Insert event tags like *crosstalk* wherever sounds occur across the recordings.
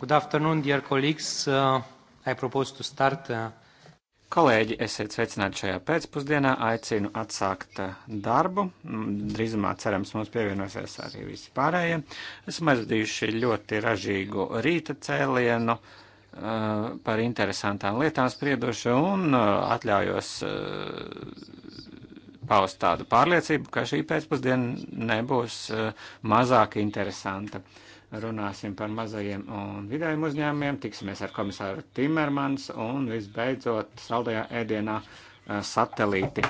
Good afternoon, dear colleagues. Uh, I propose to start. Uh... Kolēģi, esiet sveicināti šajā pēcpusdienā. Aicinu atsākt uh, darbu. Mm, drīzumā, cerams, mums pievienosies arī visi pārējie. Esam aizvadījuši ļoti ražīgu rīta cēlienu uh, par interesantām lietām spriedošu un uh, atļaujos uh, paust tādu pārliecību, ka šī pēcpusdiena nebūs uh, mazāk interesanta. Uh, runāsim par mazajiem un vidējiem uzņēmumiem, tiksimies ar komisāru Timermans un visbeidzot saldajā ēdienā eh, satelīti.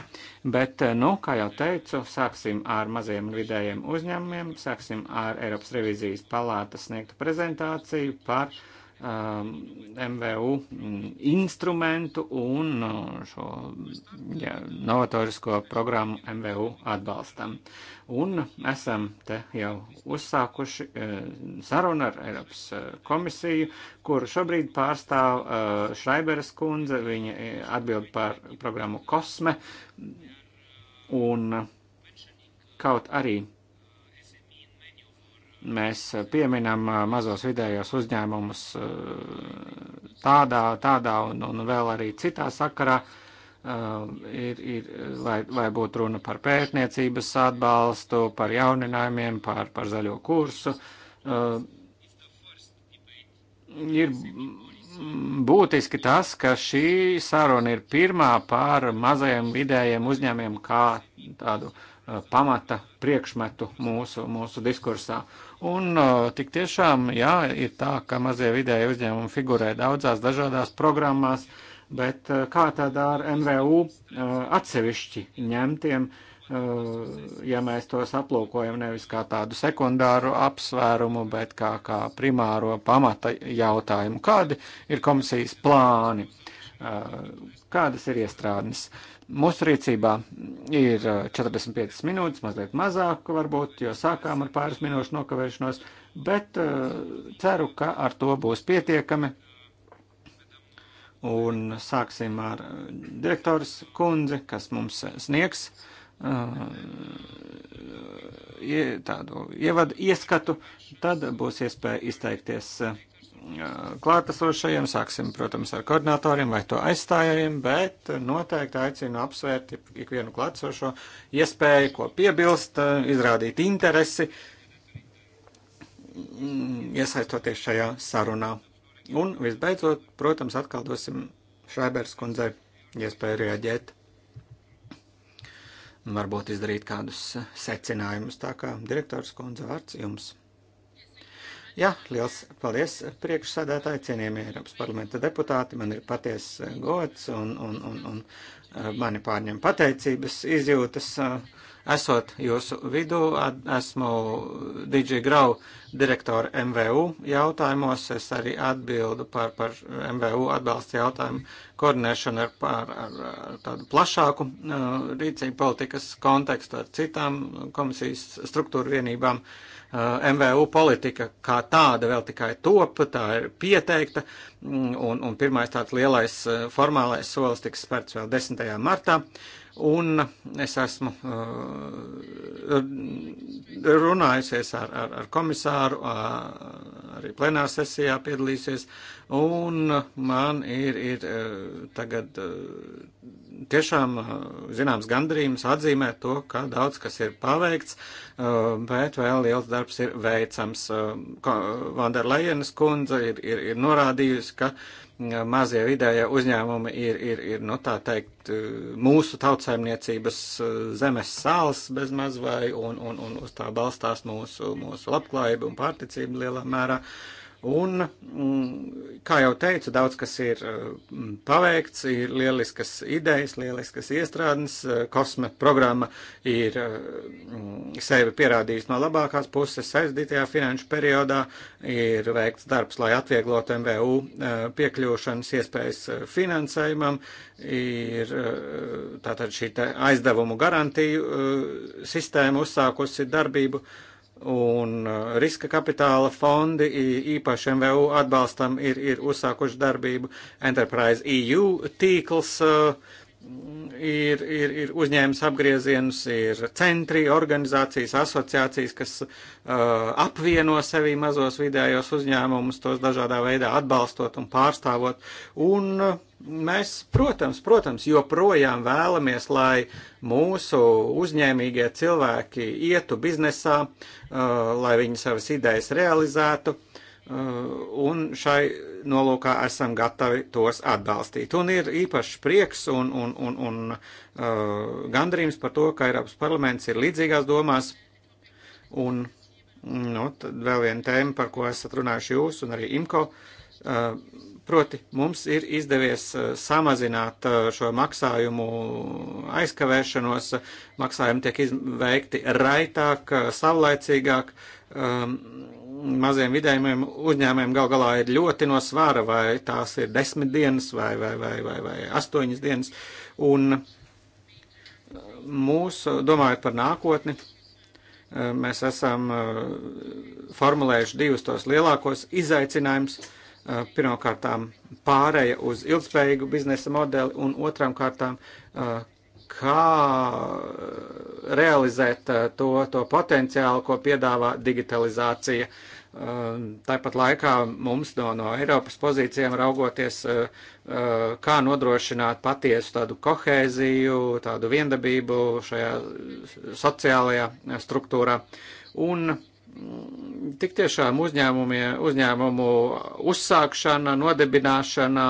Bet, eh, nu, kā jau teicu, sāksim ar mazajiem un vidējiem uzņēmumiem, sāksim ar Eiropas revizijas palātas sniegtu prezentāciju par uh, um, MVU mm, instrumentu un uh, šo ja, novatorisko programmu MVU atbalstam. Un esam te jau uzsākuši uh, sarunu ar Eiropas uh, komisiju, kur šobrīd pārstāv uh, Šraiberes kundze, viņa atbild par programmu Kosme. Un kaut arī Mēs eh, pieminam eh, mazos vidējos uzņēmumus eh, tādā, tādā un, un vēl arī citā sakarā, ir, ir, lai, lai būtu runa par pētniecības atbalstu, par jauninājumiem, par, par zaļo kursu. Ir būtiski tas, ka šī saruna ir pirmā par mazajiem vidējiem uzņēmiem kā tādu uh, Eh, pamata priekšmetu mūsu, mūsu diskursā. Un eh, tik tiešām, jā, ir tā, ka mazie vidēji uzņēmumi figurē daudzās dažādās programmās, bet eh, kā tad ar MVU atsevišķi ņemtiem, ja mēs tos aplūkojam nevis kā tādu sekundāru apsvērumu, bet kā, kā primāro pamata jautājumu. Kādi ir komisijas plāni? Kādas ir iestrādnes? Mūsu rīcībā ir 45 eh, minūtes, mazliet mazāk varbūt, jo sākām ar pāris minūšu nokavēšanos, bet eh, ceru, ka ar to būs pietiekami. Un sāksim ar eh, direktors kundzi, kas mums sniegs tādu ievadu ieskatu, tad būs iespēja izteikties klātesošajiem, sāksim, protams, ar koordinatoriem vai to aizstājējiem, bet noteikti aicinu apsvērt ikvienu klātesošo iespēju, ko piebilst, izrādīt interesi, mm, iesaistoties šajā sarunā. Un visbeidzot, protams, atkal dosim Šaibers kundzei iespēju reaģēt un varbūt izdarīt kādus secinājumus. Tā kā direktors kundze vārds jums. Jā, liels paldies priekšsādātāji, cienījamie Eiropas parlamenta deputāti. Man ir paties eh, gods un, un, un, un eh, mani pārņem pateicības izjūtas. Eh, esot jūsu vidū, esmu DJ Grau direktora MVU jautājumos. Es arī atbildu par, par MVU atbalsta jautājumu koordinēšanu ar, ar, ar, ar tādu plašāku rīcību politikas kontekstu ar citām komisijas struktūru vienībām. Uh, Eh, MVU politika kā tāda vēl tikai top, tā ir pieteikta, mm, un, un pirmais tāds lielais eh, formālais solis tiks spērts vēl 10. martā. Uh, Un es esmu uh, runājusies ar, ar, ar komisāru, uh, arī plenāra sesijā piedalīsies, un man ir, ir uh, tagad uh, tiešām uh, zināms gandrījums atzīmēt to, ka daudz kas ir paveikts, uh, bet vēl liels darbs ir veicams. Vanderlejenes kundze ir, ir, ir norādījusi, ka mazie vidējie uzņēmumi ir, ir, ir nu, tā teikt, eh, mūsu tautsaimniecības eh, zemes sāls bez mazvai, un, un, un uz tā balstās mūsu, mūsu labklājība un pārticība lielā mērā. Uh, Un, mm, kā jau teicu, daudz kas ir mm, paveikts, ir lieliskas idejas, lieliskas iestrādes, eh, kosme programma ir eh, mm, sevi pierādījusi no labākās puses saistītajā finanšu periodā, ir veikts darbs, lai atvieglotu MVU eh, piekļūšanas iespējas finansējumam, ir tātad šī aizdevuma garantiju sistēma uzsākusi darbību. Uh, un uh, riska kapitāla fondi, īpaši MVU atbalstam, ir, ir uzsākuši darbību. Enterprise EU tīkls uh, ir, ir, ir uzņēmis apgriezienus, ir centri, organizācijas, asociācijas, kas uh, apvieno sevi mazos vidējos uzņēmumus, tos dažādā veidā atbalstot un pārstāvot. Un uh, mēs, protams, protams, joprojām vēlamies, lai mūsu uzņēmīgie cilvēki ietu biznesā, uh, lai viņi savas idejas realizētu. Uh, un šai nolūkā esam gatavi tos atbalstīt. Un ir īpašs prieks un, un, un, un uh, gandrījums par to, ka Eiropas parlaments ir līdzīgās domās. Un nu, vēl viena tēma, par ko esat runājuši jūs un arī IMCO. Uh, proti, mums ir izdevies uh, samazināt uh, šo maksājumu aizkavēšanos. Maksājumi tiek veikti raitāk, uh, savlaicīgāk. Um, maziem vidējiem uzņēmējiem gal galā ir ļoti no svāra, vai tās ir desmit dienas vai, vai, vai, vai, vai astoņas dienas. Un mūsu, domājot par nākotni, mēs esam eh, formulējuši divus tos lielākos izaicinājumus. Eh, pirmkārtām pārēja uz ilgspējīgu biznesa modeli un otrām kārtām eh, kā eh, realizēt eh, to, to potenciālu, ko piedāvā digitalizācija. Um, tāpat laikā mums no, no Eiropas pozīcijām raugoties, eh, kā nodrošināt patiesu tādu kohēziju, tādu viendabību šajā sociālajā struktūrā. Un tik tiešām uzņēmumu uzsākšana, nodibināšana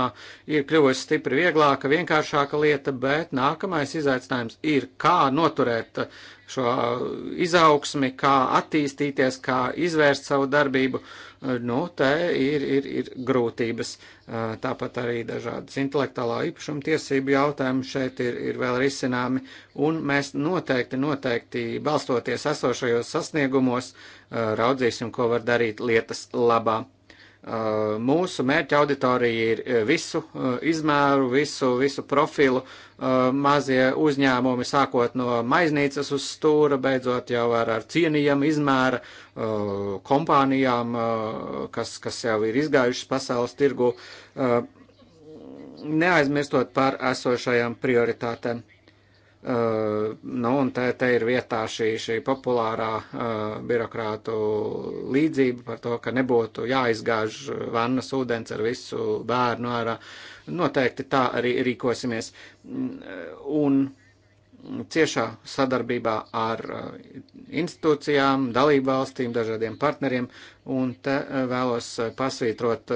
ir kļuvusi stipri vieglāka, vienkāršāka lieta, bet nākamais izaicinājums ir, kā noturēt šo izaugsmi, kā attīstīties, kā izvērst savu darbību, eh, nu, te ir, ir, ir grūtības. Eh, tāpat arī dažādas intelektuālā īpašuma tiesību jautājumi šeit ir, ir vēl risināmi, un mēs noteikti, noteikti balstoties esošajos sasniegumos, eh, raudzīsim, ko var darīt lietas labā. Eh, mūsu mērķa auditorija ir eh, visu eh, izmēru, visu, visu profilu mazie uzņēmumi, sākot no maiznīcas uz stūra, beidzot jau ar, ar cienījamu izmēru kompānijām, kas, kas jau ir izgājušas pasaules tirgu, neaizmirstot par esošajām prioritātēm. Uh, nu, un te, te ir vietā šī, šī populārā uh, birokrātu līdzība par to, ka nebūtu jāizgāž vannas ūdens ar visu bērnu ārā. Noteikti tā arī rīkosimies. Un, ciešā sadarbībā ar uh, institūcijām, dalību valstīm, dažādiem partneriem, un te vēlos pasvītrot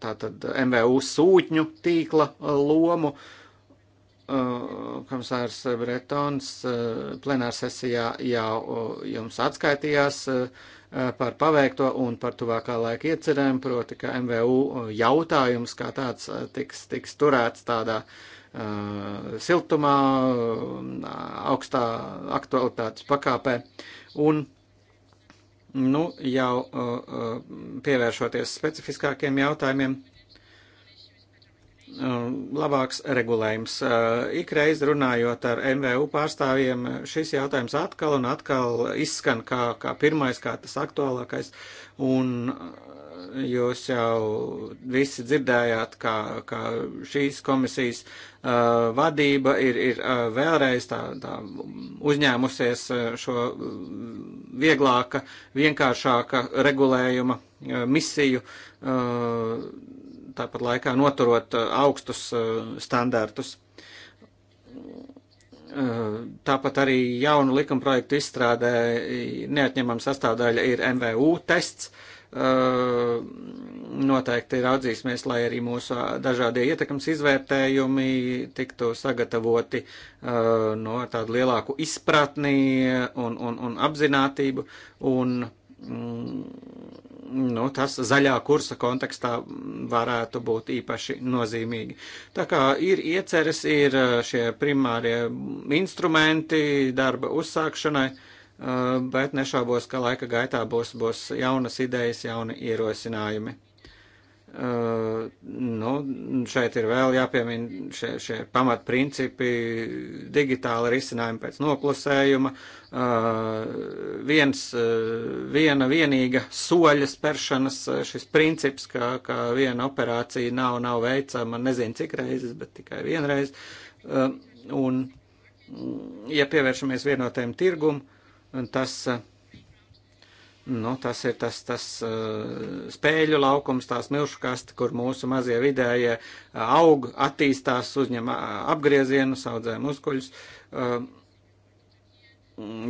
tātad MVU sūtņu tīkla lomu. Uh, Eh, komisārs Bretons eh, plenārsesijā jau eh, jums atskaitījās par paveikto un par tuvākā laika iecerēm, proti, ka MVU jautājums kā tāds tiks, tiks turēts tādā uh, siltumā, augstā aktualitātes pakāpē. Un, nu, jau uh, pievēršoties specifiskākiem jautājumiem, uh, Um, labāks regulējums. Uh, ikreiz runājot ar MVU pārstāvjiem, šis jautājums atkal un atkal izskan kā, kā pirmais, kā tas aktuālākais. Un uh, jūs jau visi dzirdējāt, kā, kā šīs komisijas uh, vadība ir, ir uh, vēlreiz tā, tā uzņēmusies uh, šo vieglāka, vienkāršāka regulējuma uh, misiju. Uh, tāpat laikā noturot uh, augstus uh, standartus. Uh, tāpat arī jaunu likumprojektu izstrādē neatņemama sastāvdaļa ir MVU tests. Noteikti raudzīsimies, lai arī mūsu dažādie ietekmes izvērtējumi tiktu sagatavoti no tādu lielāku izpratni un, un, un apzinātību. Un, mm, nu, tas zaļā kursa kontekstā varētu būt īpaši nozīmīgi. Tā kā ir ieceres, ir uh, šie primārie instrumenti darba uzsākšanai, uh, bet nešaubos, ka laika gaitā būs, būs jaunas idejas, jauni ierosinājumi. Uh, nu, šeit ir vēl jāpiemina šie, šie pamatprincipi, digitāla risinājuma pēc noklusējuma, uh, viens, uh, viena vienīga soļa speršanas, uh, šis princips, ka, ka viena operācija nav, nav veicama nezinu cik reizes, bet tikai vienreiz. Uh, un, mm, ja pievēršamies vienotajam tirgum, tas. Uh, nu, tas ir tas, tas uh, spēļu laukums, tās milškasti, kur mūsu mazie vidējie uh, aug, attīstās, uzņem uh, apgriezienu, audzē muskuļus uh,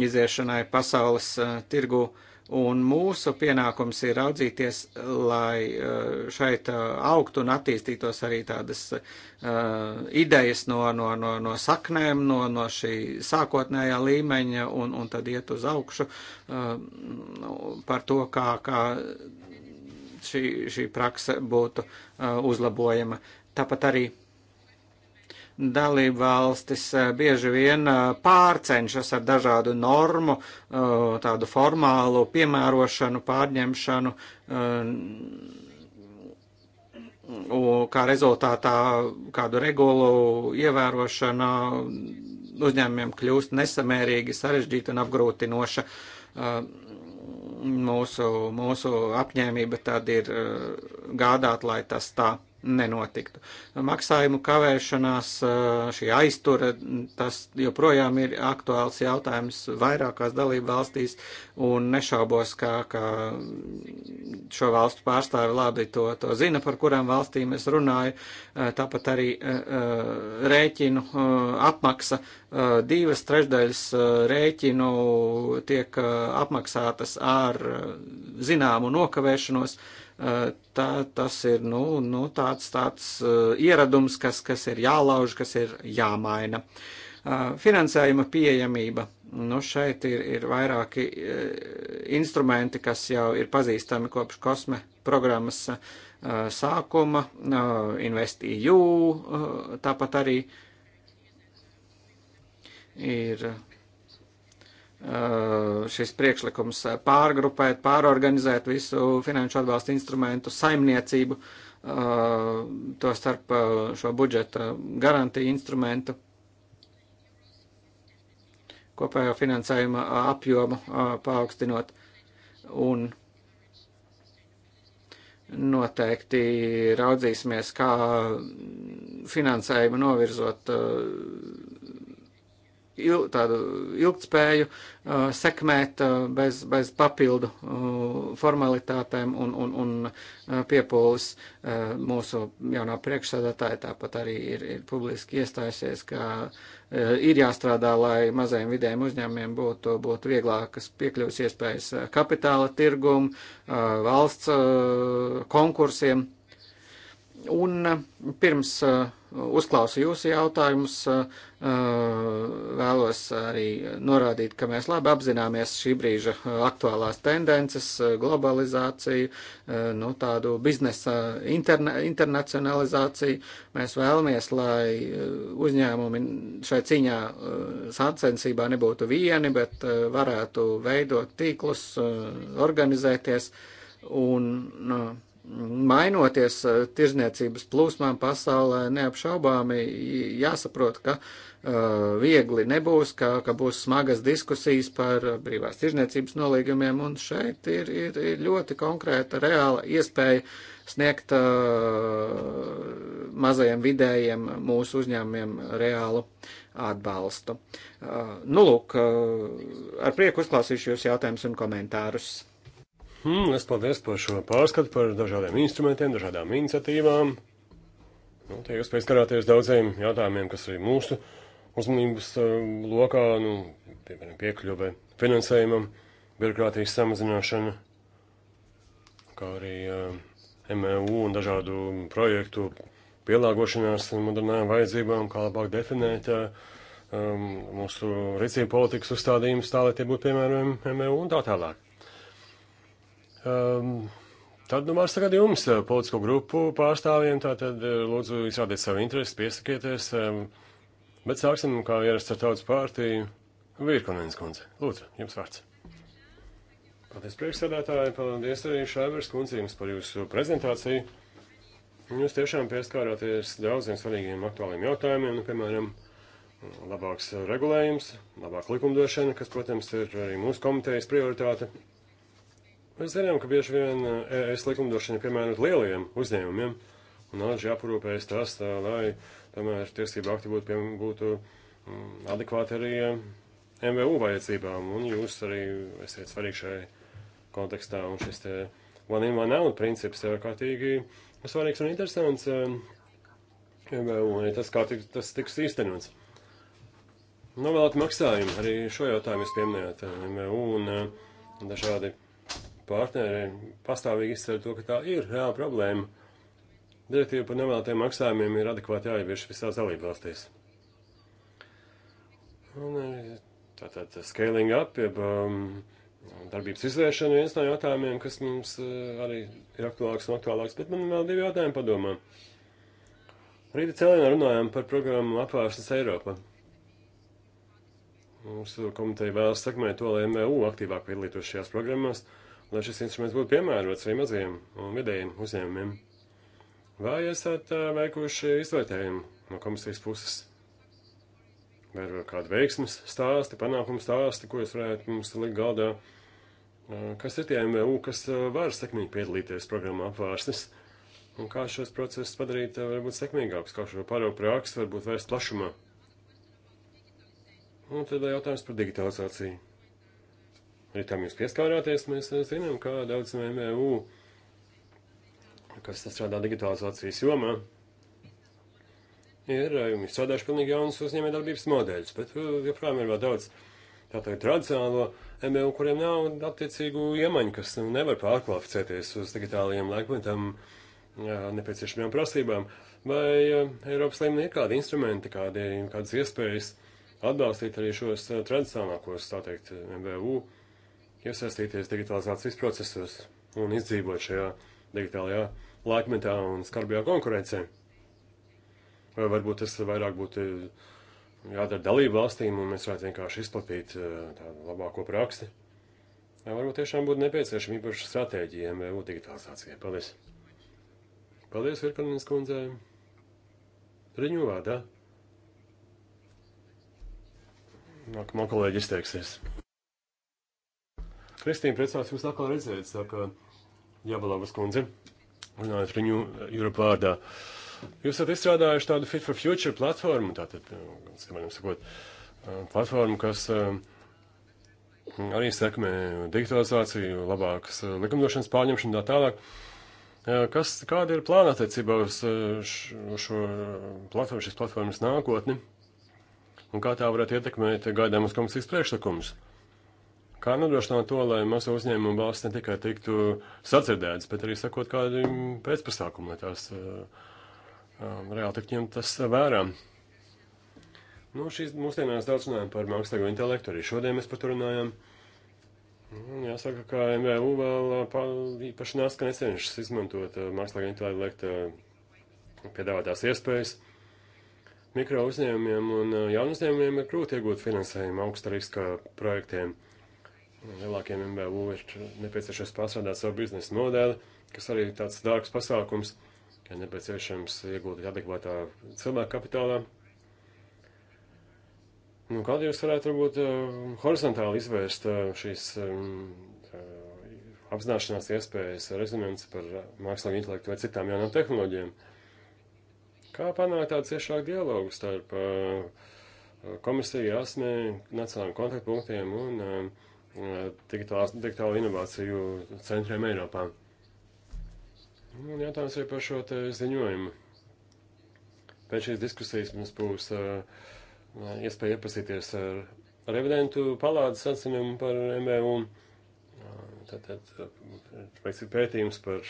iziešanai pasaules uh, tirgu. Uh, Un mūsu pienākums ir raudzīties, lai eh, šeit eh, augtu un attīstītos arī tādas uh, idejas no, no, no, no saknēm, no, no šī sākotnējā līmeņa un, un tad iet uz augšu uh, par to, kā, kā šī, šī praksa būtu uh, uzlabojama. Tāpat arī uh, dalībvalstis eh, bieži vien eh, pārcenšas ar dažādu normu, eh, tādu formālu piemērošanu, pārņemšanu, kā rezultātā kādu regulu ievērošana uzņēmumiem kļūst nesamērīgi sarežģīta un apgrūtinoša. Mūsu, mūsu apņēmība tad ir gādāt, lai tas tā nenotiktu. Maksājumu kavēšanās, eh, šī aiztura, tas joprojām ir aktuāls jautājums vairākās dalību valstīs, un nešaubos, kā, kā šo valstu pārstāvi labi to, to zina, par kurām valstīm es runāju. Eh, tāpat arī eh, rēķinu apmaksa, divas trešdaļas rēķinu tiek apmaksātas ar zināmu nokavēšanos. Uh, tā, tas ir nu, nu, tāds, tāds ieradums, kas, kas ir jālauž, kas ir jāmaina. Finansējuma pieejamība. Nu, šeit ir, ir vairāki instrumenti, kas jau ir pazīstami kopš kosme programmas sākuma, InvestEU, tāpat arī ir Eh, šis priekšlikums eh, pārgrupēt, pārorganizēt visu finanšu atbalstu instrumentu saimniecību, eh, to starp šo budžeta garantiju instrumentu, kopējo finansējuma apjomu paaugstinot un noteikti raudzīsimies, kā finansējumu novirzot il, tādu ilgtspēju uh, sekmēt uh, bez, bez papildu uh, formalitātēm un, un, un uh, piepūles. Uh, mūsu jaunā priekšsēdētāja tāpat arī ir, ir publiski iestājusies, ka uh, ir jāstrādā, lai mazajiem vidējiem uzņēmumiem būtu, būtu vieglākas piekļuvas iespējas uh, kapitāla tirgumu, uh, valsts uh, konkursiem. Un eh, pirms eh, uzklausu jūsu jautājumus, eh, vēlos arī norādīt, ka mēs labi apzināmies šī brīža aktuālās tendences, globalizāciju, nu, tādu biznesa interne, internacionalizāciju. Mēs vēlamies, lai uzņēmumi šai cīņā sacensībā nebūtu vieni, bet varētu veidot tīklus, organizēties un. Nu, mainoties eh, tirzniecības plūsmām pasaulē, neapšaubāmi jāsaprot, ka uh, viegli nebūs, ka, ka būs smagas diskusijas par brīvās tirzniecības nolīgumiem, un šeit ir, ir, ir ļoti konkrēta reāla iespēja sniegt uh, mazajiem vidējiem mūsu uzņēmumiem reālu atbalstu. Uh, nu, lūk, ar prieku uzklausīšu jūs jautājumus un komentārus. Hmm, es paldies par šo pārskatu par dažādiem instrumentiem, dažādām iniciatīvām. Nu, te jūs pieskarāties daudziem jautājumiem, kas arī mūsu uzmanības uh, lokā, nu, piemēram, piekļuve finansējumam, birokrātijas samazināšana, kā arī uh, eh, MEU un dažādu projektu pielāgošanās modernām vajadzībām, kā labāk definēt uh, um, mūsu rīcību politikas uzstādījumus tā, lai tie būtu piemērojami MEU un tā tālāk. Um, tad, nu, mārs tagad jums, eh, politisko grupu pārstāvjiem, tātad eh, lūdzu izrādiet savu interesi, piesakieties, um, bet sāksim, kā ierasts ar tautas pārtīju, Virkonēns kundze. Lūdzu, jums vārds. Paldies, priekšsēdētāji, paldies arī Šaivers kundze jums par jūsu prezentāciju. Jūs tiešām pieskārāties daudziem svarīgiem aktuāliem jautājumiem, nu, piemēram, labāks regulējums, labāka likumdošana, kas, protams, ir arī mūsu komitejas prioritāte. Mēs zinām, ka bieži vien eh, ES likumdošana piemērot lielajiem uzņēmumiem, un nāži aprūpējas tas, tā, lai tomēr tiesība akti būtu, piem, būtu mm, adekvāti arī eh, MVU vajadzībām, un jūs arī esat svarīgi šai kontekstā, un šis te one in, one out princips ir kārtīgi svarīgs un interesants eh, MVU, un tas kā tik, tas tiks īstenots. Novēlēt maksājumu, arī šo jautājumu jūs pieminējāt MVU un, un dažādi partneriem pastāvīgi izcer to, ka tā ir reāla problēma. Direktīva par nevēlētiem maksājumiem ir adekvāti jāievieš visās dalībvalstīs. Un arī e, tātad scaling up, jeb um, darbības izvēršana viens no jautājumiem, kas mums uh, arī ir aktuālāks un aktuālāks, bet man vēl divi jautājumi padomā. Rīta cēlienā runājām par programmu Apvāršanas Eiropa. Mūsu komiteja vēlas sekmēt to, lai MVU aktīvāk piedalītos šajās programmās. Uh, lai šis instruments būtu piemērots arī mazajiem un vidējiem uzņēmumiem. Vai esat veikuši izvērtējumu no komisijas puses? Vai ir kāda veiksmes stāsti, panākumu stāsti, ko jūs varētu mums likt galdā? Kas ir tie MVU, kas var sekmīgi piedalīties programmā apvārsnes? Un kā šos procesus padarīt varbūt sekmīgākus, kā šo pārējo praksi varbūt vērst plašumā? Un tad jautājums par digitalizāciju arī tam jūs pieskārāties, mēs eh, zinām, kā daudz MVU, kas strādā digitalizācijas jomā, ir izstrādājuši eh, pilnīgi jaunus uzņēmējdarbības modeļus, bet eh, joprojām ir vēl daudz tātad tradicionālo MBU, kuriem nav attiecīgu iemaņu, kas nevar pārkvalificēties uz digitālajiem laikmetam nepieciešamajām prasībām. Vai Eiropas līmenī ir kādi instrumenti, kādi, kādas iespējas atbalstīt arī šos tradicionālākos, tā teikt, MBU iesaistīties digitalizācijas procesos un izdzīvot šajā digitālajā laikmetā un skarbajā konkurencē. Vai varbūt tas vairāk būtu jādara dalību valstīm, un mēs varētu vienkārši izplatīt eh, tādu labāko praksi. Vai varbūt tiešām būtu nepieciešama īpaša stratēģija MVU digitalizācijai. Paldies! Paldies, Virkanīnas kundzē! Riņu vārdā! Nākamā kolēģi izteiksies. Kristīna, priecājos jūs atkal redzēt, saka Jabalavas kundze, runājot viņu Eiropā vārdā. Jūs esat izstrādājuši tādu Fit for Future platformu, tātad, simēram sakot, platformu, kas eh, arī sekmē digitalizāciju, labākas eh, likumdošanas pārņemšanu tā tālāk. Eh, kas, kāda ir plāna attiecībā uz šo platformu, šīs platformas nākotni? Un kā tā varētu ietekmēt gaidāmas komisijas priekšlikumus? Kā nodrošināt to, lai mazo uzņēmumu balsts ne tikai tiktu sadzirdēts, bet arī sakot kādu pēcpasākumu, lai tās eh, eh, reāli tik ņemt tas vērā. Nu, šīs mūsdienās daudz runājam par mākslīgo intelektu, arī šodien mēs par to runājam. Jāsaka, ka MVU vēl eh, īpaši nāc, ka necenšas izmantot mākslīgā intelekta piedāvātās iespējas. Mikro uzņēmumiem un jaunu uzņēmumiem ir grūti iegūt finansējumu augsta riska projektiem. Uh, lielākiem MBU ir nepieciešams pārstrādāt savu biznesa modeli, kas arī ir tāds dārgs pasākums, ka nepieciešams ieguldīt adekvātā cilvēka kapitālā. Nu, kādi jūs varētu varbūt um, horizontāli izvērst uh, šīs um, uh, apzināšanās iespējas, rezonanci par mākslinieku intelektu vai citām jaunām tehnoloģijām? Kā panākt tādu ciešāku dialogu starp uh, komisiju, ASME, nacionālajiem kontaktpunktiem un uh, digitālo inovāciju centriem Eiropā. Un jautājums arī par šo te ziņojumu. Pēc šīs diskusijas mums būs uh, iespēja iepazīties ar, ar evidentu palādes atzinumu par MVU. Tātad veiks ir pētījums par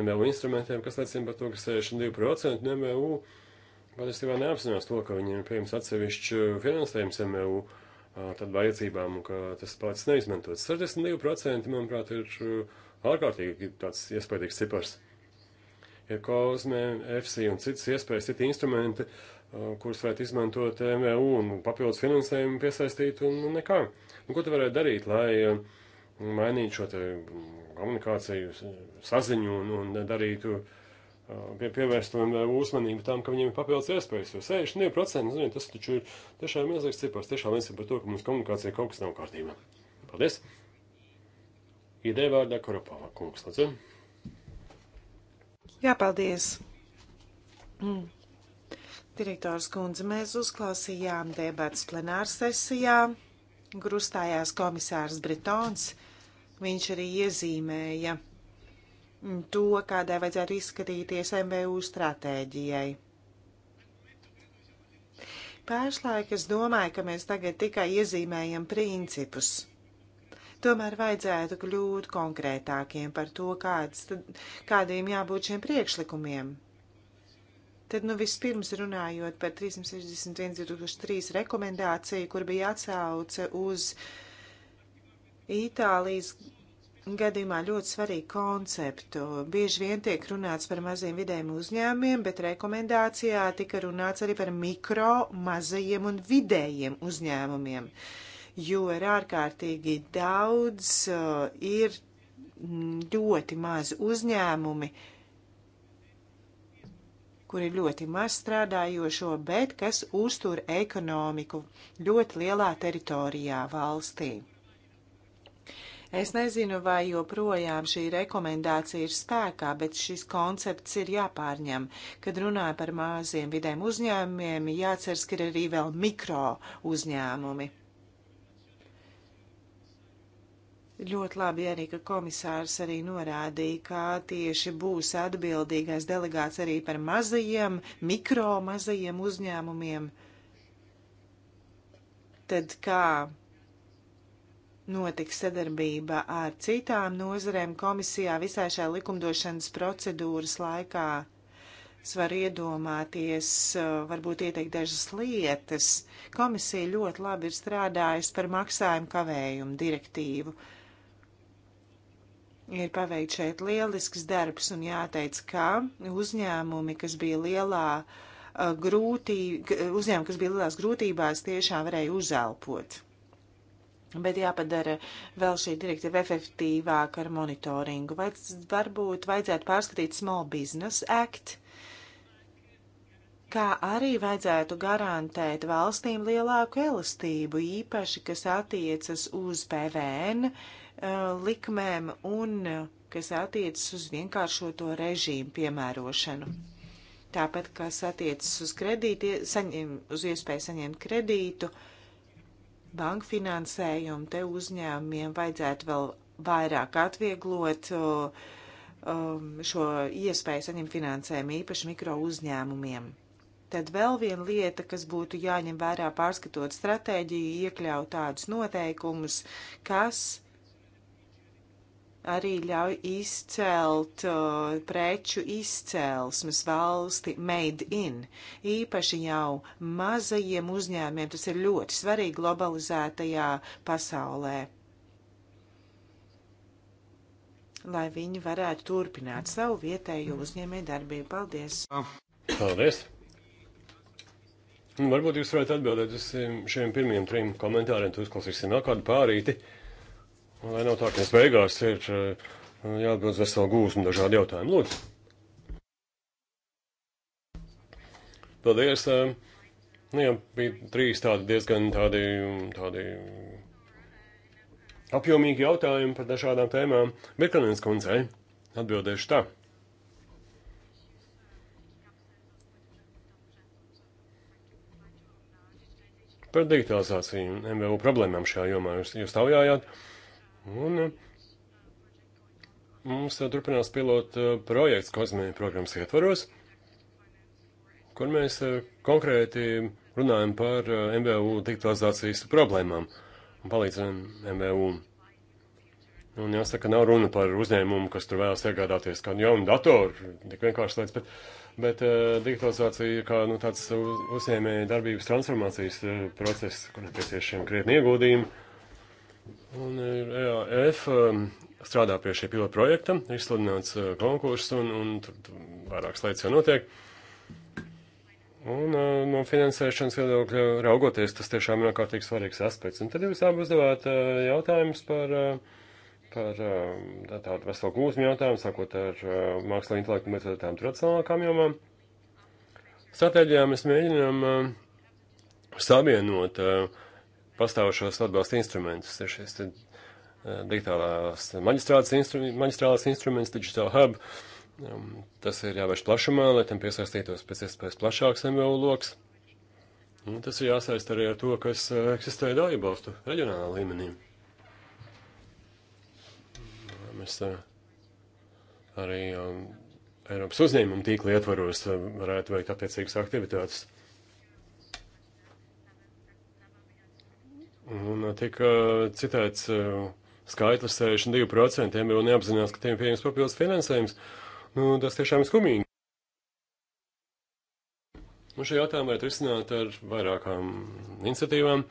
MVU instrumentiem, kas liecina par to, ka 62% no MVU patiesībā neapzinās to, ka viņiem ir pieejams atsevišķu finansējums MVU. Uh, tad vajadzībām, ka tas palicis neizmantots. 62% manuprāt ir ārkārtīgi tāds iespaidīgs cipars. Ir kozmē, FC un citas iespējas, citi instrumenti, kurus varētu izmantot MVU un papildus finansējumu piesaistīt un nu, nekā. Nu, ko tu varētu darīt, lai mainītu šo te komunikāciju, saziņu un, un darītu uh, Uh, pie, pievērstam uh, uzmanību tam, ka viņiem ir papildus iespējas. Jo 62% nu, ziniet, tas taču ir tiešām milzīgs cipars. Tiešām liecina par to, ka mums komunikācija kaut kas nav kārtībā. Paldies! Ideja vārdā Koropāvā kungs, lūdzu. Jā, paldies! Mm. Direktors kundze, mēs uzklausījām debats plenārsesijā. Grustājās komisārs Britons. Viņš arī iezīmēja to, kādai vajadzētu izskatīties MVU stratēģijai. Pašlaik es domāju, ka mēs tagad tikai iezīmējam principus. Tomēr vajadzētu kļūt konkrētākiem par to, kāds, tad, kādiem jābūt šiem priekšlikumiem. Tad, nu, vispirms runājot par 361.2003 rekomendāciju, kur bija atsauce uz Itālijas gadījumā ļoti svarīgu konceptu. Bieži vien tiek runāts par maziem vidējiem uzņēmumiem, bet rekomendācijā tika runāts arī par mikro, mazajiem un vidējiem uzņēmumiem, jo ir ārkārtīgi daudz, uh, ir ļoti mazi uzņēmumi, kur ir ļoti maz strādājošo, bet kas uztur ekonomiku ļoti lielā teritorijā valstī. Es nezinu, vai joprojām šī rekomendācija ir spēkā, bet šis koncepts ir jāpārņem. Kad runāju par maziem vidēm uzņēmumiem, jāceras, ka ir arī vēl mikro uzņēmumi. Ļoti labi arī, ka komisārs arī norādīja, kā tieši būs atbildīgais delegāts arī par mazajiem, mikro mazajiem uzņēmumiem. Tad kā notiks sadarbība ar citām nozarēm komisijā visā šajā likumdošanas procedūras laikā. Es varu iedomāties, uh, varbūt ieteikt dažas lietas. Komisija ļoti labi ir strādājusi par maksājumu kavējumu direktīvu. Ir paveikts šeit lielisks darbs un jāteic, ka uzņēmumi, kas bija lielā uh, grūtī, uzņēmumi, kas bija lielās grūtībās, tiešām varēja uzelpot. Bet jāpadara vēl šī direktīva efektīvāka ar monitoringu. Vai varbūt vajadzētu pārskatīt Small Business Act, kā arī vajadzētu garantēt valstīm lielāku elastību, īpaši, kas attiecas uz PVN eh, likmēm un kas attiecas uz vienkāršoto režīmu piemērošanu. Tāpat, kas attiecas uz kredīti, saņem, uz iespēju saņemt kredītu. Uh, banku finansējumu, te uzņēmumiem vajadzētu vēl vairāk atvieglot uh, um, šo iespēju saņemt finansējumu īpaši mikro uzņēmumiem. Tad vēl viena lieta, kas būtu jāņem vērā pārskatot stratēģiju, iekļaut tādus noteikumus, kas arī ļauj izcelt uh, preču izcelsmes valsti made in. Īpaši jau mazajiem uzņēmiem tas ir ļoti svarīgi globalizētajā pasaulē. Lai viņi varētu turpināt savu vietējo uzņēmē darbību. Paldies! Paldies! Varbūt jūs varētu atbildēt uz šiem pirmiem trim komentāriem, tu uzklausīsi nākādu pārīti. Uh, Lai nav tā, ka es beigās ir eh, jāatbild veselu gūsmu dažādu jautājumu. Lūdzu. Paldies. Eh, nu, jā, bija trīs tādi diezgan tādi, tādi apjomīgi jautājumi par dažādām tēmām. Birkanēns kundzei atbildēšu tā. Par digitalizāciju un MVU problēmām šajā jomā jūs, jūs taujājāt. Uh, Un eh, mums eh, turpinās pilota eh, projekts kosmēja programmas ietvaros, kur mēs konkrēti runājam par MBU digitalizācijas problēmām un palīdzam MBU. Un jāsaka, nav runa par uzņēmumu, kas tur vēlas iegādāties kādu jaunu datoru, tik vienkārši lietas, bet, bet uh, digitalizācija kā nu, tāds uzņēmēja darbības transformācijas uh, process, kur nepieciešami krietni ieguldījumi. Uh, Un EAF um, strādā pie šī pilota projekta, ir sludināts uh, konkurss un, un tur vairākas lietas jau notiek. Un uh, no finansēšanas viedokļa raugoties, tas tiešām ir ārkārtīgi svarīgs aspekts. Un tad jūs abi uzdevāt uh, jautājumus par, par tā, tādu veselu gūzmu jautājumu, sākot ar mākslinieku intelektu metodētām tradicionālākām jomām. Stratēģijā mēs mēģinām savienot uh, pastāvošos atbalsta instrumentus. Ir šis tad, e, digitālās maģistrālas instru, instruments, Digital Hub. Um, tas ir jāvērš plašumā, lai tam piesaistītos pēc iespējas plašāks MVU lokus. Un tas ir jāsaist arī ar to, kas e, eksistē dalībvalstu reģionālā līmenī. Mēs e, arī um, Eiropas uzņēmumu tīkla ietvaros varētu veikt attiecīgas aktivitātes. Un uh, tika uh, citēts uh, skaitlis 62%, jo neapzinās, ka tiem pieejams papildus finansējums. Nu, tas tiešām ir skumīgi. Un nu, šī jautājuma varētu risināt ar vairākām iniciatīvām.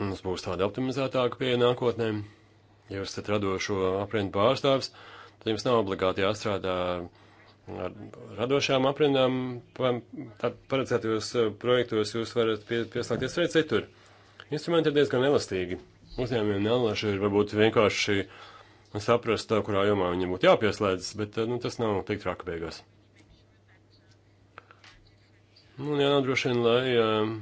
Mums būs tāda optimizētāka pieeja nākotnē. Ja jūs esat radošo aprindu pārstāvs, tad jums nav obligāti jāstrādā ar radošām aprindām, paredzētajos eh, projektos jūs varat pie, pieslēgties arī citur. Instrumenti ir diezgan elastīgi. Uzņēmumiem nelaiši ir varbūt vienkārši saprast, kurā jomā viņiem būtu jāpieslēdzas, bet eh, nu, tas nav tik traki beigās. Nu, jā, nodrošina, lai uh,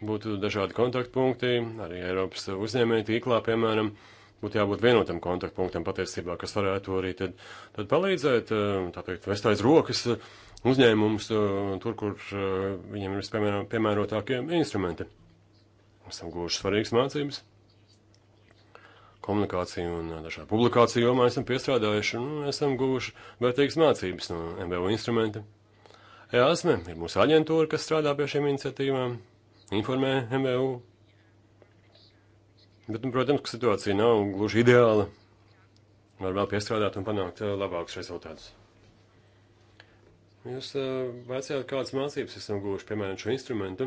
būtu dažādi kontaktpunkti, arī Eiropas uzņēmēji tīklā, piemēram, uh, būtu jābūt vienotam kontaktpunktam patiesībā, kas varētu arī tad, tad palīdzēt, eh, tā teikt, vest aiz rokas eh, uzņēmumus eh, tur, kur viņiem ir vispiemēr, piemērotākie instrumenti. Esam guvuši svarīgas mācības. Komunikāciju un dažādu publikāciju jomā esam piestrādājuši un nu, esam guvuši vērtīgas mācības no MBO instrumenta. EASME e ir mūsu aģentūra, kas strādā pie šiem iniciatīvām, informē MBU Bet, nu, protams, ka situācija nav gluži ideāla. Var vēl piestrādāt un panākt eh, labākus rezultātus. Jūs eh, vaicājāt, kādas mācības esam guvuši, piemēram, šo instrumentu.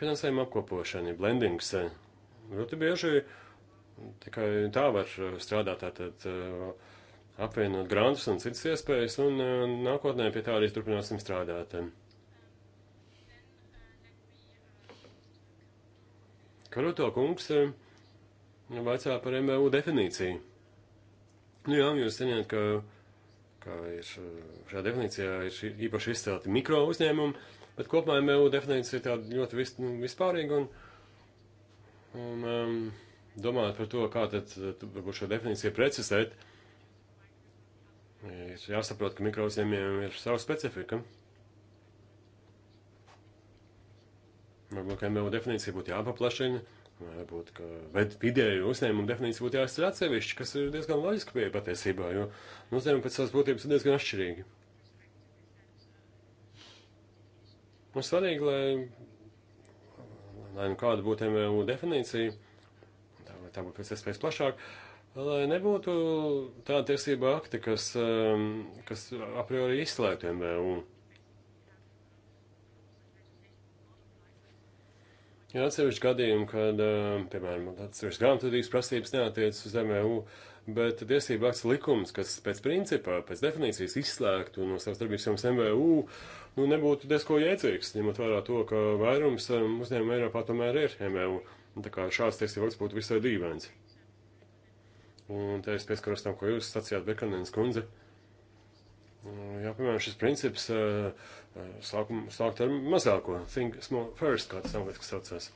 Finansējuma apkopošana, blendings. Eh, ļoti bieži tikai tā var strādāt, tātad apvienot grāmatus un citas iespējas, un nākotnē pie tā arī turpināsim strādāt. Tā. Karoto kungs eh, vaicā par MVU definīciju. Nu jā, jūs zināt, ka, ka ir eh, šajā definīcijā ir īpaši izcelti mikro uzņēmumi, bet kopumā MVU definīcija ir tāda ļoti vis, nu, vispārīga un, un um, domājot par to, kā tad varbūt šo definīciju precizēt, ir jāsaprot, ka mikro uzņēmumiem ir sava specifika. Varbūt, ka MVU definīcija būtu jāpaplašina, varbūt, ka vidēju uzņēmumu definīcija būtu jāizcer atsevišķi, kas ir diezgan loģiski pieeja patiesībā, jo uzņēmumi pēc savas būtības ir diezgan atšķirīgi. Un svarīgi, lai, lai nu kāda būtu MVU definīcija, tā, tā būtu pēc iespējas plašāk, lai nebūtu tāda tiesība akti, kas, um, kas a priori izslēgtu MVU. Ir atsevišķi gadījumi, kad, eh, piemēram, atsevišķi grāmatvedības prasības neatiecas uz MEU, bet tiesība akts likums, kas pēc principā, pēc definīcijas izslēgtu no savas darbības jums MEU, nu, nebūtu desko jēdzīgs, ņemot vērā to, ka vairums eh, uzņēmumu Eiropā tomēr ir MEU. Un tā kā šāds tiesība akts būtu visai dīvains. Un te es pieskaros tam, ko jūs sacījāt, Bekanēns kundze. Mm, jā, piemēram, šis princips eh, sākt ar mazāko, think small first, kā tas angļuiski saucās.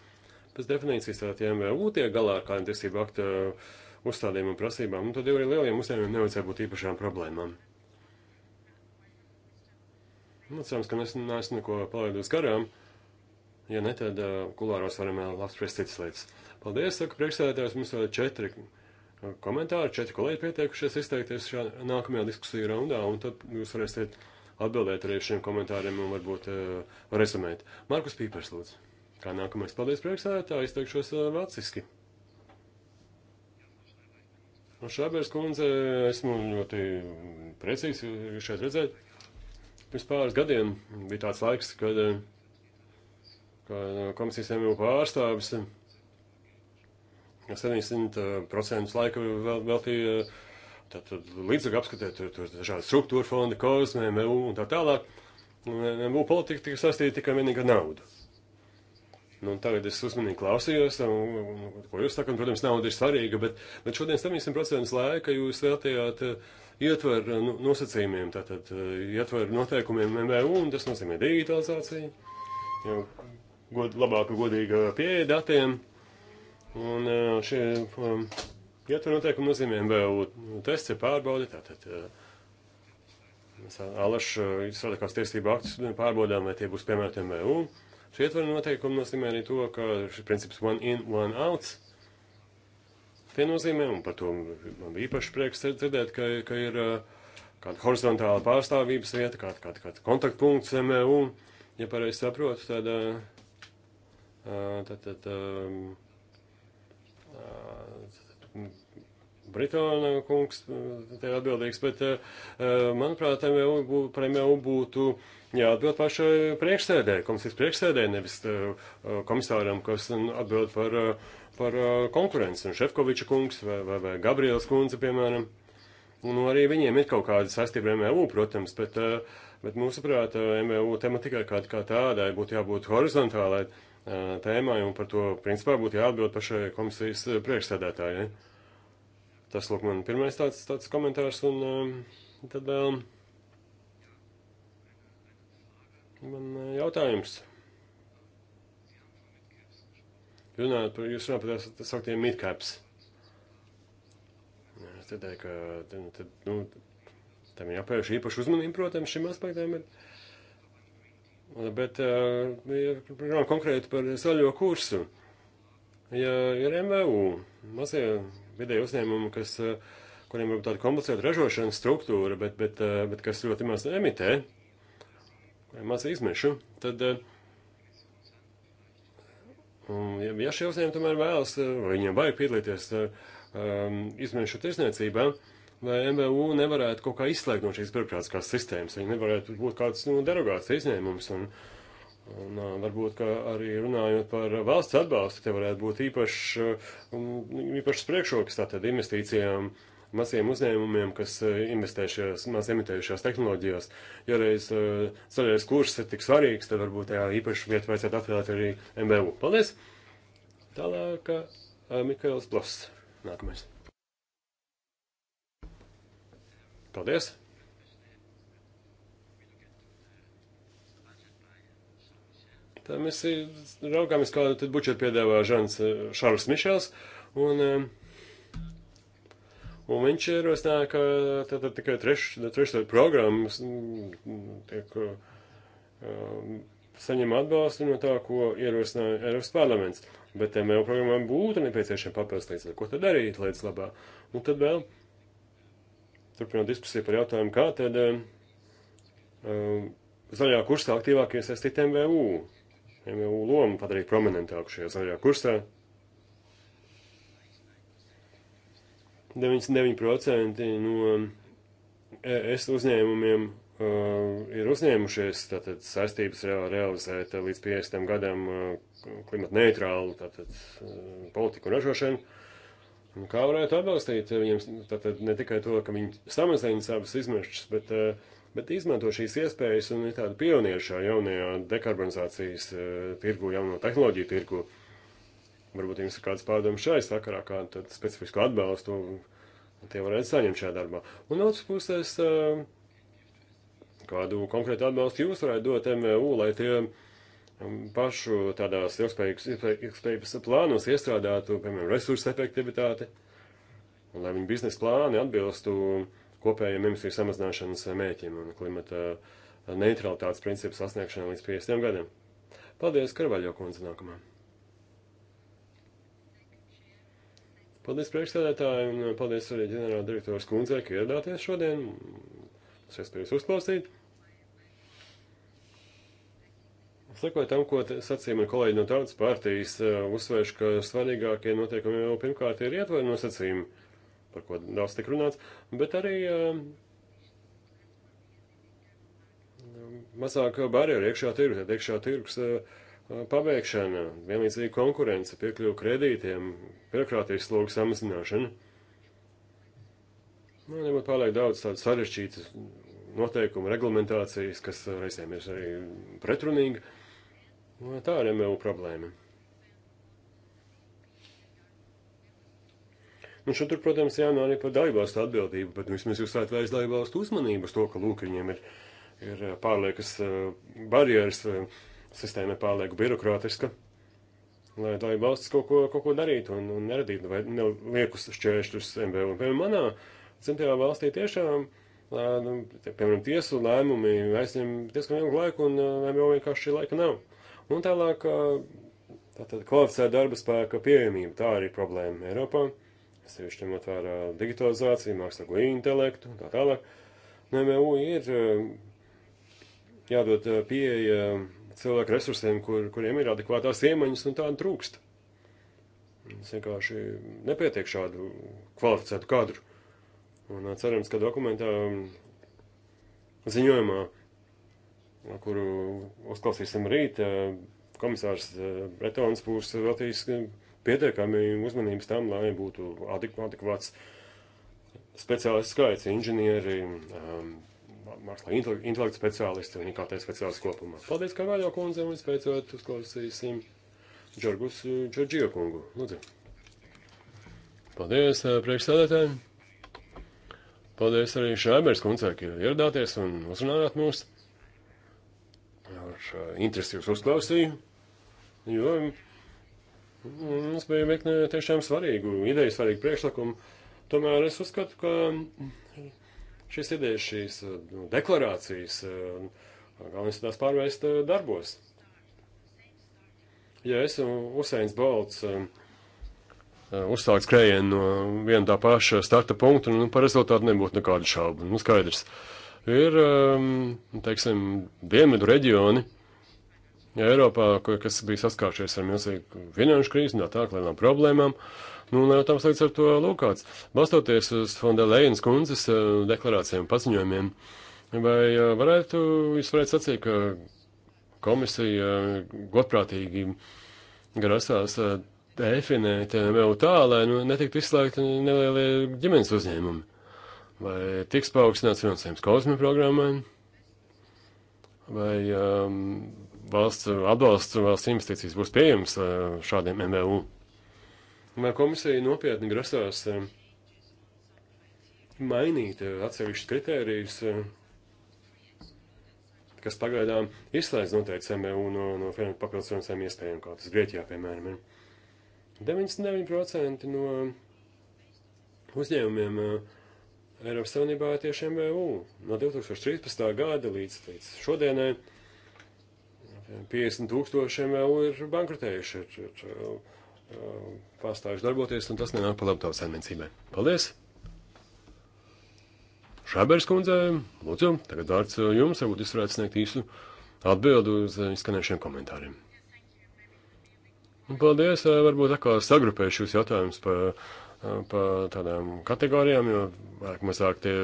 Pēc definīcijas tātad, ja MVU tiek galā ar kādiem tiesību aktu uh, uzstādījumiem un prasībām, un tad jau arī lieliem uzņēmumiem nevajadzētu būt īpašām problēmām. Nu, cerams, ka es neesmu neko palaidus garām. Ja ne, tad uh, kulāros varam vēl uh, apspriest citas lietas. Paldies, saka priekšsēdētājs. Mums vēl ir četri uh, komentāri, četri kolēģi pieteikušies izteikties šajā nākamajā diskusiju raundā, un tad jūs varēsiet atbildēt arī šiem komentāriem un varbūt uh, rezumēt. Markus Pīpers, lūdzu. Kā nākamais, paldies priekšsēdētā, izteikšos uh, eh, vāciski. Un nu, šāpēc, kundze, esmu ļoti precīzi šeit redzēt. Pirms pāris gadiem bija tāds laiks, kad, eh, kad komisijas MU pārstāvis 70% laika veltīja. Vēl Tātad līdzīgi apskatīt, tur ir dažādi struktūra fondi, kosmē, MVU un tā tālāk. Un nu, MVU politika tika saistīta tikai vienīgi ar naudu. Nu, tagad es uzmanīgi klausījos, un, un, un, ko jūs sakat, protams, nauda ir svarīga, bet, bet šodien 70% laika jūs veltījāt eh, ietver eh, nu, nosacījumiem, tātad eh, ietver noteikumiem MVU, un tas nozīmē digitalizāciju, jau god, labāka godīga pieeja datiem, un šie um, Ietver noteikumu nozīmēm vēl tests ir pārbaudi, tātad eh, mēs alaši eh, sadakās tiesību aktus pārbaudām, vai tie būs piemērti MVU. Šie ietver noteikumu nozīmē arī to, ka šis princips one in, one out tie nozīmē, un par to man bija īpaši prieks dzirdēt, ka, ka ir eh, kāda horizontāla pārstāvības vieta, kāda, kāda, kāda kontaktpunkts MVU, ja pareizi saprotu, tad, tad, tad, tad ehm, Britona kungs eh, te ir atbildīgs, bet, eh, eh, manuprāt, MVU, par MVU būtu jāatbild pašai priekšsēdē, komisijas priekšsēdē, nevis komisāram, kas atbild par, par konkurenci. Un Šefkoviča kungs vai, vai, vai Gabriels kundze, piemēram. Un arī viņiem ir kaut kāda saistība ar MVU, protams, bet, bet mūsuprāt, MVU tematikai kā, kā tādai būtu jābūt horizontālai tēmai, un par to, principā, būtu jāatbild pašai komisijas priekšsēdētājai. Ja? Tas, lūk, man pirmais tāds, tāds komentārs, un um, tad vēl man uh, jautājums. Runājot par, jūs runājat par tās, tās sauktiem midcaps. Es te teiktu, ka, tad, tad, nu, tam ir jāpērš īpaši uzmanību, protams, šim aspektam, bet. Ir... Bet, uh, ja runājam konkrēti par zaļo kursu, ja ir MVU, mazie vidēji uzņēmumi, kas, eh, kuriem varbūt tāda komplicēta ražošanas struktūra, bet, bet, eh, bet kas ļoti maz emitē, kuriem maz izmešu, tad, eh, ja, ja šie uzņēmumi tomēr vēlas, viņiem vajag piedalīties ehm, izmešu tirsniecībā, vai MBU nevarētu kaut kā izslēgt no šīs birokrātiskās sistēmas, viņi nevarētu būt kāds nu, derogāts izņēmums. Un, Un varbūt arī runājot par valsts atbalstu, te varētu būt īpašs, um, īpašs priekšroks tātad investīcijām maziem uzņēmumiem, kas investē šajās maz emitējušās tehnoloģijās. Ja reiz zaļais kurs ir tik svarīgs, tad varbūt tajā īpaši vietu vajadzētu atvēlēt arī MBU. Paldies! Tālāk Mikails Ploss. Nākamais. Paldies! Tā mēs raugāmies, kādu budžetu piedāvā Žants eh, Šārls Mišels, un, eh, un viņš ierosināja, ka tātad tikai trešdaļa treš, programmas tiek eh, saņem atbalstu no tā, ko ierosināja Eiropas parlaments. Bet ML programmām būtu nepieciešama papildus līdzekļi. Ko tad darīt lietas labā? Un nu, tad vēl turpinot diskusiju par jautājumu, kā tad uh, zaļā kursā aktīvāk iesaistīt MVU. MVU lomu padarīt prominentāku šajā zaļā kursā. 99% no es uzņēmumiem uh, ir uzņēmušies tātad saistības realizēt līdz 50 gadam uh, klimata neitrālu tātad uh, politiku un ražošanu. Un kā varētu atbalstīt viņiem tātad ne tikai to, ka viņi samazina savas izmešas, bet uh, bet izmanto šīs iespējas un ir tāda pionieru šajā jaunajā dekarbonizācijas e, tirgu, jauno tehnoloģiju tirgu. Varbūt jums ir kāds pārdoms šai sakarā, kā tad specifisku atbalstu tie varētu saņemt šajā darbā. Un otrs puses, e, kādu konkrētu atbalstu jūs varētu dot MVU, lai tie e, pašu tādās ilgspējības plānos iestrādātu, piemēram, resursu efektivitāti, un lai viņu biznesa plāni atbilstu uh, kopējiem emisiju samazināšanas mēķiem un klimata eh, neutralitātes principu sasniegšanai līdz 50 gadiem. Paldies, Karvaļo kundze, nākamā. Paldies priekšstādētāji un paldies arī ģenerāla direktors kundzei, ka ieradāties šodien. Es iespēju jūs uzklausīt. Sakot tam, ko sacīja man kolēģi no tautas partijas, eh, uzsvēršu, ka svarīgākie notiekumi jau pirmkārt ir ietvaru nosacījumi par ko daudz tiek runāts, bet arī uh, mazāk barjeru iekšā tirgus, iekšā tirgus uh, pabeigšana, vienlīdzīga konkurence, piekļuva kredītiem, birokrātijas slogu samazināšana. Nu, nebūtu pārāk daudz tādu sarežģītu noteikumu, reglamentācijas, kas reizēm ir arī pretrunīga. Nu, tā ir MVU problēma. Un šeit, tur, protams, jānāk nu, arī par dalībvalstu atbildību, bet vismaz jūs varētu vērst dalībvalstu uzmanību uz to, ka lūk, viņiem ir, ir pārliekas barjeras, sistēma ir pārlieku birokrātiska, lai dalībvalstis kaut ko, kaut ko darītu un, un neradītu vai neliekus šķēršļus MVU. Piemēram, manā centrālā valstī tiešām, lē, nu, piemēram, tiesu lēmumi aizņem diezgan ilgu laiku un MVU vienkārši šī laika nav. Un tālāk, tātad kvalificēta darba spēka pieejamība, tā arī problēma Eiropā sevišķi ņemot vērā digitalizāciju, mākslīgo intelektu un tā tālāk. No MVU ir eh, jādod eh, pieeja eh, cilvēku resursiem, kur, kuriem ir adekvātās iemaņas, un tāda trūkst. Es vienkārši nepietiek šādu kvalificētu kadru. Un cerams, ka dokumentā mm, ziņojumā, kuru uzklausīsim rīt, komisārs Bretons būs veltījis pietiekami uzmanības tam, lai būtu adekvāts speciālistu skaits, inženieri, um, mākslā intelektu speciālisti un IKT speciālisti kopumā. Paldies, kā vēl jau kundze, un spēcot uzklausīsim Džorgus Džordžio kungu. Lūdzu. Paldies eh, priekšsēdētājiem. Paldies arī Šēmers kundzei, ka ieradāties un uzrunājāt mūs. Ar eh, interesi jūs uzklausīju, jo Mums bija virkne tiešām svarīgu ideju, svarīgu priekšlikumu. Tomēr es uzskatu, ka šīs idejas, šīs nu, deklarācijas, galvenais tās pārvērst eh, darbos. Ja es un Usains Bolts eh, eh, uzsākt skrējienu no viena tā paša starta punkta, nu, par rezultātu nebūtu nekādu šaubu. Nu, skaidrs. Ir, teiksim, dienvidu reģioni, Eiropā, kas bija saskāršies ar milzīgu finanšu krīzi un no tā lielām problēmām. Nu, lai jau tāms līdz ar to lūkāts. Balstoties uz Fonda Lejenas kundzes eh, deklarācijām paziņojumiem, vai eh, varētu, jūs varētu sacīt, ka komisija eh, godprātīgi grasās definēt vēl tā, lai nu, netiktu izslēgti nelielie ģimenes uzņēmumi? Vai tiks paaugstināts finansējums kosmi programmai? Vai um, valsts atbalsts un valsts investīcijas būs pieejams eh, šādiem MVU. Vai komisija nopietni grasās eh, mainīt eh, atsevišķus kritērijus, kas pagaidām izslēdz noteikti MVU no, no papildus finansējuma iespējām, kā tas Grieķijā, piemēram, ir. 99% no uzņēmumiem Eiropas Savienībā ir tieši MVU. No 2013. gada līdz, līdz šodienai 50 tūkstošiem jau ir bankrotējuši, ir, ir, ir pārstājuši darboties, un tas nenāk pa labu tavas saimniecībai. Paldies! Šāberis kundze, lūdzu, tagad vārds jums, varbūt jūs varētu sniegt īsu atbildu uz izskanējušiem komentāriem. Un paldies, varbūt atkal sagrupēšu šos jautājumus par, par tādām kategorijām, jo vairāk mazāk tie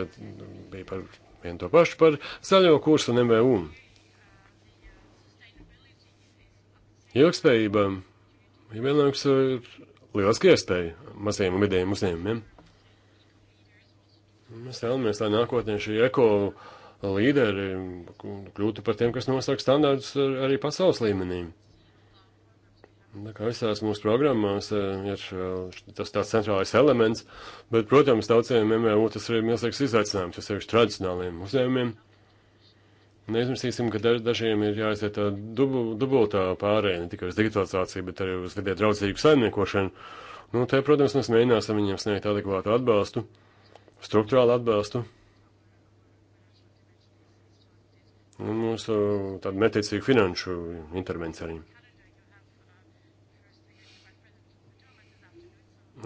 bija par vienu to pašu, par zaļo kursu un MVU. Ilgspējība ja vienlaikus ir lieliski iespēja mazajiem un vidējiem uzņēmumiem. Mēs vēlamies, lai nākotnē šī eko līderi kļūtu par tiem, kas nosaka standārdus arī pasaules līmenī. Tā kā visās mūsu programmās eh, ir eh, tas tāds centrālais elements, bet, protams, daudziem MVU tas ir milzīgs izaicinājums, tas ir tradicionāliem uzņēmumiem. Neizmirsīsim, ka dažiem ir jāiziet tā dubu, dubultā pārēja, ne tikai uz digitalizāciju, bet arī uz vidē draudzīgu saimniekošanu. Nu, te, protams, mēs mēģināsim viņiem sniegt adekvātu atbalstu, struktūrālu atbalstu. Un mūsu tādu neticīgu finanšu intervenciju arī.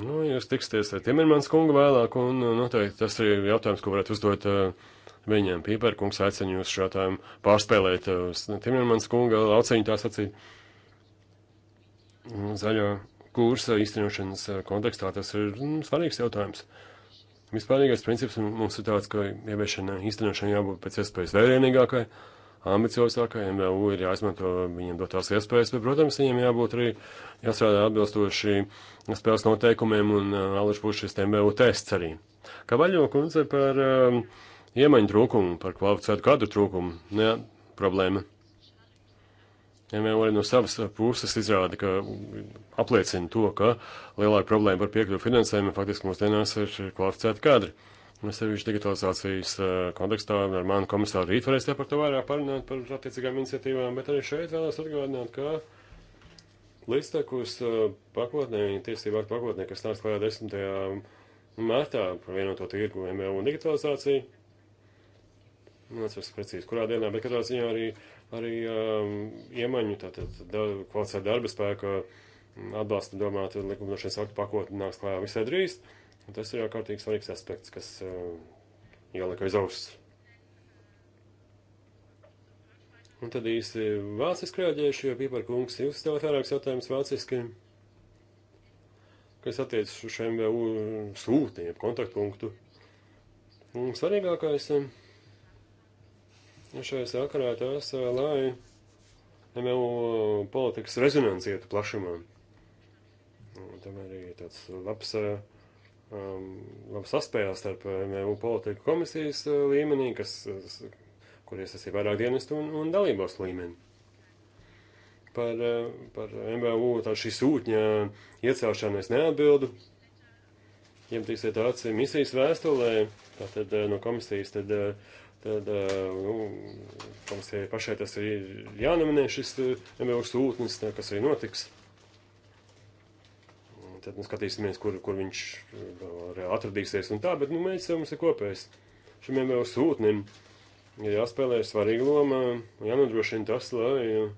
Nu, jūs tiksties ar Timermans kungu vēlāk, un nu, noteikti tas ir jautājums, ko varētu uzdot uh, viņiem. Pīpērkungs aicina jūs šo tēmu pārspēlēt. Uh, Timermans kunga lauceņu tā sacīja mm, zaļo kursa īstenošanas uh, kontekstā. Tas ir nu, svarīgs jautājums. Vispārīgais princips mums ir tāds, ka ieviešana īstenošana jābūt pēc iespējas vērienīgākai, ambiciozākai, MVU ir jāizmanto viņiem dotās iespējas, bet, protams, viņiem jābūt arī jāstrādā atbilstoši spēles noteikumiem un uh, alaž būs šis MVU tests arī. Kavaļo kundze par uh, um, iemaņu trūkumu, par kvalificētu kadru trūkumu. Jā, problēma. MVO arī no savas puses izrāda, ka apliecina to, ka lielāka problēma par piekļuvu finansējumu faktiski mūsdienās ir kvalificēta kadri. Mēs sevišķi digitalizācijas eh, kontekstā ar manu komisāru rīt varēsim par to vairāk parunāt par attiecīgām iniciatīvām, bet arī šeit vēlos atgādināt, ka līdztekus eh, pakotnē, tiesību aktu pakotnē, kas nāks klājā 10. mārtā par vienoto tirgu MVO un digitalizāciju, Nācos precīzi, kurā dienā, bet katrā ziņā arī, arī um, iemaņu, tātad da, kvalificēta darba spēka mm, atbalsta domāt likumdošanas aktu pakotni nāks klājā visai drīz. Un tas ir ārkārtīgi svarīgs aspekts, kas um, jāliek aiz auss. Un tad īsti vāciski rēģējuši, jo Pīpar kungs, jūs stāvat vairākas jautājumas vāciski, kas attiecas uz šiem VU sūtiem, kontaktpunktu. Un svarīgākais. Um, Nu, šajā sakarā tās, lai MLU politikas rezonanci ietu plašumā. Nu, tam arī tāds labs, um, labs aspējās starp MLU politiku komisijas uh, līmenī, kas, kuries tas ir vairāk dienestu un, un dalībos līmeni. Par, uh, par MLU tā šī sūtņa iecelšanu es neatbildu. Ņemtīsiet acis misijas vēstulē, tātad uh, no komisijas tad uh, tad nu, komisijai pašai tas ir jānominē šis MVU sūtnis, kas arī notiks. Tad nu, skatīsimies, kur, kur viņš atradīsies un tā, bet nu, mēs jau mums ir kopējs. Šim MVU sūtnim ir jāspēlē svarīga loma, jānodrošina tas, lai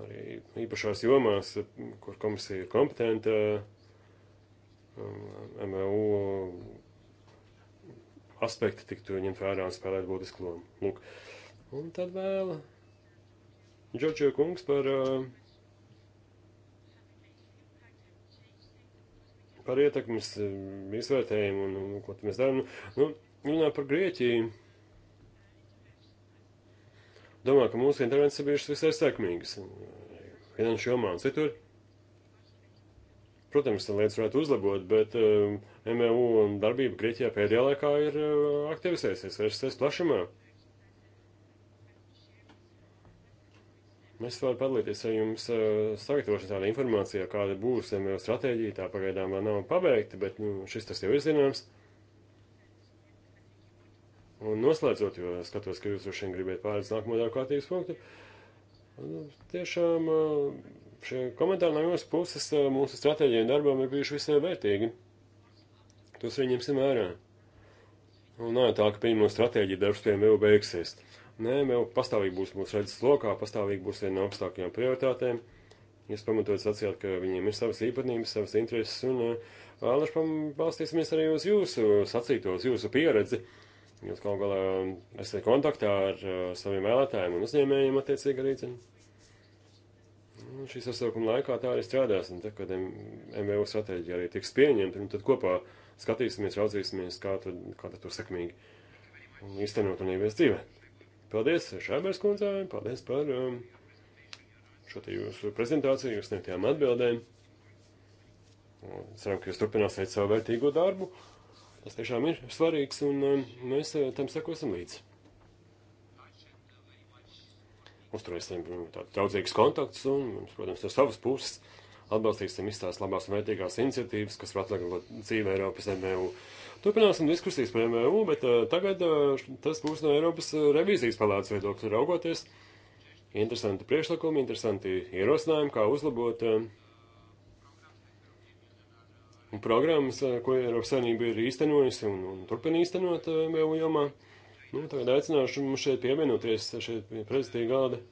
arī īpašās jomās, kur komisija ir kompetenta, MVU aspekti tiktu ņemt vērā un spēlēt būtisku lomu. Lūk. Un tad vēl Džordžija kungs par, eh, par ietekmes eh, izvērtējumu un, un ko mēs darām. Nu, nu runā par Grieķiju. Domāju, ka mūsu intervences ir bijušas visai sekmīgas. Finanšu jomā un citur. Protams, lietas varētu uzlabot, bet uh, MVU un darbība Grieķijā pēdējā laikā ir eh, aktivizējusies, vērsties plašumā. Mēs varam padalīties ar jums eh, sagatavošanā tādā informācijā, kāda būs MVU stratēģija, tā pagaidām vēl nav pabeigta, bet nu, šis tas jau ir zināms. Un noslēdzot, jo skatos, ka jūs droši vien gribētu pārēc nākamo darbu kārtības punktu, nu, tiešām eh, šie komentāri no jūsu puses mūsu stratēģiem darbam ir bijuši visai vērtīgi. Tos arī ņemsim vērā. Un nu, nav tā, ka pirmo stratēģiju darbs pie vēl beigsies. Nē, vēl pastāvīgi būs mūsu redzes lokā, pastāvīgi būs viena no augstākajām prioritātēm. Jūs pamatot sacījāt, ka viņiem ir savas īpatnības, savas intereses, un vēlaši balstīsimies arī uz jūsu sacītos, jūsu pieredzi. Jūs kaut galā esat kontaktā ar saviem vēlētājiem un uzņēmējiem attiecīgi arī. Un nu, šī sasaukuma laikā tā arī strādās, un tad, kad MVO stratēģija arī tiks pieņemta, nu, tad kopā uh, skatīsimies, raudzīsimies, kā tad, kā tad to sekmīgi īstenot un ievies dzīvē. Paldies Šābērs kundzēm, paldies par um, šo te jūsu prezentāciju, jūs sniegtajām atbildēm. Ceram, ka jūs turpināsiet savu vērtīgo darbu. Tas tiešām ir svarīgs, un um, mēs uh, tam sekosim līdzi. Uzturēsim um, tādus daudzīgus kontaktus, un, mums, protams, no savas puses Atbalstīsim izstās labās un vērtīgās iniciatīvas, kas var atvieglot dzīvi Eiropas MVU. E Turpināsim diskusijas par MVU, e bet uh, tagad uh, tas būs no Eiropas eh, revīzijas palātas viedokļa raugoties. Interesanti priekšlikumi, interesanti ierosinājumi, kā uzlabot uh, programmas, uh, ko Eiropas saimnība ir īstenojusi un, un turpina īstenot uh, MVU e jomā. Nu, tagad aicināšu mums šeit pievienoties šeit prezidija gada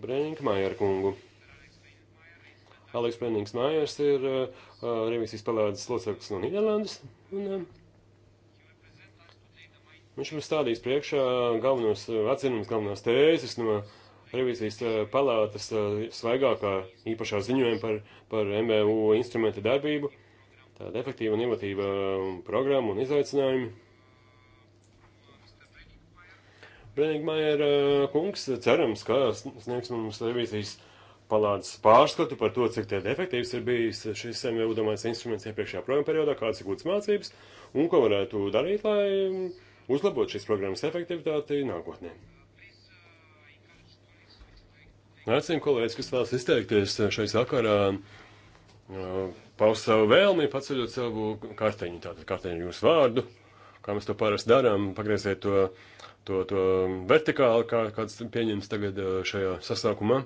Brēninkmājā ar kungu. Aleks Pennings Mājers ir uh, uh revīzijas palādes loceklis no Nīderlandes. Un, uh, viņš mums stādīs priekšā galvenos uh, atzinumus, galvenās tēzes no revīzijas uh, palātas uh, svaigākā īpašā ziņojuma par, par MVU instrumentu darbību, tāda efektīva un inovatīva um, programma un izaicinājumi. Brenigmajer kungs cerams, ka sniegs mums revīzijas palādes pārskatu par to, cik tad efektīvs ir bijis šis iedomājums instruments iepriekšējā programma periodā, kādas ir gūtas mācības un ko varētu darīt, lai uzlabotu šīs programmas efektivitāti nākotnē. Aicinu kolēģis, kas vēlas izteikties šai sakarā, paust savu vēlmi, paceļot savu karteņu, tātad karteņu jūsu vārdu, kā mēs to parasti darām, pagrieziet to, to, to vertikāli, kā, kāds pieņems tagad šajā sasākumā.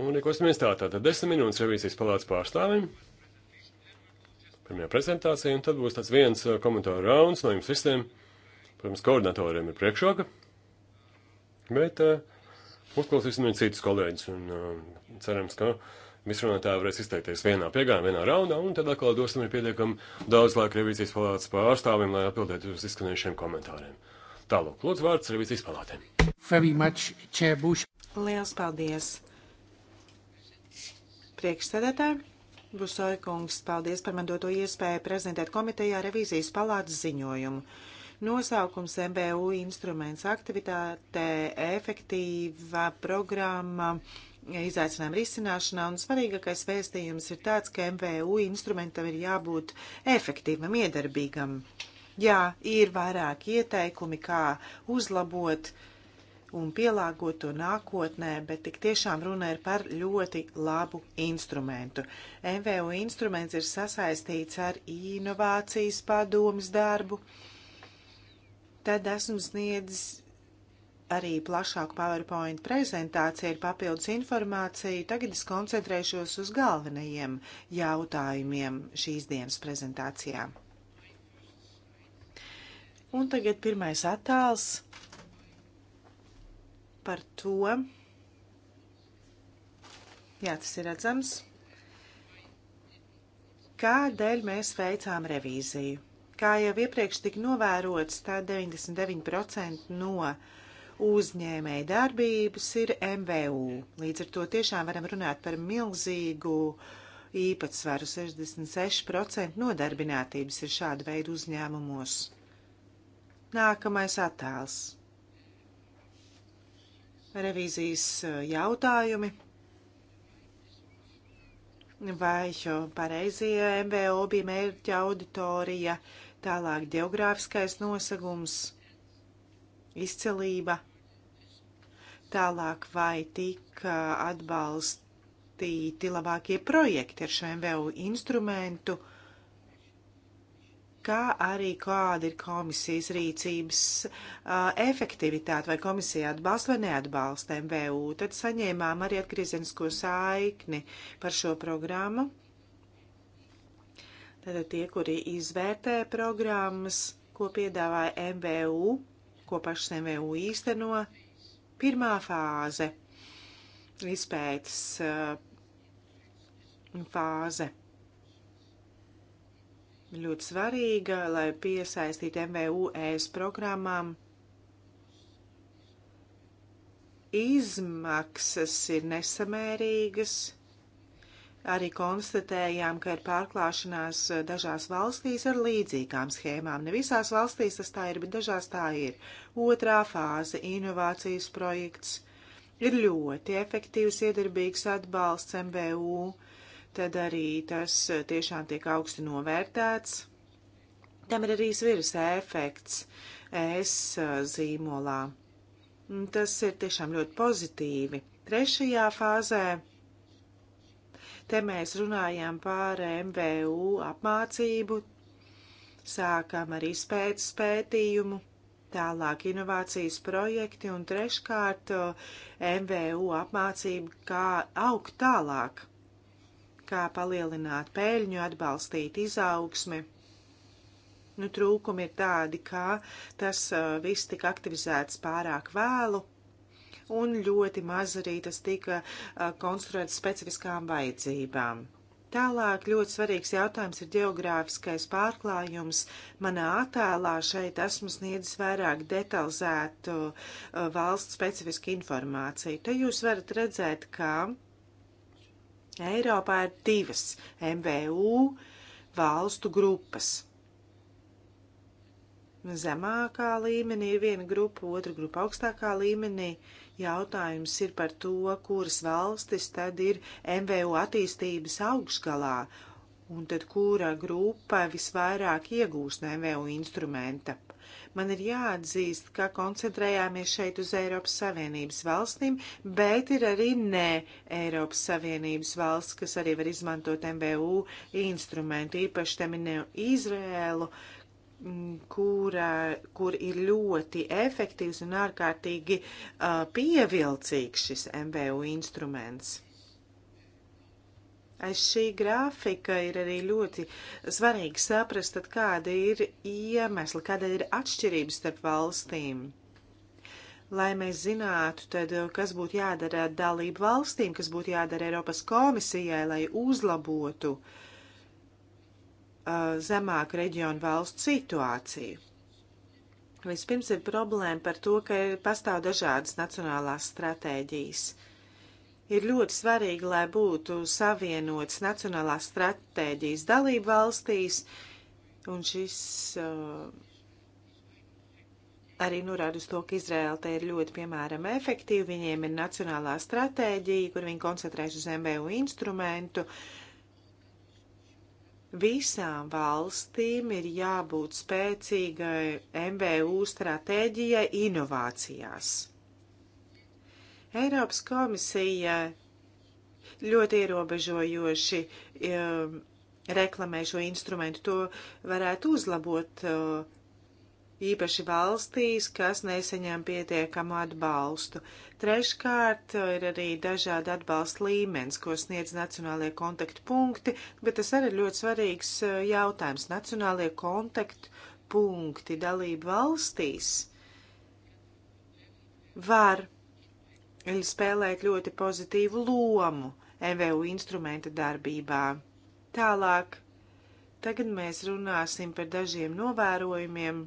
Un rīkosimies tā, tātad 10 minūtes revīzijas palātas pārstāvim. Pirmajā prezentācijā, un tad būs tāds viens uh, komentāru rauns no jums visiem. Protams, koordinatoriem ir priekšroka, bet uh, uzklausīsim arī citus kolēģus, un uh, cerams, ka visrunātāji varēs izteikties vienā piegājā, vienā raundā, un tad atkal dosim ir pietiekami daudz laika revīzijas palātas pārstāvim, lai atbildētu uz izskanējušiem komentāriem. Tālāk, lūdzu vārds revīzijas palātēm. Liels paldies! Priekšsēdētāji, Busoja kungs, paldies par man doto iespēju prezentēt komitejā revīzijas palātas ziņojumu. Nosaukums MBU instruments aktivitāte efektīva programma izaicinājuma risināšanā un svarīgākais vēstījums ir tāds, ka MBU instrumentam ir jābūt efektīvam, iedarbīgam. Jā, ir vairāk ieteikumi, kā uzlabot uh, un pielāgot to nākotnē, bet tik tiešām runa ir par ļoti labu instrumentu. MVU instruments ir sasaistīts ar inovācijas padomas darbu. Tad esmu sniedzis arī plašāku PowerPoint prezentāciju ar papildus informāciju. Tagad es koncentrēšos uz galvenajiem jautājumiem šīs dienas prezentācijā. Un tagad pirmais attēls par to. Jā, tas ir redzams. Kādēļ mēs veicām revīziju? Kā jau iepriekš tika novērots, tā 99% no uzņēmēja darbības ir MVU. Līdz ar to tiešām varam runāt par milzīgu īpatsvaru. 66% nodarbinātības ir šāda veida uzņēmumos. Nākamais attēls revīzijas eh, jautājumi. Vai pareizie MBO bija mērķa auditorija, tālāk geogrāfiskais nosagums, izcelība, tālāk vai tika atbalstīti labākie projekti ar šo MBO instrumentu kā arī kāda ir komisijas rīcības uh, efektivitāte, vai komisija atbalsta vai neatbalsta MVU. Tad saņēmām arī atgriezenisko saikni par šo programmu. Tātad tie, kuri izvērtē programmas, ko piedāvāja MVU, ko pašas MVU īsteno, pirmā fāze, izpētes uh, fāze ļoti svarīga, lai piesaistītu MVU ES programmām. Izmaksas ir nesamērīgas. Arī konstatējām, ka ir pārklāšanās eh, dažās valstīs ar līdzīgām schēmām. Ne visās valstīs tas tā ir, bet dažās tā ir. Otrā fāze - inovācijas projekts. Ir ļoti efektīvs iedarbīgs atbalsts MVU tad arī tas eh, tiešām tiek augsti novērtēts. Tam ir arī sviras efekts S eh, zīmolā. Mm, tas ir tiešām ļoti pozitīvi. Trešajā fāzē te mēs runājam par MVU apmācību, sākam ar izpētes pētījumu, tālāk inovācijas projekti un treškārt eh, MVU apmācību, kā augt tālāk kā palielināt peļņu, atbalstīt izaugsmi. Nu, trūkumi ir tādi, ka tas uh, viss tika aktivizēts pārāk vēlu, un ļoti maz arī tas tika uh, konstruēts specifiskām vajadzībām. Tālāk ļoti svarīgs jautājums ir geogrāfiskais pārklājums. Manā attēlā šeit esmu sniedzis vairāk detalizētu uh, valsts specifisku informāciju. Te jūs varat redzēt, ka Eiropā ir divas MVU valstu grupas. Zemākā līmenī ir viena grupa, otra grupa augstākā līmenī. Jautājums ir par to, kuras valstis tad ir MVU attīstības augšgalā un tad kura grupa visvairāk iegūst no MVU instrumenta Man ir jāatzīst, ka koncentrējāmies šeit uz Eiropas Savienības valstīm, bet ir arī ne Eiropas Savienības valsts, kas arī var izmantot MBU instrumentu, īpaši tam ir Izrēlu, kura, kur ir ļoti efektīvs un ārkārtīgi uh, pievilcīgs šis MBU instruments. Šī grafika ir arī ļoti svarīgi saprast, tad kāda ir iemesla, kāda ir atšķirības starp valstīm. Lai mēs zinātu, tad, kas būtu jādara dalību valstīm, kas būtu jādara Eiropas komisijai, lai uzlabotu uh, zemāku reģionu valstu situāciju. Vispirms ir problēma par to, ka pastāv dažādas nacionālās stratēģijas. Uh, Ir ļoti svarīgi, lai būtu savienotas nacionālās stratēģijas dalību valstīs, un šis uh, arī norāda uz to, ka Izraēla te ir ļoti, piemēram, efektīva. Viņiem ir nacionālā stratēģija, kur viņi koncentrēs uz MBU instrumentu. Visām valstīm ir jābūt spēcīgai MBU stratēģijai inovācijās. Eiropas komisija ļoti ierobežojoši um, reklamē šo instrumentu. To varētu uzlabot uh, īpaši valstīs, kas neseņem pietiekamu atbalstu. Treškārt uh, ir arī dažādi atbalsta līmenis, ko sniedz nacionālie kontaktpunkti, bet tas arī ir ļoti svarīgs uh, jautājums. Nacionālie kontaktpunkti dalību valstīs var spēlēt ļoti pozitīvu lomu MVU instrumenta darbībā. Tālāk, tagad mēs runāsim par dažiem novērojumiem,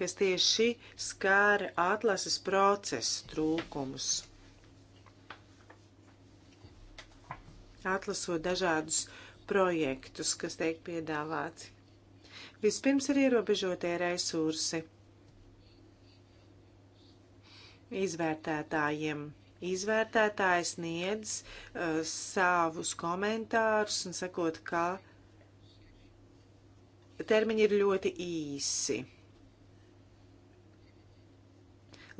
kas tieši skāra atlases procesu trūkumus. atlasot dažādus projektus, kas tiek piedāvāti. Vispirms ir ierobežotie resursi izvērtētājiem. Izvērtētājs sniedz uh, savus komentārus un sakot, ka termiņi ir ļoti īsi,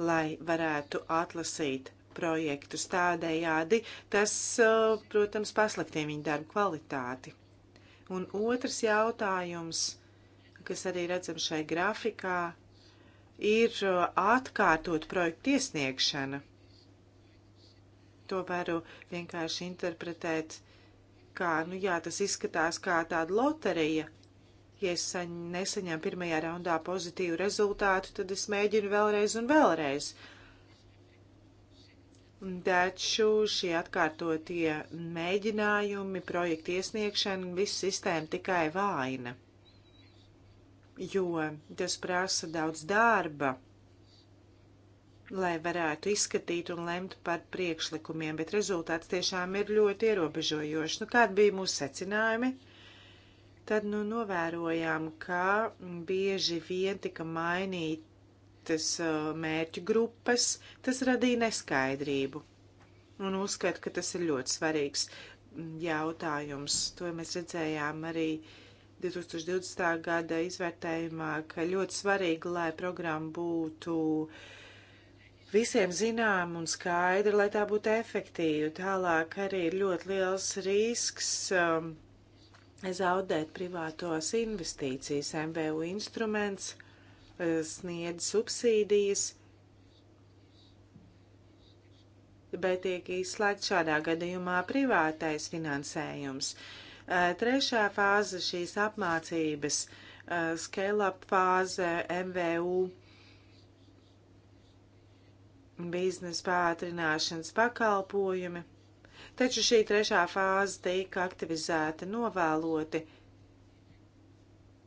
lai varētu atlasīt projektus tādējādi, tas, uh, protams, pasliktina viņu darbu kvalitāti. Un otrs jautājums, kas arī redzams šai grafikā, ir uh, atkārtot projektu iesniegšana. To varu vienkārši interpretēt, kā, nu jā, tas izskatās kā tāda loterija. Ja es nesaņēmu pirmajā raundā pozitīvu rezultātu, tad es mēģinu vēlreiz un vēlreiz. Taču šie atkārtotie mēģinājumi, projekta iesniegšana, visu sistēmu tikai vaina jo tas prasa daudz darba, lai varētu izskatīt un lemt par priekšlikumiem, bet rezultāts tiešām ir ļoti ierobežojošs. Nu, kādi bija mūsu secinājumi? Tad, nu, novērojām, ka bieži vien tika mainītas uh, mērķu grupas, tas radīja neskaidrību. Un uzskatu, ka tas ir ļoti svarīgs mm, jautājums. To mēs redzējām arī uh, 2020. gada izvērtējumā, ka ļoti svarīgi, lai programma būtu visiem zinām un skaidra, lai tā būtu efektīva. Tālāk arī ir ļoti liels risks um, zaudēt privātos investīcijas. MVU instruments eh, sniedz subsīdijas, bet tiek izslēgts šādā gadījumā privātais finansējums. Uh, Eh, trešā fāze šīs apmācības, eh, scale-up fāze, MVU biznesa pātrināšanas pakalpojumi, taču šī trešā fāze tika aktivizēta novēloti.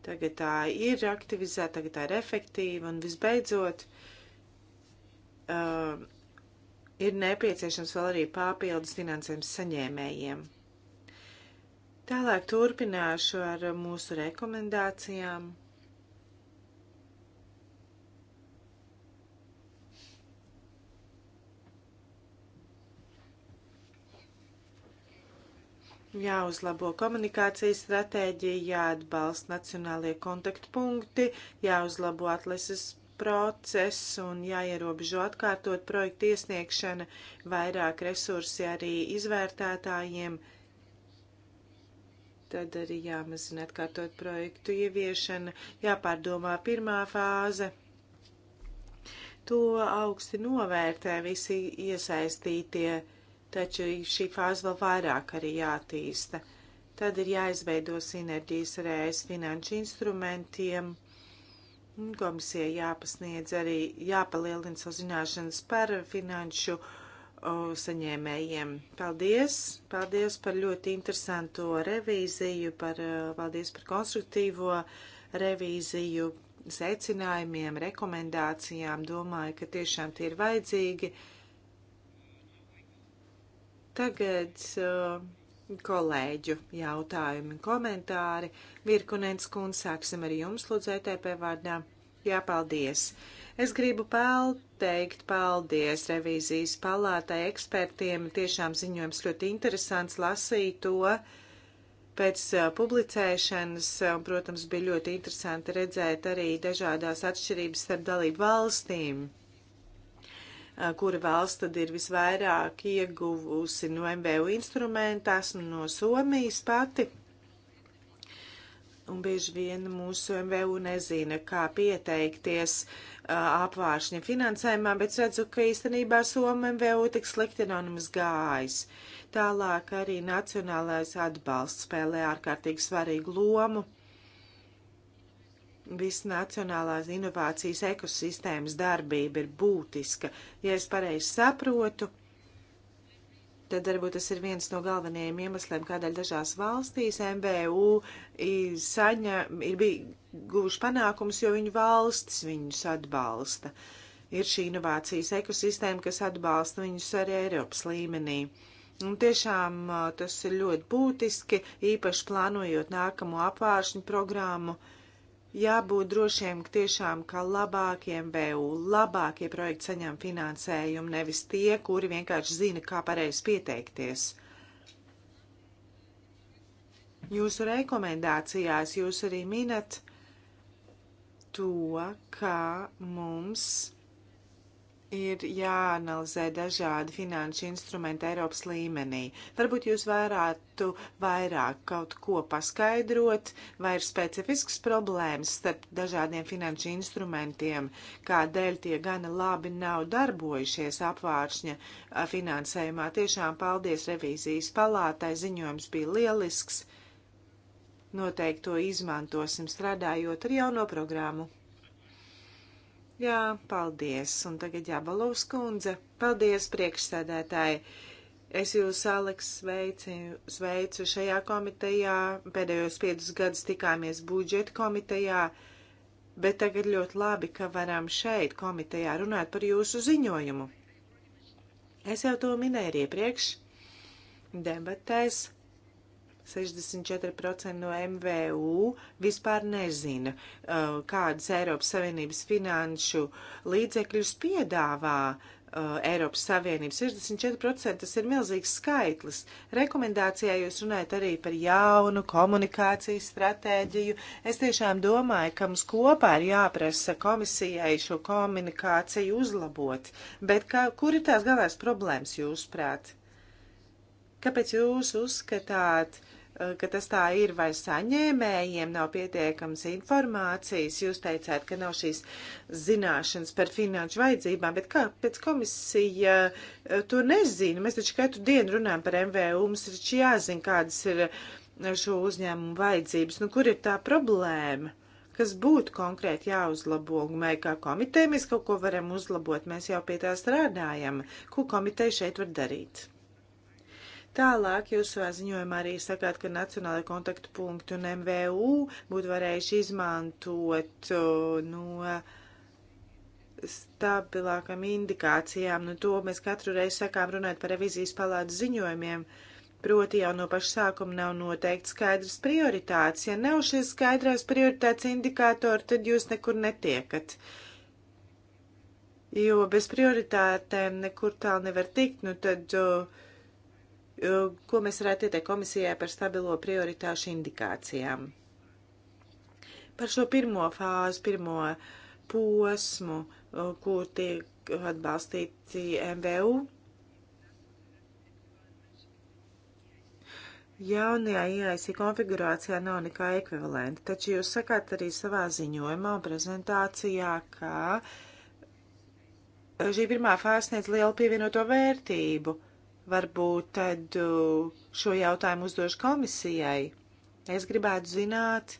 Tagad tā ir aktivizēta, tagad tā ir efektīva un visbeidzot uh, ir nepieciešams vēl arī papildus finansējums saņēmējiem. Tālāk turpināšu ar mūsu rekomendācijām. Jāuzlabo komunikācijas stratēģija, jāatbalsta nacionālie kontaktpunkti, jāuzlabo atlases process un jāierobežo atkārtot projektu iesniegšana, vairāk resursi arī izvērtētājiem, Tad arī jāmazina atkārtot projektu ieviešana, jāpārdomā pirmā fāze. To augsti novērtē visi iesaistītie, taču šī fāze vēl vairāk arī jātīsta. Tad ir jāizveido sinerģijas ar ES finanšu instrumentiem. Komisija jāpasniedz arī jāpalielina savu zināšanas par finanšu uh, saņēmējiem. Paldies! Paldies par ļoti interesanto revīziju, par, paldies par konstruktīvo revīziju, secinājumiem, rekomendācijām. Domāju, ka tiešām tie ir vajadzīgi. Tagad kolēģu jautājumi, komentāri. Virkunens kundz, sāksim ar jums, lūdzu, ETP vārdā. Jā, paldies! Uh, Es gribu pateikt paldies revīzijas palātai ekspertiem. Tiešām ziņojums ļoti interesants lasīja to. Pēc publicēšanas, protams, bija ļoti interesanti redzēt arī dažādās atšķirības starp dalību valstīm kura valsts tad ir visvairāk ieguvusi no MVU instrumentā, esmu nu, no Somijas pati un bieži vien mūsu MVU nezina, kā pieteikties apvāršņa finansējumā, bet redzu, ka īstenībā Soma MVU tik slikti nav mums gājis. Tālāk arī nacionālais atbalsts spēlē ārkārtīgi svarīgu lomu. Viss nacionālās inovācijas ekosistēmas darbība ir būtiska, ja es pareizi saprotu tad varbūt tas ir viens no galvenajiem iemesliem, kādēļ dažās valstīs MBU saņa, ir bija guvuši panākums, jo viņu valstis viņus atbalsta. Ir šī inovācijas ekosistēma, kas atbalsta viņus arī Eiropas līmenī. Un tiešām uh, tas ir ļoti būtiski, īpaši plānojot nākamo apvāršņu programmu. Uh, jābūt drošiem tiešām, ka labākiem BU, labākie projekti saņem finansējumu, nevis tie, kuri vienkārši zina, kā pareizi pieteikties. Jūsu rekomendācijās jūs arī minat to, kā mums ir jāanalizē dažādi finanšu instrumenti Eiropas līmenī. Varbūt jūs varētu vairāk kaut ko paskaidrot, vai ir specifisks problēmas starp dažādiem finanšu instrumentiem, kādēļ tie gana labi nav darbojušies apvāršņa finansējumā. Tiešām paldies revīzijas palātai, ziņojums bija lielisks. Noteikti to izmantosim strādājot ar jauno programmu. Jā, paldies. Un tagad jābalovs kundze. Paldies, priekšsēdētāji. Es jūs, Aleks, sveici, sveicu šajā komitejā. Pēdējos piecus gadus tikāmies budžeta komitejā, bet tagad ļoti labi, ka varam šeit komitejā runāt par jūsu ziņojumu. Es jau to minēju iepriekš debatēs 64% no MVU vispār nezina, uh, kādas Eiropas Savienības finanšu līdzekļus piedāvā uh, Eiropas Savienība. 64% tas ir milzīgs skaitlis. Rekomendācijā jūs runājat arī par jaunu komunikācijas stratēģiju. Es tiešām domāju, ka mums kopā ir jāprasa komisijai šo komunikāciju uzlabot. Bet kā, kur ir tās galvās problēmas jūsuprāt? Kāpēc jūs uzskatāt, eh, ka tas tā ir, vai saņēmējiem nav pietiekams informācijas? Jūs teicāt, ka nav šīs zināšanas par finanšu vajadzībām, bet kāpēc komisija eh, to nezina? Mēs taču katru dienu runājam par MVU, mums taču jāzina, kādas ir eh, šo uzņēmumu vajadzības. Nu, kur ir tā problēma? kas būtu konkrēti jāuzlabo, un mēs kā komiteja mēs kaut ko varam uzlabot, mēs jau pie tā strādājam. Ko komiteja šeit var darīt? Tālāk jūs savā ziņojumā arī sakāt, ka Nacionālajā kontaktu punktu un MVU būtu varējuši izmantot no stabilākam indikācijām. Nu, to mēs katru reizi sakām runājot par revizijas palādu ziņojumiem. Proti jau no paša sākuma nav noteikti skaidrs prioritātes. Ja nav šis skaidrās prioritātes indikātori, tad jūs nekur netiekat. Jo bez prioritātēm nekur tālu nevar tikt, nu tad uh, Eh, ko mēs varētu ieteikt komisijai par stabilo prioritāšu indikācijām. Par šo pirmo fāzi, pirmo posmu, eh, kur tiek atbalstīti MVU, Jaunajā IAC konfigurācijā nav nekā ekvivalenta, taču jūs sakāt arī savā ziņojumā un prezentācijā, ka šī pirmā fāze sniedz lielu pievienoto vērtību. Uh, Varbūt tad uh, šo jautājumu uzdošu komisijai. Es gribētu zināt,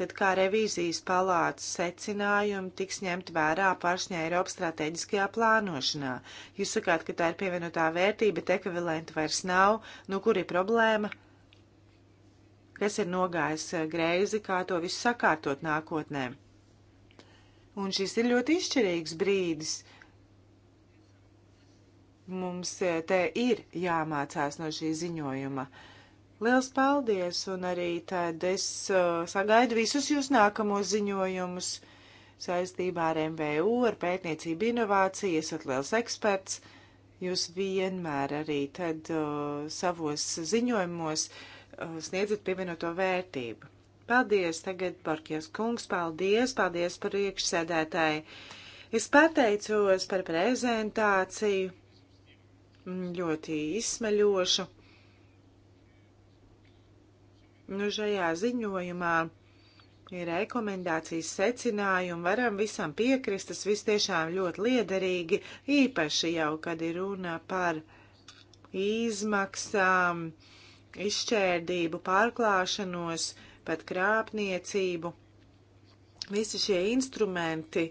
tad kā revīzijas palātas secinājumi tiks ņemt vērā pašņā Eiropas strateģiskajā plānošanā. Jūs sakāt, ka tā ir pievienotā vērtība, bet ekvivalenta vairs nav. Nu, kur ir problēma? Kas ir nogājis uh, greizi, kā to visu sakārtot nākotnē? Un šis ir ļoti izšķirīgs brīdis, mums eh, te ir jāmācās no šī ziņojuma. Liels paldies, un arī tad es eh, sagaidu visus jūs nākamos ziņojumus saistībā ar MVU, ar pētniecību inovāciju, esat liels eksperts. Jūs vienmēr arī tad uh, savos ziņojumos uh, sniedzat pievienoto vērtību. Paldies, tagad Borkijas kungs, paldies, paldies par iekšsēdētāju. Es pateicos par prezentāciju ļoti izsmeļoša. Nu, šajā ziņojumā ir rekomendācijas secinājumi, varam visam piekrist, tas viss tiešām ļoti liederīgi, īpaši jau, kad ir runa par izmaksām, izšķērdību, pārklāšanos, pat krāpniecību. Visi šie instrumenti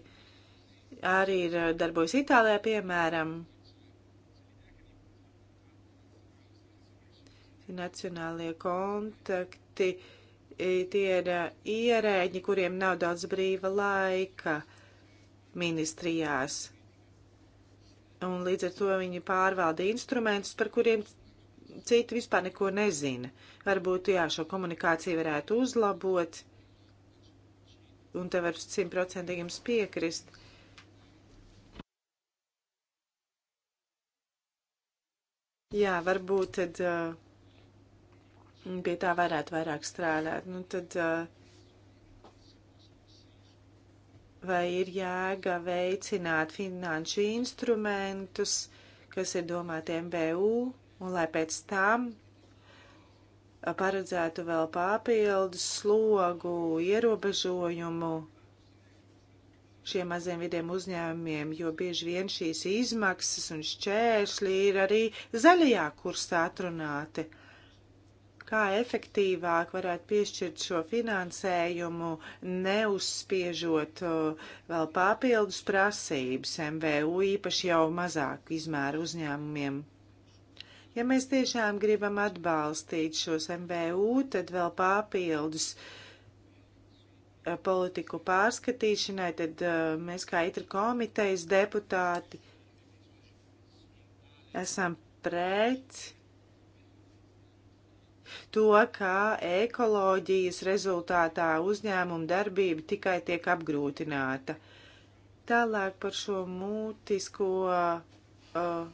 arī ir darbojas Itālijā, piemēram, Nacionālie kontakti e, tie ir e, ierēģi, kuriem nav daudz brīva laika ministrijās. Un līdz ar to viņi pārvalda instrumentus, par kuriem citi vispār neko nezina. Varbūt, jā, šo komunikāciju varētu uzlabot, un te var simtprocentīgi jums piekrist. Jā, varbūt tad. Uh, pie tā varētu vairāk strādāt. Nu, tad, vai ir jēga veicināt finanšu instrumentus, kas ir domāti MBU, un lai pēc tam paredzētu vēl papildus slogu, ierobežojumu šiem maziem vidiem uzņēmumiem, jo bieži vien šīs izmaksas un šķēršļi ir arī zaļajā kursā atrunāti kā efektīvāk varētu piešķirt šo finansējumu, neuzspiežot vēl papildus prasības MVU īpaši jau mazāk izmēru uzņēmumiem. Ja mēs tiešām gribam atbalstīt šos MVU, tad vēl papildus e, politiku pārskatīšanai, tad e, mēs kā itra komitejas deputāti esam pret to, ka ekoloģijas rezultātā uzņēmuma darbība tikai tiek apgrūtināta. Tālāk par šo mūtisko uh,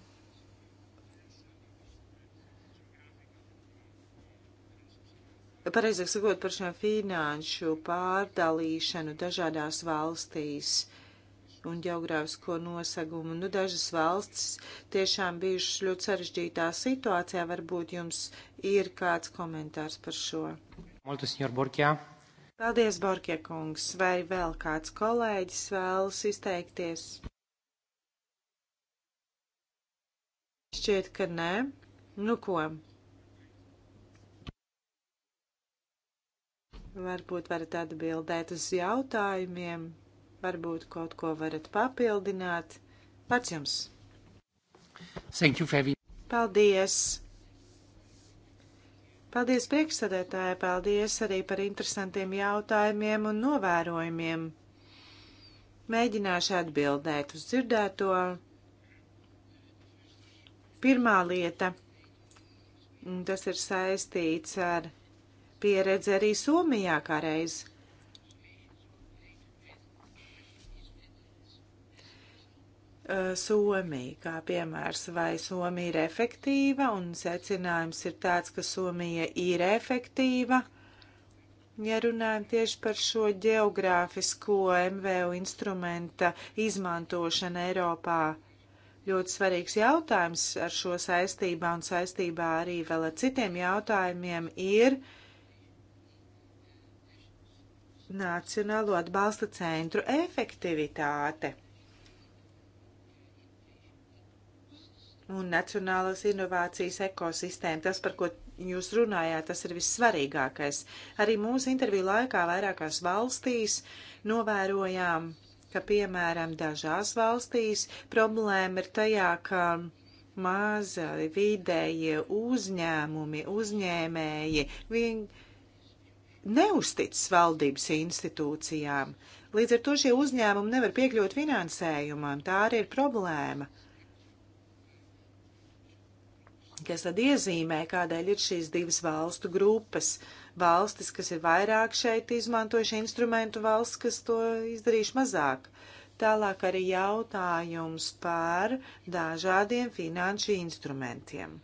pareizāk sakot, par šo finanšu pārdalīšanu dažādās valstīs un geogrāfisko nosegumu. Nu, dažas valstis tiešām bijušas ļoti sarežģītā situācijā. Varbūt jums ir kāds komentārs par šo. Multis, Paldies, Borkie kungs. Vai vēl kāds kolēģis vēlas izteikties? Šķiet, ka nē. Nu ko? Varbūt varat atbildēt uz jautājumiem varbūt kaut ko varat papildināt. Pats jums. Thank you, Fevi. Paldies! Paldies priekšsēdētāji, paldies arī par interesantiem jautājumiem un novērojumiem. Mēģināšu atbildēt uz dzirdēto. Pirmā lieta, un tas ir saistīts ar pieredzi arī Somijā kā reiz. Uh, Somija, kā piemērs, vai Somija ir efektīva, un secinājums ir tāds, ka Somija ir efektīva. Ja runājam tieši par šo geogrāfisko MVU instrumenta izmantošanu Eiropā, ļoti svarīgs jautājums ar šo saistībā un saistībā arī vēl ar citiem jautājumiem ir Nacionālo atbalsta centru efektivitāte. un nacionālas inovācijas ekosistēma. Tas, par ko jūs runājāt, tas ir vissvarīgākais. Arī mūsu interviju laikā vairākās valstīs novērojām, ka, piemēram, dažās valstīs problēma ir tajā, ka maza vidējie uzņēmumi, uzņēmēji, viņi neusticas valdības institūcijām. Līdz ar to šie uzņēmumi nevar piekļūt finansējumam. Tā arī ir problēma kas tad iezīmē, kādēļ ir šīs divas valstu grupas. Valstis, kas ir vairāk šeit izmantojuši instrumentu, valsts, kas to izdarījuši mazāk. Tālāk arī jautājums par dažādiem finanšu instrumentiem.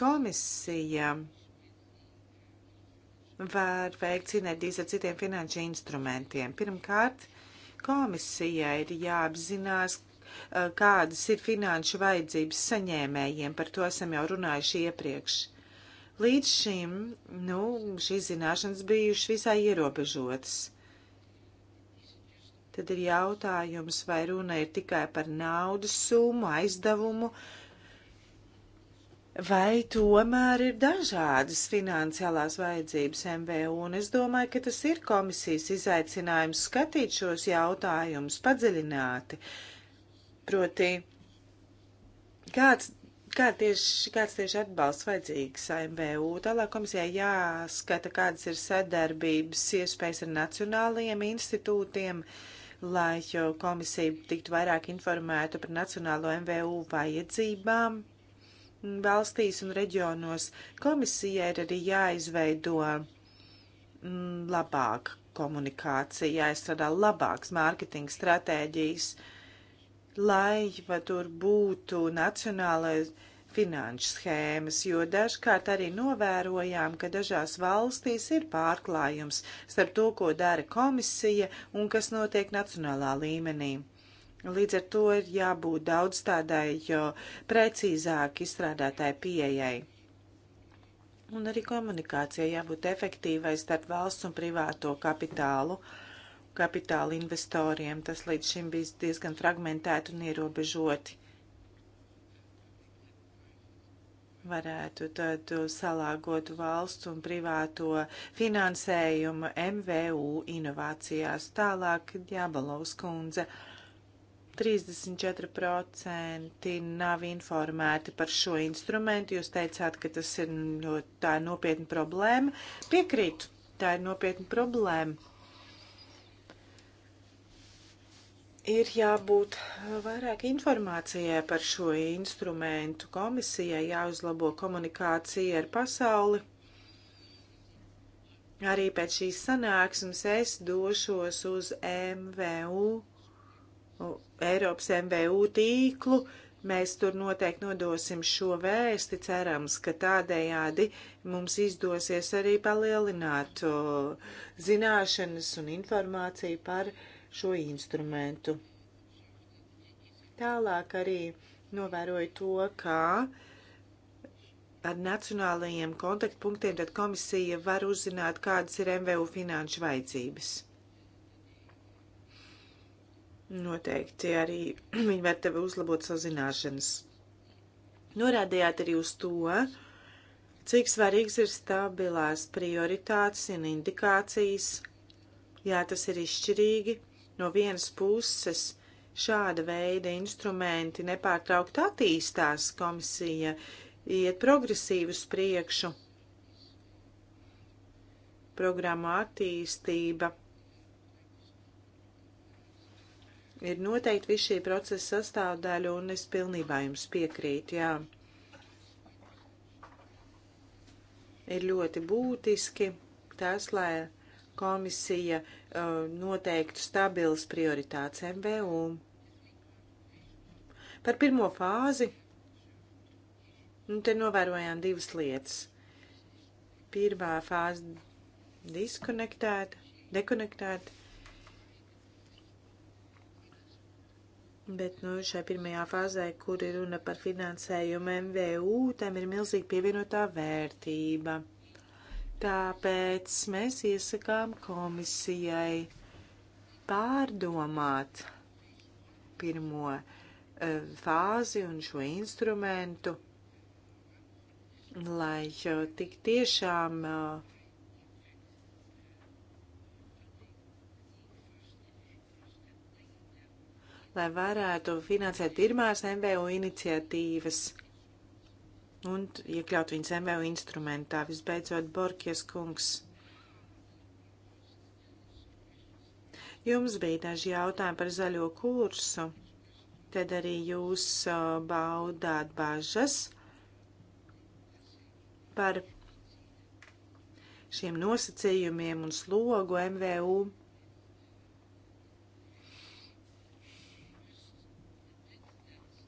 Komisija var veikt sinerģijas ar citiem finanšu instrumentiem. Pirmkārt, komisijai ir jāapzinās, Eh, kādas ir finanšu vajadzības saņēmējiem, par to esam jau runājuši iepriekš. Līdz šim, nu, šīs zināšanas bijušas visai ierobežotas. Tad ir jautājums, vai runa ir tikai par naudas summu, aizdevumu, Vai tomēr ir dažādas finansiālās vajadzības MVU, un es domāju, ka tas ir komisijas izaicinājums skatīt šos jautājumus padziļināti, Proti, kāds, kā tieši, kāds tieši atbalsts vajadzīgs MVU? Tālāk komisijai jāskata, kādas ir sadarbības iespējas ar nacionālajiem institūtiem, lai komisija tiktu vairāk informēta par nacionālo MVU vajadzībām valstīs un reģionos. Komisijai ir arī jāizveido mm, labāk komunikācija, jāizstrādā labāks mārketinga stratēģijas. Uh, lai tur būtu nacionālais finanšu schēmas, jo dažkārt arī novērojām, ka dažās valstīs ir pārklājums starp to, ko dara komisija un kas notiek nacionālā līmenī. Līdz ar to ir jābūt daudz tādai precīzāk izstrādātai pieejai. Un arī komunikācijai jābūt efektīvai starp valsts un privāto kapitālu. Uh, kapitāla investoriem. Tas līdz šim bija diezgan fragmentēti un ierobežoti. Varētu tad salāgot valstu un privāto finansējumu MVU inovācijās. Tālāk Jābalovs kundze. 34% nav informēti par šo instrumentu. Jūs teicāt, ka tas ir ļoti tā ir nopietna problēma. Piekrītu, tā ir nopietna problēma. ir jābūt eh, vairāk informācijai par šo instrumentu. Komisijai jāuzlabo komunikācija ar pasauli. Arī pēc šīs sanāksmes es došos uz MVU, Eiropas MVU tīklu. Mēs tur noteikti nodosim šo vēsti, cerams, ka tādējādi mums izdosies arī palielināt zināšanas un informāciju par uh, šo instrumentu. Tālāk arī novēroju to, kā ar nacionālajiem kontaktpunktiem tad komisija var uzzināt, kādas ir MVU finanšu vajadzības. Noteikti arī *clears throat* viņi var tevi uzlabot savu zināšanas. Norādījāt arī uz to, cik svarīgs ir stabilās prioritātes un indikācijas. Jā, tas ir izšķirīgi No vienas puses šāda veida instrumenti nepārtraukt attīstās, komisija iet progresīvi uz priekšu. Programma attīstība ir noteikti visu šī procesa sastāvdaļa, un es pilnībā jums piekrītu, jā. Ir ļoti būtiski tas, lai komisija uh, noteiktu stabilas prioritātes MVU. Par pirmo fāzi nu, te novērojām divas lietas. Pirmā fāze diskonektēta, dekonektēta. Bet nu, šai pirmajā fāzē, kur ir runa par finansējumu MVU, tam ir milzīga pievienotā vērtība. Tāpēc mēs iesakām komisijai pārdomāt pirmo uh, fāzi un šo instrumentu, lai uh, tik tiešām uh, lai varētu finansēt pirmās MVU iniciatīvas un iekļaut viņas MVU instrumentā. Visbeidzot, Borkies kungs. Jums bija daži jautājumi par zaļo kursu, tad arī jūs uh, baudāt bažas par šiem nosacījumiem un slogu MVU.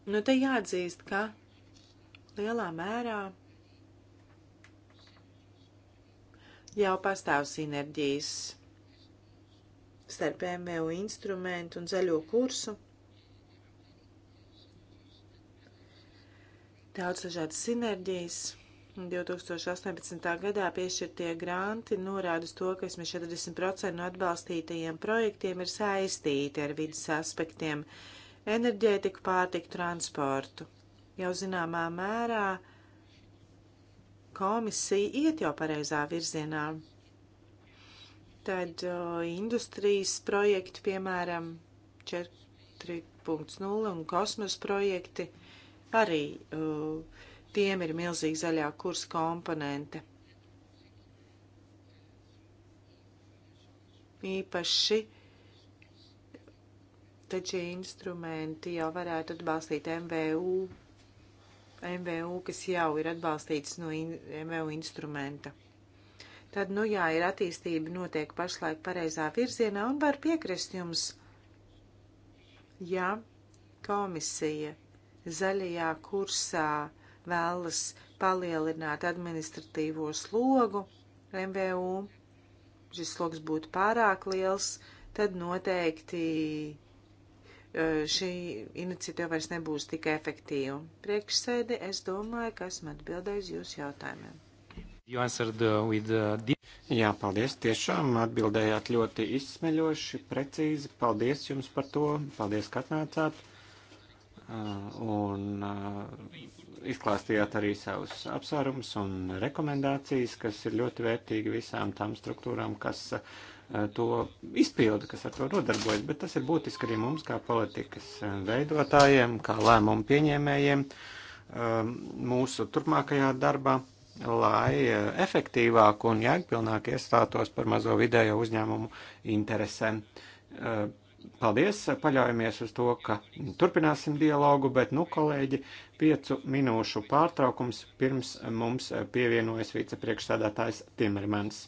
Nu, te jāatzīst, ka lielā mērā jau pastāv sinerģijas starp MVU instrumentu un zaļo kursu. Daudz dažādas sinerģijas. 2018. gadā piešķirtie granti norāda uz to, ka vismaz 40% no atbalstītajiem projektiem ir saistīti ar vidas aspektiem - enerģētiku, pārtiku, transportu jau zināmā mērā komisija iet jau pareizā virzienā. Tad o, industrijas projekti, piemēram, 4.0 un kosmos projekti, arī o, tiem ir milzīga zaļā kursa komponente. Īpaši taču instrumenti jau varētu atbalstīt MVU MVU, kas jau ir atbalstīts no in MVU instrumenta. Tad, nu jā, ir attīstība notiek pašlaik pareizā virzienā un var piekrist jums, ja komisija zaļajā kursā vēlas palielināt administratīvo slogu MVU, šis sloks būtu pārāk liels, tad noteikti Eh, šī iniciatīva vairs nebūs tik efektīva. Priekšsēdi, es domāju, ka esmu atbildējis jūsu jautājumiem. You answered uh, with the... Uh, Jā, paldies, tiešām atbildējāt ļoti izsmeļoši, precīzi. Paldies jums par to, paldies, ka atnācāt. Eh, un eh, izklāstījāt arī savus apsvērumus un rekomendācijas, kas ir ļoti vērtīgi visām tām struktūrām, kas uh, Eh, to izpildi, kas ar to nodarbojas, bet tas ir būtiski arī mums kā politikas eh, veidotājiem, kā lēmumu pieņēmējiem eh, mūsu turpmākajā darbā, lai efektīvāk un jēgpilnāk iestātos par mazo vidējo uzņēmumu interesēm. Paldies, paļaujamies uz to, ka turpināsim dialogu, bet, nu, kolēģi, piecu minūšu pārtraukums pirms mums pievienojas vicepriekšsēdētājs Timermans.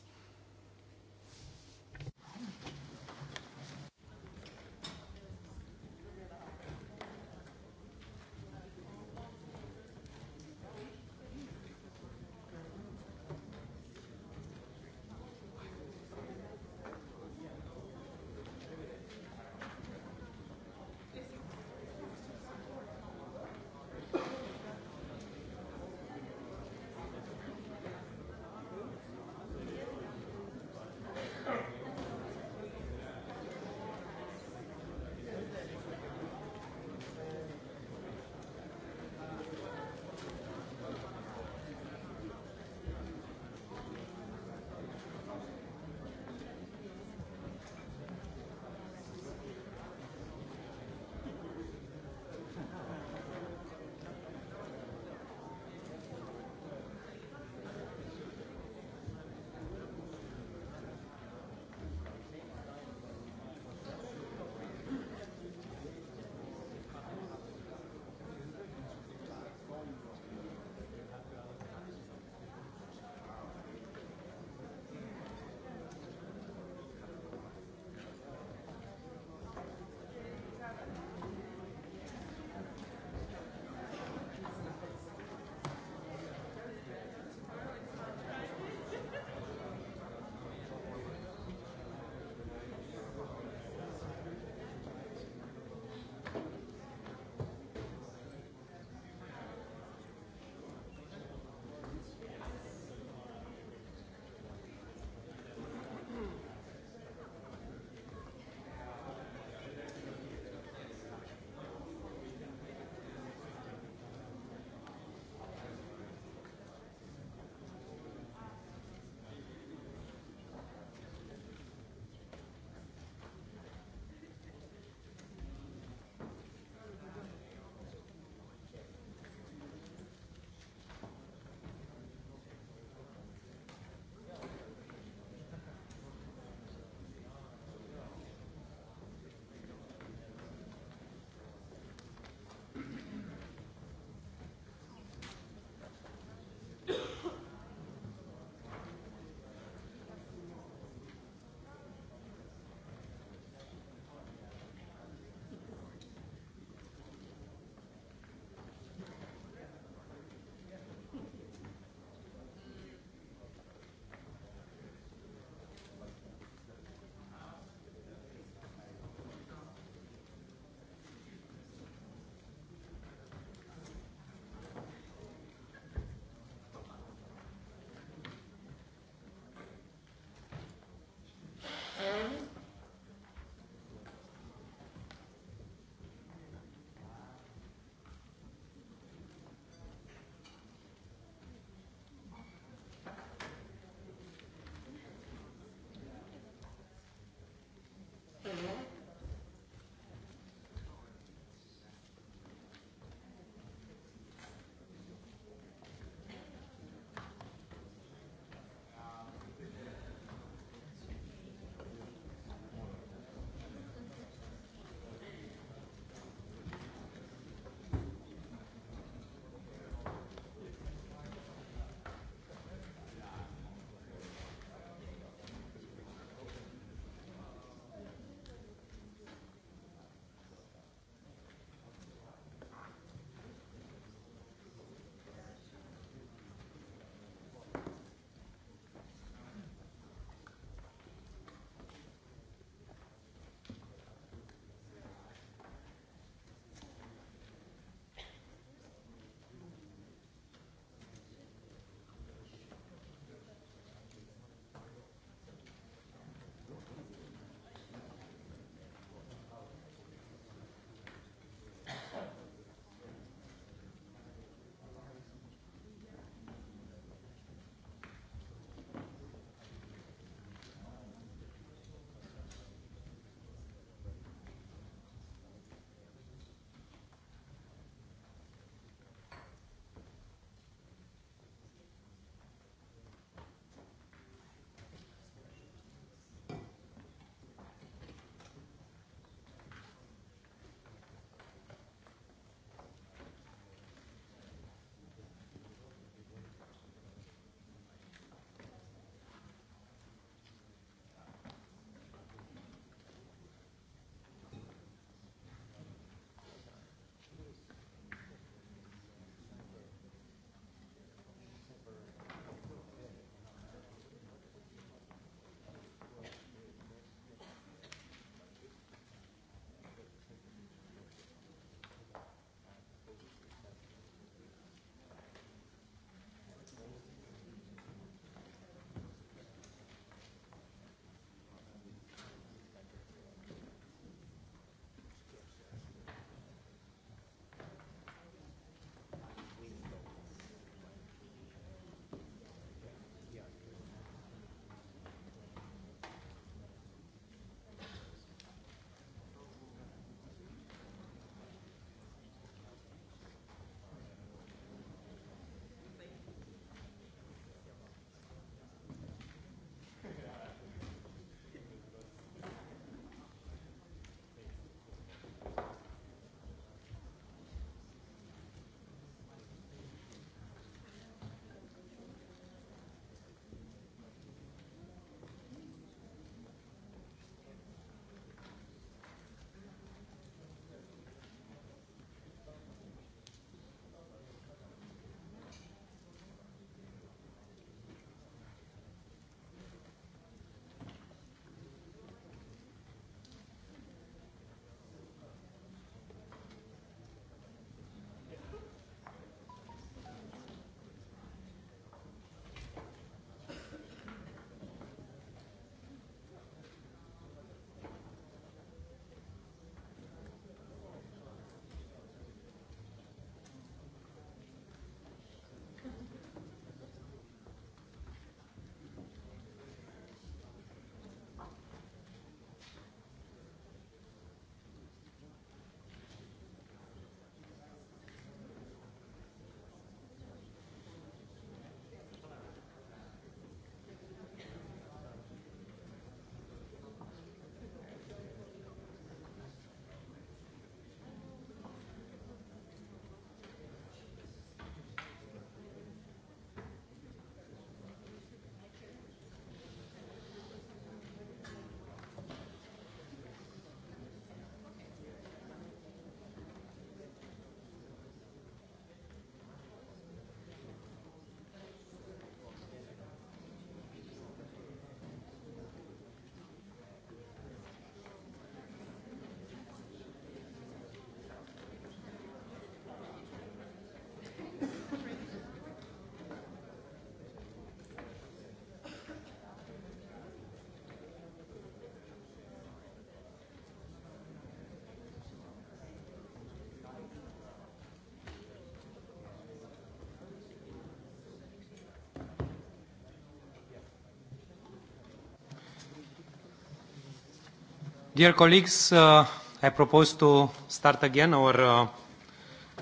Dear colleagues, uh, I propose to start again our uh,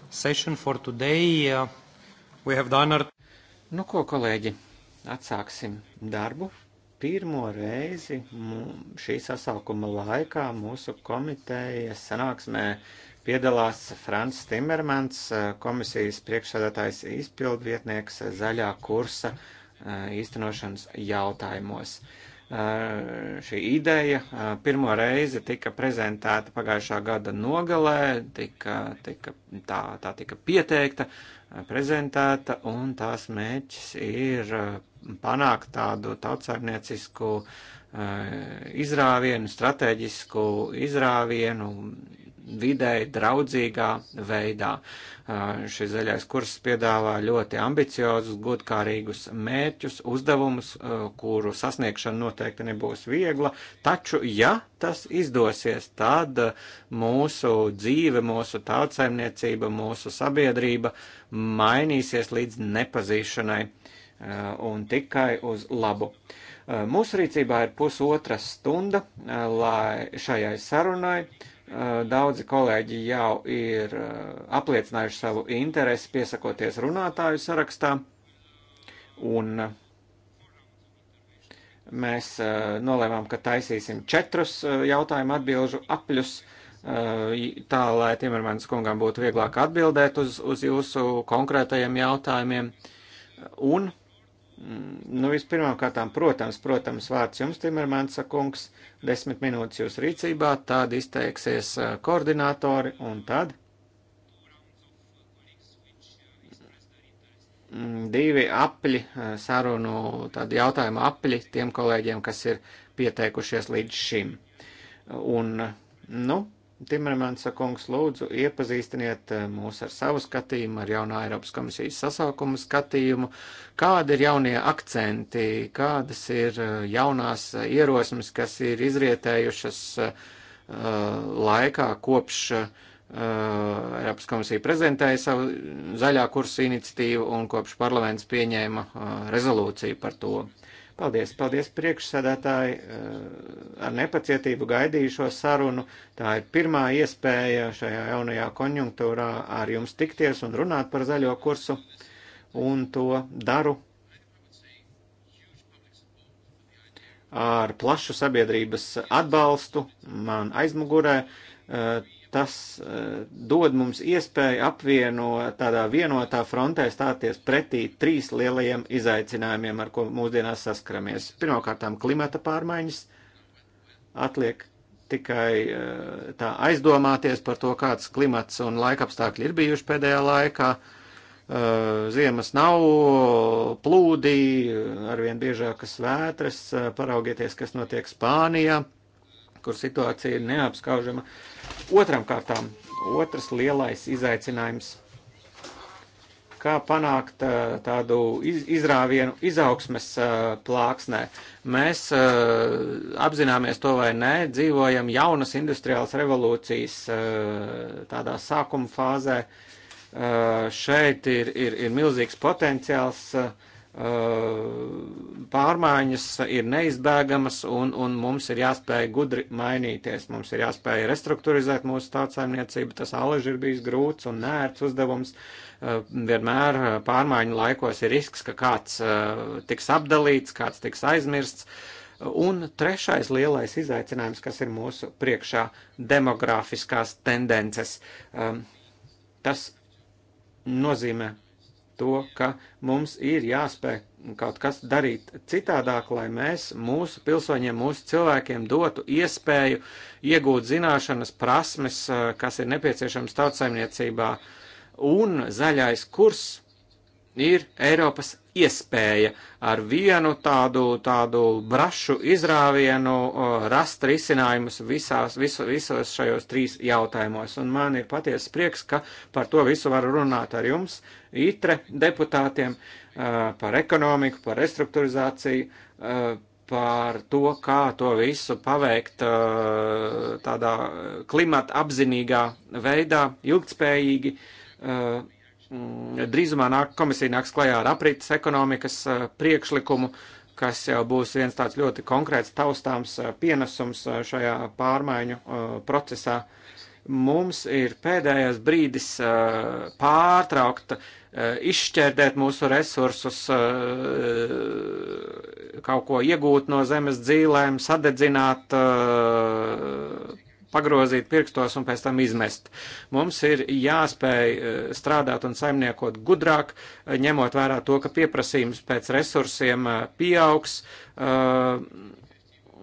session for today. Uh, we have the honor. Nu ko, kolēģi, atsāksim darbu. Pirmo reizi šī sasaukuma laikā mūsu komitejas sanāksmē piedalās Frans Timermans, uh, komisijas priekšsēdētājs izpildvietnieks zaļā kursa uh, īstenošanas jautājumos. Uh, šī ideja pirmo reizi tika prezentēta pagājušā gada nogalē, tika, tika, tā, tā tika pieteikta, prezentēta, un tās mērķis ir panākt tādu tautsārniecisku izrāvienu, strateģisku izrāvienu, videi draudzīgā veidā. Uh, šis zaļais kurs piedāvā ļoti ambiciozus, godkārīgus mērķus, uzdevumus, uh, kuru sasniegšana noteikti nebūs viegla, taču, ja tas izdosies, tad uh, mūsu dzīve, mūsu tautsaimniecība, mūsu sabiedrība mainīsies līdz nepazīšanai un tikai uz labu. Mūsu rīcībā ir pusotra stunda lai šajai sarunai. Eh, daudzi kolēģi jau ir eh, apliecinājuši savu interesi piesakoties runātāju sarakstā, un eh, mēs nolēmām, ka taisīsim četrus jautājumu atbilžu apļus, tā lai Timermans kungam būtu vieglāk atbildēt uz, uz jūsu konkrētajiem jautājumiem. Un Mm, nu, vispirmām kārtām, protams, protams, vārds jums, Timermansa kungs, desmit minūtes jūs rīcībā, tad izteiksies eh, koordinātori un tad mm, divi apļi eh, sarunu, tādi jautājumu apļi tiem kolēģiem, kas ir pieteikušies līdz šim. Un, nu, Timermansa kungs, lūdzu, iepazīstiniet eh, mūs ar savu skatījumu, ar jaunā Eiropas komisijas sasaukumu skatījumu. Kādi ir jaunie akcenti, kādas ir eh, jaunās eh, ierosmes, kas ir izrietējušas uh, laikā kopš uh, Eiropas komisija prezentēja savu zaļā kursa iniciatīvu un kopš parlaments pieņēma uh, rezolūciju par to. Uh, Paldies, paldies priekšsēdētāji. Eh, ar nepacietību gaidīju šo sarunu. Tā ir pirmā iespēja šajā jaunajā konjunktūrā ar jums tikties un runāt par zaļo kursu. Un to daru ar plašu sabiedrības atbalstu man aizmugurē. Eh, Tas eh, dod mums iespēju apvienot tādā vienotā frontē stāties pretī trīs lielajiem izaicinājumiem, ar ko mūsdienās saskaramies. Pirmkārtām klimata pārmaiņas atliek tikai eh, tā aizdomāties par to, kāds klimats un laikapstākļi ir bijuši pēdējā laikā. Eh, ziemas nav, plūdi, arvien biežākas vētras, paraugieties, kas notiek Spānijā kur situācija ir neapskaužama. Otram kārtām, otrs lielais izaicinājums kā panākt tādu izrāvienu izaugsmes plāksnē. Mēs apzināmies to vai nē, dzīvojam jaunas industriālas revolūcijas tādā sākuma fāzē. Šeit ir, ir, ir milzīgs potenciāls. Uh, Eh, pārmaiņas ir neizbēgamas un, un mums ir jāspēj gudri mainīties. Mums ir jāspēj restruktūrizēt mūsu tautsājumniecību. Tas alaži ir bijis grūts un nērts uzdevums. Eh, vienmēr eh, pārmaiņu laikos ir risks, ka kāds tiks apdalīts, kāds tiks aizmirsts. Un trešais lielais izaicinājums, kas ir mūsu priekšā - demografiskās tendences. Tas nozīmē to, ka mums ir jāspēj kaut kas darīt citādāk, lai mēs mūsu pilsoņiem, mūsu cilvēkiem dotu iespēju iegūt zināšanas, prasmes, eh, kas ir nepieciešams tautsaimniecībā. Un zaļais kurs ir Eiropas iespēja ar vienu tādu, tādu brašu izrāvienu rast risinājumus visās, visu, visos šajos trīs jautājumos. Un man ir patiesa prieks, ka par to visu varu runāt ar jums, ITRE deputātiem, par ekonomiku, par restruktūrizāciju, par to, kā to visu paveikt tādā klimata apzinīgā veidā, ilgtspējīgi Mm, drīzumā nāk, komisija nāks klajā ar aprītas ekonomikas priekšlikumu, kas jau būs viens tāds ļoti konkrēts taustāms pienesums šajā pārmaiņu procesā. Mums ir pēdējais brīdis pārtraukt, izšķērdēt mūsu resursus, kaut ko iegūt no zemes dzīvēm, sadedzināt, pagrozīt pirkstos un pēc tam izmest. Mums ir jāspēj eh, strādāt un saimniekot gudrāk, eh, ņemot vērā to, ka pieprasījums pēc resursiem eh, pieaugs.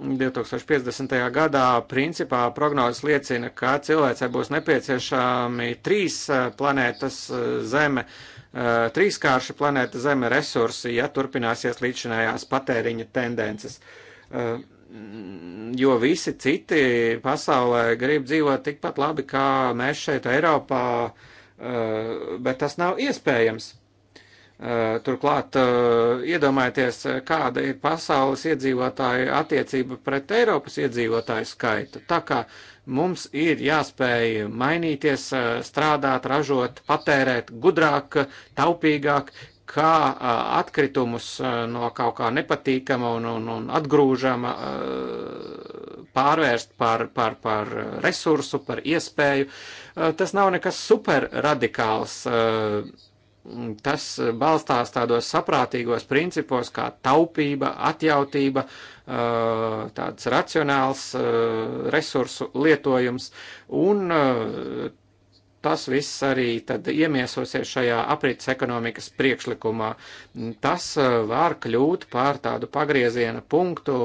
2050. gadā principā prognozes liecina, ka cilvēcei būs nepieciešami trīs planētas Zeme, trīskārši planēta Zeme resursi, ja turpināsies līdzinājās patēriņa tendences Mm, jo visi citi pasaulē grib dzīvot tikpat labi kā mēs šeit Eiropā, eh, bet tas nav iespējams. Eh, turklāt eh, iedomājieties, kāda ir pasaules iedzīvotāju attiecība pret Eiropas iedzīvotāju skaitu. Tā kā mums ir jāspēj mainīties, strādāt, ražot, patērēt gudrāk, taupīgāk, kā atkritumus no kaut kā nepatīkama un, un, un atgrūžama pārvērst par, par, par resursu, par iespēju. Tas nav nekas super radikāls. Tas balstās tādos saprātīgos principos kā taupība, atjautība, tāds racionāls resursu lietojums un tas viss arī tad iemiesosies šajā aprits ekonomikas priekšlikumā. Tas uh, var kļūt par tādu pagrieziena punktu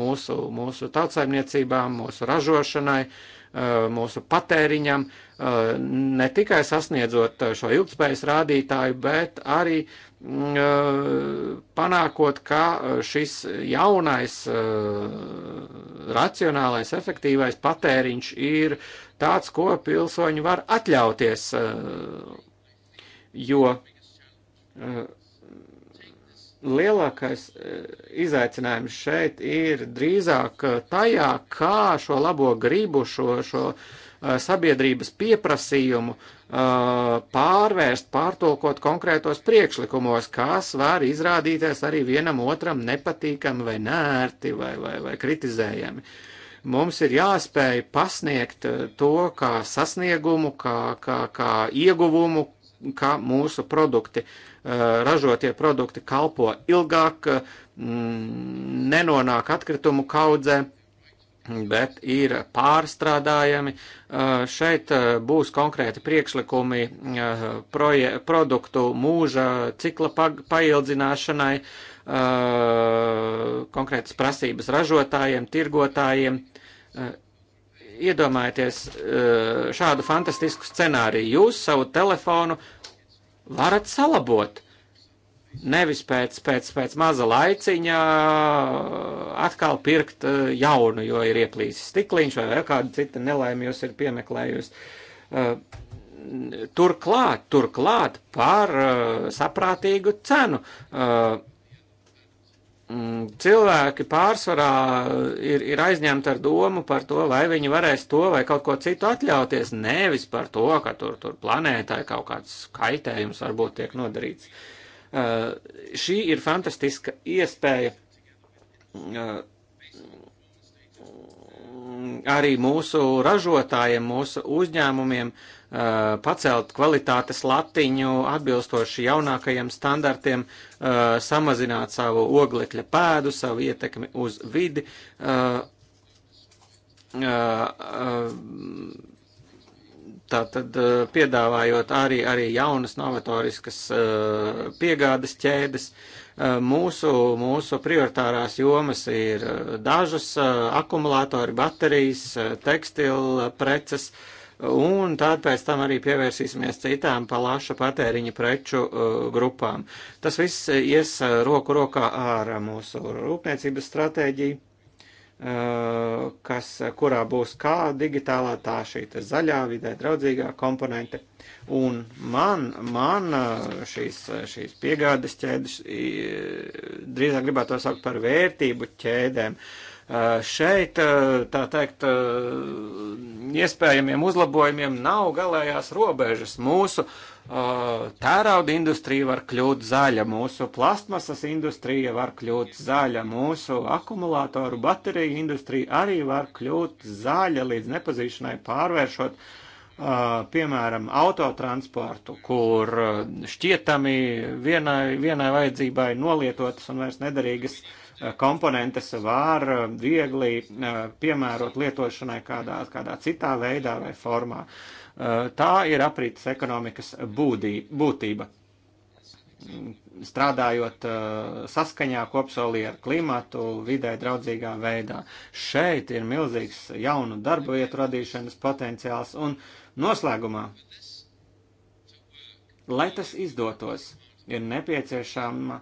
mūsu, mūsu tautsaimniecībām, mūsu ražošanai, uh, mūsu patēriņam, uh, ne tikai sasniedzot šo ilgspējas rādītāju, bet arī uh, Mm, e, panākot, ka e, šis jaunais, e, racionālais, efektīvais patēriņš ir tāds, ko pilsoņi var atļauties, jo lielākais izaicinājums šeit ir drīzāk tajā, kā šo labo gribu, šo, šo uh, Eh, sabiedrības pieprasījumu eh, pārvērst, pārtulkot konkrētos priekšlikumos, kas var izrādīties arī vienam otram nepatīkami vai nērti vai, vai, vai kritizējami. Mums ir jāspēj pasniegt eh, to kā sasniegumu, kā, kā, kā ieguvumu, ka mūsu produkti, ražotie produkti kalpo ilgāk, mm, nenonāk atkritumu kaudzē bet ir pārstrādājami. Šeit būs konkrēti priekšlikumi proje, produktu mūža cikla paildzināšanai, konkrētas prasības ražotājiem, tirgotājiem. Iedomājieties šādu fantastisku scenāriju. Jūs savu telefonu varat salabot nevis pēc, pēc, pēc maza laiciņa uh, atkal pirkt uh, jaunu, jo ir ieplīsis stikliņš vai vēl kāda cita nelaime jūs ir piemeklējusi. Uh, turklāt, turklāt par saprātīgu cenu. Mm, cilvēki pārsvarā ir, ir aizņemti ar domu par to, vai viņi varēs to vai kaut ko citu atļauties, nevis par to, ka tur, tur planētai kaut kāds kaitējums varbūt tiek nodarīts. Uh, Eh, šī ir fantastiska iespēja eh, arī mūsu ražotājiem, mūsu uzņēmumiem eh, pacelt kvalitātes latiņu atbilstoši jaunākajiem standartiem, samazināt savu oglekļa pēdu, savu ietekmi uz vidi, Tātad eh, piedāvājot arī, arī jaunas novatoriskas eh, piegādes ķēdes, eh, mūsu, mūsu prioritārās jomas ir dažas akumulātori, baterijas, tekstila preces, un tāpēc tam arī pievērsīsimies citām plaša patēriņa preču grupām. Tas viss ies roku rokā ar mūsu rūpniecības stratēģiju Eh, kas, kurā būs kā digitālā, tā šī zaļā, vidē draudzīgā komponente. Un man, man eh, šīs, šīs piegādes ķēdes drīzāk gribētu to saukt par vērtību ķēdēm. Eh, šeit, tā teikt, iespējamiem uzlabojumiem nav galējās robežas. Mūsu uh, Eh, tērauda industrija var kļūt zaļa, mūsu plastmasas industrija var kļūt zaļa, mūsu akumulātoru bateriju industrija arī var kļūt zaļa līdz nepazīšanai pārvēršot, uh, piemēram, autotransportu, kur eh, šķietami vienai, vienai vajadzībai nolietotas un vairs nederīgas komponentes var viegli piemērot lietošanai kādā, kādā citā veidā vai formā. Uh, Tā ir aprītas ekonomikas būdī, būtība. Strādājot uh, saskaņā kopsolī ar klimatu, vidē draudzīgā veidā. Šeit ir milzīgs jaunu darbu vietu radīšanas potenciāls un noslēgumā, lai tas izdotos, ir nepieciešama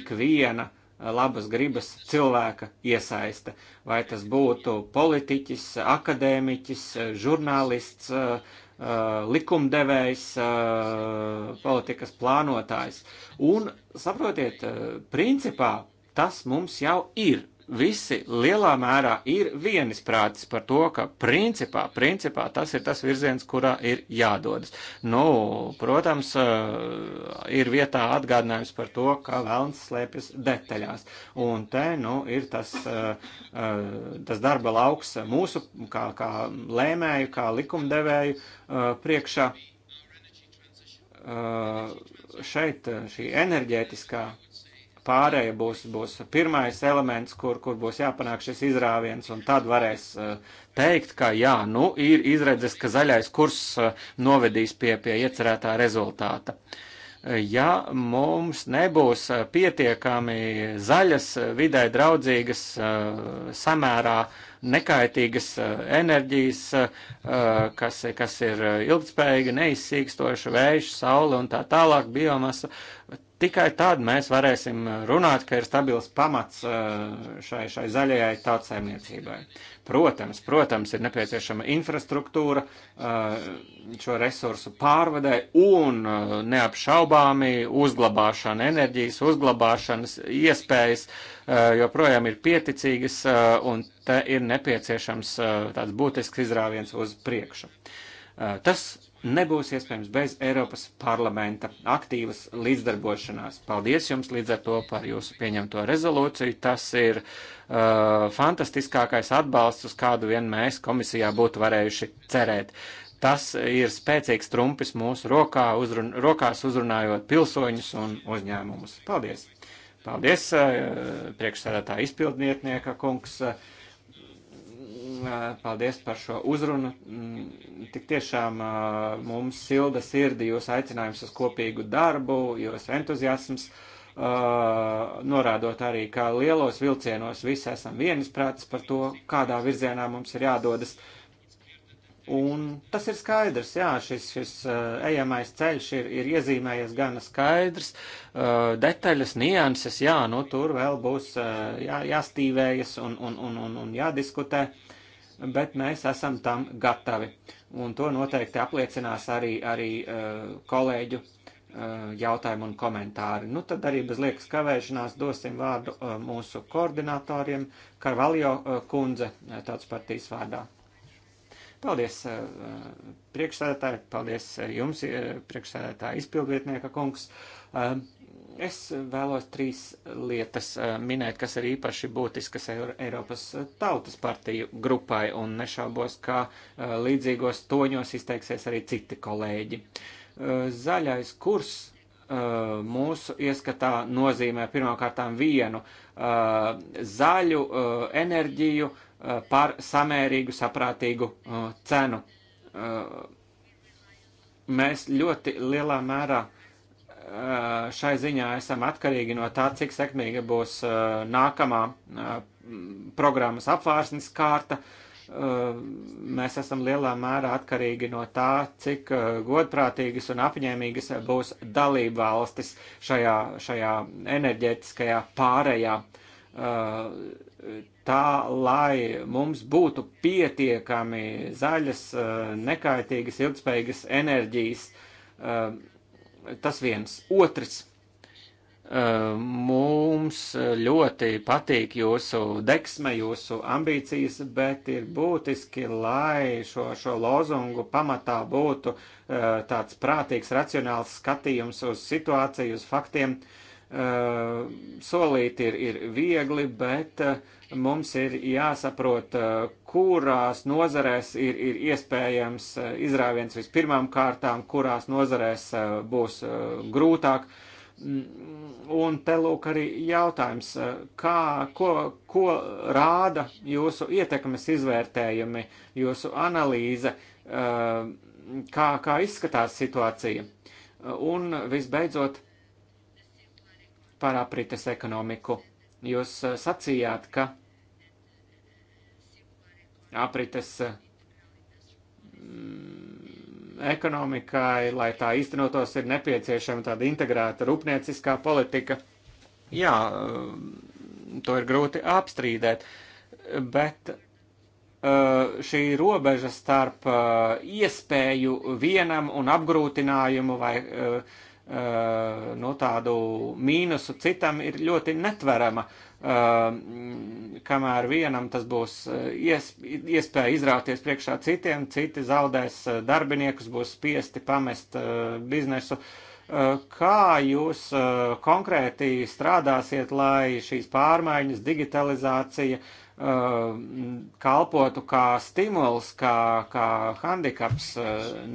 ikviena uh, Eh, labas gribas cilvēka iesaista. Vai tas būtu politiķis, akadēmiķis, eh, žurnālists, eh, likumdevējs, politikas plānotājs. Un saprotiet, principā tas mums jau ir visi lielā mērā ir vienisprātis par to, ka principā, principā tas ir tas virziens, kurā ir jādodas. Nu, protams, eh, ir vietā atgādinājums par to, ka vēlns slēpjas detaļās. Un te, nu, ir tas, eh, eh, tas darba lauks mūsu, kā, kā lēmēju, kā likumdevēju priekšā. Šeit šī enerģētiskā pārēja būs, būs pirmais elements, kur, kur būs jāpanāk šis izrāviens, un tad varēs uh, teikt, ka jā, nu ir izredzes, ka zaļais kurs uh, novedīs pie, pie iecerētā rezultāta uh, ja mums nebūs pietiekami zaļas, vidē draudzīgas, samērā nekaitīgas enerģijas, kas, kas ir ilgspējīga, neizsīkstoša vēja, saule un tā tālāk, biomasa, Tikai tad mēs varēsim runāt, ka ir stabils pamats uh, šai, šai zaļajai tautsēmniecībai. Protams, protams, ir nepieciešama infrastruktūra uh, šo resursu pārvadai un uh, neapšaubāmi uzglabāšana, enerģijas uzglabāšanas iespējas joprojām ir pieticīgas un te ir nepieciešams tāds būtisks izrāviens uz priekšu. Tas nebūs iespējams bez Eiropas parlamenta aktīvas līdzdarbošanās. Paldies jums līdz ar to par jūsu pieņemto rezolūciju. Tas ir uh, fantastiskākais atbalsts, uz kādu vien mēs komisijā būtu varējuši cerēt. Tas ir spēcīgs trumpis mūsu rokā, uzrun, rokās uzrunājot pilsoņus un uzņēmumus. Paldies! Paldies, uh, priekšsēdētāja izpildnietnieka kungs! Uh, Mm, paldies par šo uzrunu. Mm, tik tiešām mums silda sirdi jūs aicinājums uz kopīgu darbu, jūs entuziasms, norādot arī, ka lielos vilcienos visi esam vienisprāts par to, kādā virzienā mums ir jādodas. Un tas ir skaidrs, jā, šis, šis ejamais ceļš ir, ir iezīmējies gana skaidrs, detaļas, nianses, jā, nu tur vēl būs jā, jāstīvējas un, un, un, un, un jādiskutē. Uh, bet mēs esam tam gatavi. Un to noteikti apliecinās arī, arī eh, kolēģu eh, jautājumi un komentāri. Nu, tad arī bez liekas kavēšanās dosim vārdu eh, mūsu koordinatoriem Karvaljo kundze tāds partijas vārdā. Paldies priekšsēdētāji, paldies jums, priekšsēdētāji izpildvietnieka kungs. Es vēlos trīs lietas eh, minēt, kas ir īpaši būtiskas Eiropas eh, tautas partiju grupai, un nešaubos, ka eh, līdzīgos toņos izteiksies arī citi kolēģi. Zaļais kurs mūsu ieskatā nozīmē pirmkārtām vienu zaļu enerģiju par samērīgu, saprātīgu cenu. Mēs ļoti lielā mērā Eh, šai ziņā esam atkarīgi no tā, cik sekmīga būs eh, nākamā eh, programmas apvārsnes kārta. Mēs esam lielā mērā atkarīgi no tā, cik godprātīgas un apņēmīgas būs dalība valstis šajā, šajā enerģētiskajā pārējā tā, lai mums būtu pietiekami zaļas, nekaitīgas, ilgspējīgas enerģijas Tas viens. Otrs. Eh, mums ļoti patīk jūsu deksme, jūsu ambīcijas, bet ir būtiski, lai šo, šo lozungu pamatā būtu eh, tāds prātīgs, racionāls skatījums uz situāciju, uz faktiem. Eh, solīt ir, ir viegli, bet mums ir jāsaprot, eh, kurās nozarēs ir, ir iespējams eh, izrāviens vispirmām kārtām, kurās nozarēs eh, būs grūtāk. Mm, un te lūk arī jautājums, kā, ko, ko rāda jūsu ietekmes izvērtējumi, jūsu analīze, kā, kā izskatās situācija. Un visbeidzot par aprites ekonomiku. Jūs sacījāt, ka aprites mm, ekonomikai, lai tā īstenotos, ir nepieciešama tāda integrēta rūpnieciskā politika. Jā, mm, to ir grūti apstrīdēt, bet mm, šī robeža starp iespēju vienam un apgrūtinājumu vai uh, Eh, no tādu mīnusu citam ir ļoti netverama, eh, kamēr vienam tas būs eh, iespēja izrauties priekšā citiem, citi zaudēs darbiniekus, būs spiesti pamest biznesu. Kā jūs konkrēti strādāsiet, lai šīs pārmaiņas, digitalizācija, kalpotu kā stimuls, kā, kā handikaps,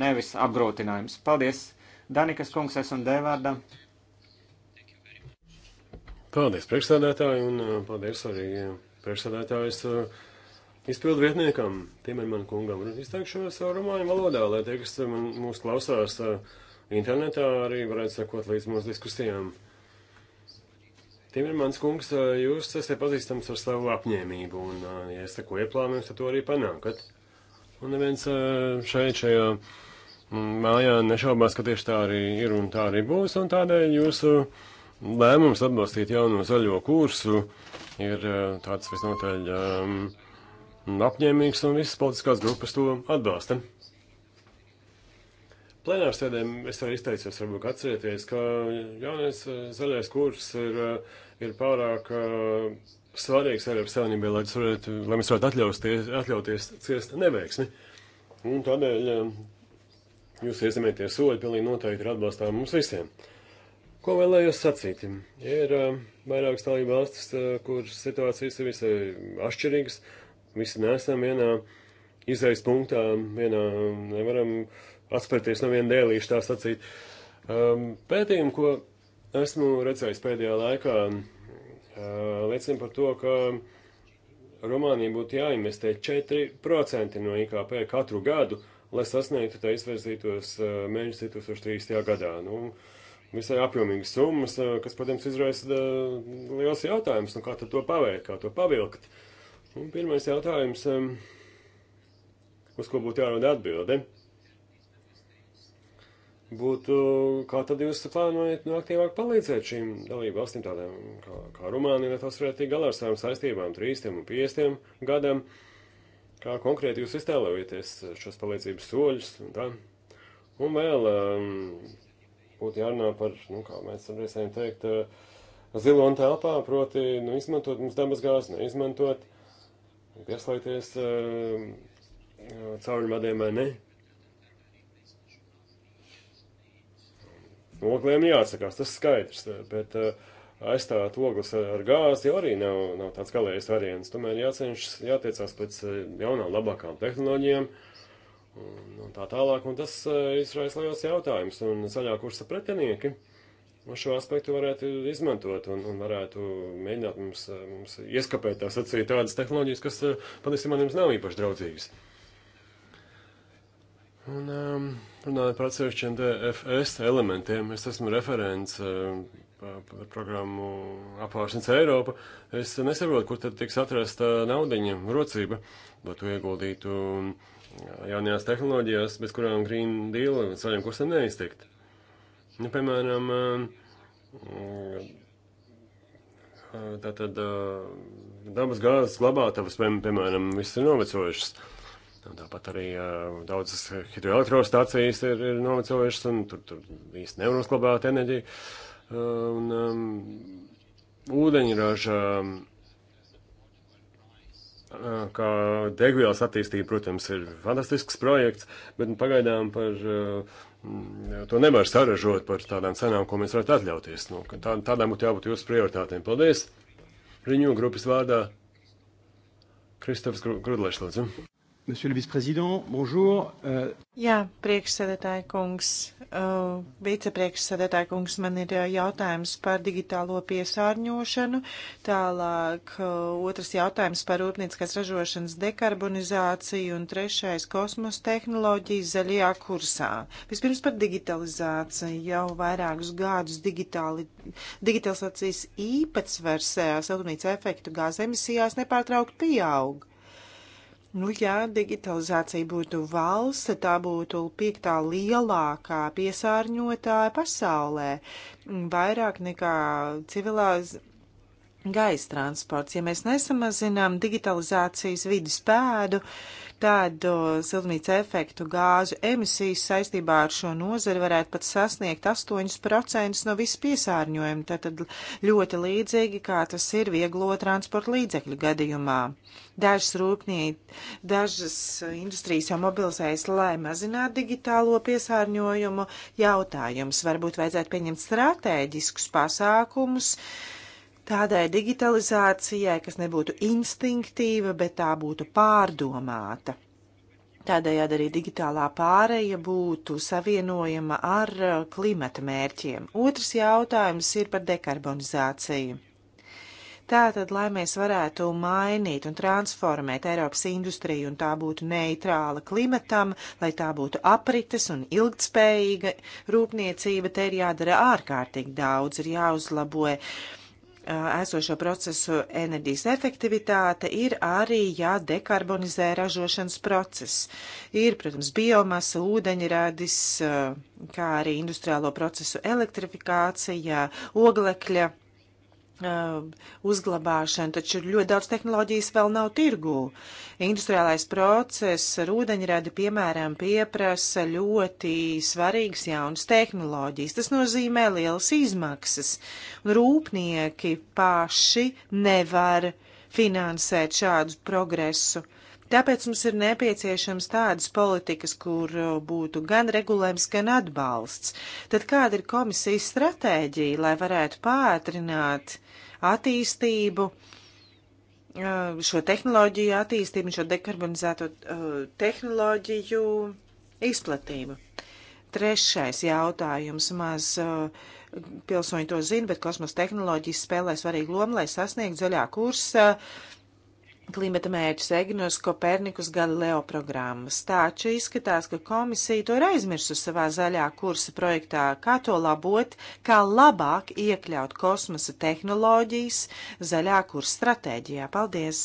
nevis apgrūtinājums. Paldies! Danikas kungs, es un Dēvārda. Paldies priekšsēdētāji un uh, paldies arī uh, priekšsēdētājas uh, izpildu vietniekam, Timerman kungam. Izteikšos romāņu valodā, lai tie, kas man, mūs klausās internetā, arī varētu sekot līdz mūsu diskusijām. Timermans kungs, jūs esat pazīstams ar savu apņēmību, un, ja es saku ieplānojums, tad to arī panākat. Un neviens šeit šajā Mm, Mājā nešaubās, ka tieši tā arī ir un tā arī būs, un tādēļ jūsu lēmums atbalstīt jauno zaļo kursu ir eh, tāds visnotaļ um, apņēmīgs, un visas politiskās grupas to atbalsta. Plenāru sēdēm es arī izteicos, varbūt atcerieties, ka jaunais eh, zaļais kurs ir, eh, ir pārāk uh, svarīgs Eiropas Savienībai, lai, varētu, lai mēs varētu atļauties, atļauties ciest neveiksmi. Un tādēļ uh, Jūsu iezīmētie soļi pilnīgi noteikti ir atbalstām mums visiem. Ko vēlējos sacīt? Ir uh, vairākas dalība valstis, uh, kuras situācijas ir visai atšķirīgas, visi nesam vienā izējas punktā, vienā nevaram atspērties no viena dēlīša, tā sacīt. Um, ehm, pētījumi, ko esmu redzējis pēdējā laikā, uh, liecina par to, ka Rumānija būtu jāinvestē 4% no IKP katru gadu, uh, lai sasniegtu tā izvirzītos eh, mērķus 2030. gadā. Nu, visai apjomīgas summas, eh, kas, protams, izraisa eh, liels jautājums, nu, kā tad to paveikt, kā to pavilkt. Un pirmais jautājums, uz ko būtu jārod atbildi, būtu, kā tad jūs plānojat nu, aktīvāk palīdzēt šīm dalību valstīm tādām kā, kā Rumānija, lai tās varētu tikt galā ar savām saistībām 3 un 5 gadam. gadam Kā konkrēti jūs iztēlojaties šos palīdzības soļus un tā. Un vēl um, būtu jārunā par, nu, kā mēs reizēm teikt, uh, zilo un telpā, proti, nu, izmantot mums dabas gāzi, neizmantot, pieslēgties uh, cauruļvadiem vai ne. Ogliem jāatsakās, tas skaidrs, bet uh, aizstāt ogles ar gāzi jau arī nav, nav tāds galējais variants. Tomēr jācenšas, jātiecās pēc eh, jaunām, labākām tehnoloģijām un, un tā tālāk. Un tas eh, izraisa liels jautājums. Un zaļā kursa pretinieki šo aspektu varētu izmantot un, un varētu mēģināt mums, eh, mums ieskapēt tās acīs tādas tehnoloģijas, kas patiesībā mums nav īpaši draudzīgas. Un um, runājot par atsevišķiem DFS elementiem, es esmu referents. Um, par programmu Apvāršanas Eiropa, es nesaprotu, kur tad tiks atrasta naudiņa, rocība, lai to ieguldītu jaunajās tehnoloģijās, bez kurām Green Deal un zaļam kursam neiztikt. Nu, piemēram, tātad dabas gāzes glabātavas, piemēram, viss ir novecojušas. Tāpat arī uh, daudzas hidroelektrostacijas ir, ir novecojušas, un tur, tur īsti nevar uzglabāt enerģiju. Uh, Uh, un um, ūdeņraža um, uh, kā degvielas attīstība, protams, ir fantastisks projekts, bet pagaidām par uh, to nevar saražot par tādām cenām, ko mēs varētu atļauties. Nu, tā, tādām būtu jābūt jūsu prioritātēm. Paldies! Riņu grupas vārdā Kristofs Grudlešs, lūdzu. Monsieur le vice-président, bonjour. Uh... Jā, priekšsēdētāja kungs, uh, vicepriekšsēdētāja kungs, man ir jautājums par digitālo piesārņošanu. Tālāk uh, otrs jautājums par rūpnieciskās ražošanas dekarbonizāciju un trešais kosmos tehnoloģijas zaļajā kursā. Vispirms par digitalizāciju. Jau vairākus gadus digitāli, digitalizācijas īpatsvars siltumnīca efektu gāzes emisijās nepārtraukt pieaug Nu, ja digitalizācija būtu valsts, tad tā būtu piektā lielākā piesārņotāja pasaulē, vairāk nekā civilās gaisa transports. Ja mēs nesamazinām digitalizācijas vidus pēdu, uh, tad siltumnīca efektu gāzu emisijas saistībā ar šo nozari varētu pat sasniegt 8% no visu piesārņojumu, tātad ļoti līdzīgi, kā tas ir vieglo transporta līdzekļu gadījumā. Dažas rūpnīt, dažas industrijas jau mobilizējas, lai mazinātu digitālo piesārņojumu jautājums. Varbūt vajadzētu pieņemt stratēģiskus pasākumus, uh, tādai digitalizācijai, kas nebūtu instinktīva, bet tā būtu pārdomāta. Tādējādi arī digitālā pāreja būtu savienojama ar uh, klimata mērķiem. Otrs jautājums ir par dekarbonizāciju. Tātad, lai mēs varētu mainīt un transformēt Eiropas industriju un tā būtu neitrāla klimatam, lai tā būtu aprites un ilgtspējīga rūpniecība, te ir jādara ārkārtīgi daudz, ir jāuzlaboja esošo procesu enerģijas efektivitāte ir arī jādekarbonizē ražošanas process. Ir, protams, biomasa, ūdeņradis, eh, kā arī industriālo procesu elektrifikācija, oglekļa Uh, uzglabāšanu, taču ļoti daudz tehnoloģijas vēl nav tirgū. Industriālais process ar ūdeņradi, piemēram, pieprasa ļoti svarīgas jaunas tehnoloģijas. Tas nozīmē lielas izmaksas, un rūpnieki paši nevar finansēt šādu progresu. Tāpēc mums ir nepieciešams tādas politikas, kur būtu gan regulējums, gan atbalsts. Tad kāda ir komisijas stratēģija, lai varētu pātrināt uh, attīstību, uh, šo tehnoloģiju attīstību, šo dekarbonizēto uh, tehnoloģiju izplatību. Trešais jautājums maz uh, pilsoņi to zina, bet kosmosa tehnoloģijas spēlē svarīgu lomu, lai sasniegtu zaļā kursa uh, klimata mērķus Egnos Kopernikus Galileo programmas. Taču izskatās, ka komisija to ir aizmirsusi savā zaļā kursa projektā, kā to labot, kā labāk iekļaut kosmosa tehnoloģijas zaļā kursa stratēģijā. Paldies!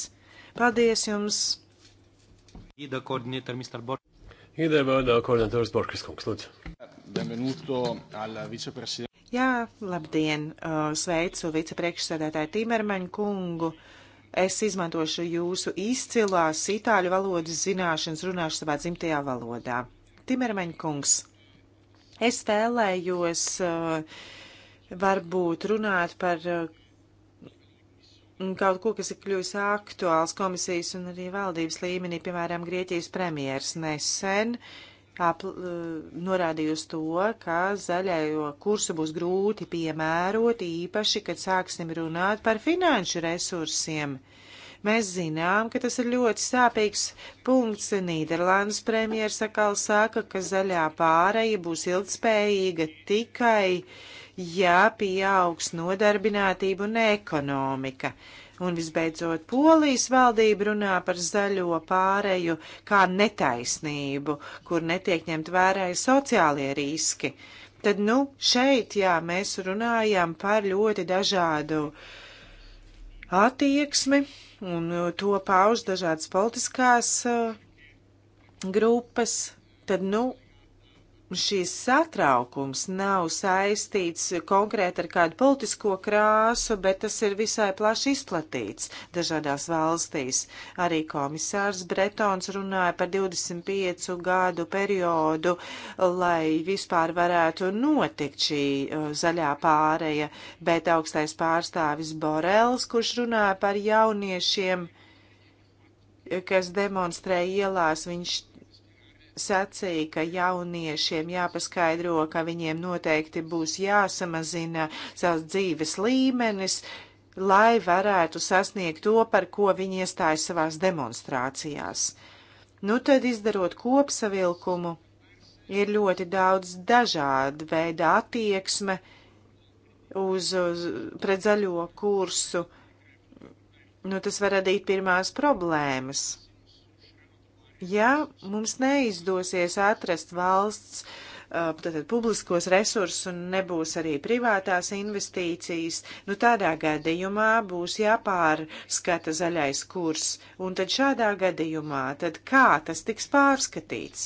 Paldies jums! Ida koordinētāra Mr. Bork. Ida vārdā koordinētājs Borkas kungs, lūdzu. Benvenuto al viceprezidente. Jā, labdien! Sveicu vicepriekšsēdētāju Timermaņu kungu. Uh, Es izmantošu jūsu izcilās itāļu valodas zināšanas, runāšu savā dzimtajā valodā. Timermeņa kungs, es vēlējos uh, varbūt runāt par uh, kaut ko, kas ir kļuvis aktuāls komisijas un arī valdības līmenī, piemēram, Grieķijas premjeras nesen. Ne Eh, norādīja uz to, ka zaļajo kursu būs grūti piemērot, īpaši, kad sāksim runāt par finanšu resursiem. Mēs zinām, ka tas ir ļoti sāpīgs punkts. Nīderlandes premjeras atkal saka, ka zaļā pāreja būs ilgspējīga tikai, ja pieaugs nodarbinātība un ekonomika. Un visbeidzot, Polijas valdība runā par zaļo pāreju kā netaisnību, kur netiek ņemt vērā sociālie riski. Tad, nu, šeit, jā, mēs runājam par ļoti dažādu attieksmi, un uh, to pauž dažādas politiskās uh, grupas. Tad, nu, šīs satraukums nav saistīts konkrēti ar kādu politisko krāsu, bet tas ir visai plaši izplatīts dažādās valstīs. Arī komisārs Bretons runāja par 25 gadu periodu, lai vispār varētu notikt šī uh, zaļā pāreja, bet augstais pārstāvis Borels, kurš runāja par jauniešiem, kas demonstrē ielās, viņš sacīja, ka jauniešiem jāpaskaidro, ka viņiem noteikti būs jāsamazina savs dzīves līmenis, lai varētu sasniegt to, par ko viņi iestājas savās demonstrācijās. Nu tad izdarot kopsavilkumu, ir ļoti daudz dažādu veidu attieksme uz, uz pret zaļo kursu. Nu, tas var radīt pirmās problēmas Ja mums neizdosies atrast valsts uh, tātad, publiskos resursus un nebūs arī privātās investīcijas, nu tādā gadījumā būs jāpārskata zaļais kurs. Un tad šādā gadījumā, tad kā tas tiks pārskatīts?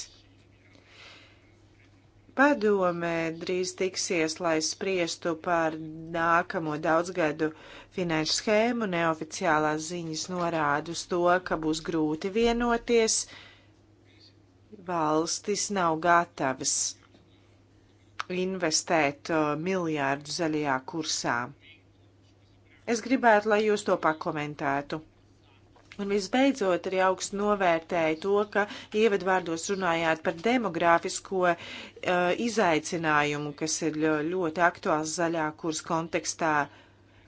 Padomē drīz tiksies, lai spriestu par nākamo daudzgadu finanšu schēmu. Neoficiālās ziņas norāda uz to, ka būs grūti vienoties. Uh, valstis nav gatavas investēt uh, miljārdu zaļajā kursā. Es gribētu, lai jūs to pakomentētu. Un visbeidzot, arī augstu novērtēju to, ka ievadvārdos runājāt par demogrāfisko uh, izaicinājumu, kas ir ļoti aktuāls zaļā kursa kontekstā.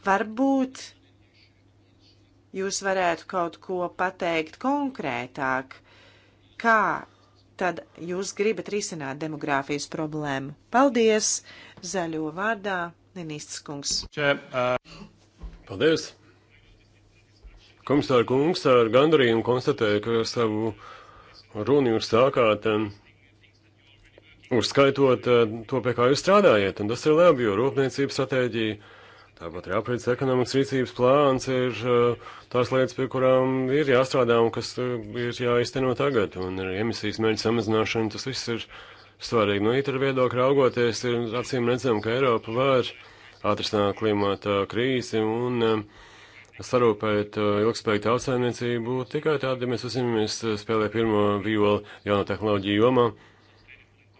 Varbūt jūs varētu kaut ko pateikt konkrētāk, kā tad jūs gribat risināt demogrāfijas problēmu. Paldies! Zaļo vārdā Nenīsts kungs. Čē, uh... Paldies! Komisāra kungs ar gandarījumu konstatēja, ka savu runu jūs sākāt um, uzskaitot uh, to, pie kā jūs strādājat, un tas ir labi, jo rūpniecības stratēģija Tāpat arī aprīts ekonomikas rīcības plāns ir eh, tās lietas, pie kurām ir jāstrādā un kas eh, ir jāizteno tagad. Un arī emisijas mērķa samazināšana, tas viss ir svarīgi. No itra viedokļa raugoties, ir acīm redzam, ka Eiropa var atrisināt klimata krīzi un eh, sarūpēt ilgspējīgu tautsēmniecību tikai tādā, ja mēs uzņemamies spēlē pirmo violi jauno tehnoloģiju jomā.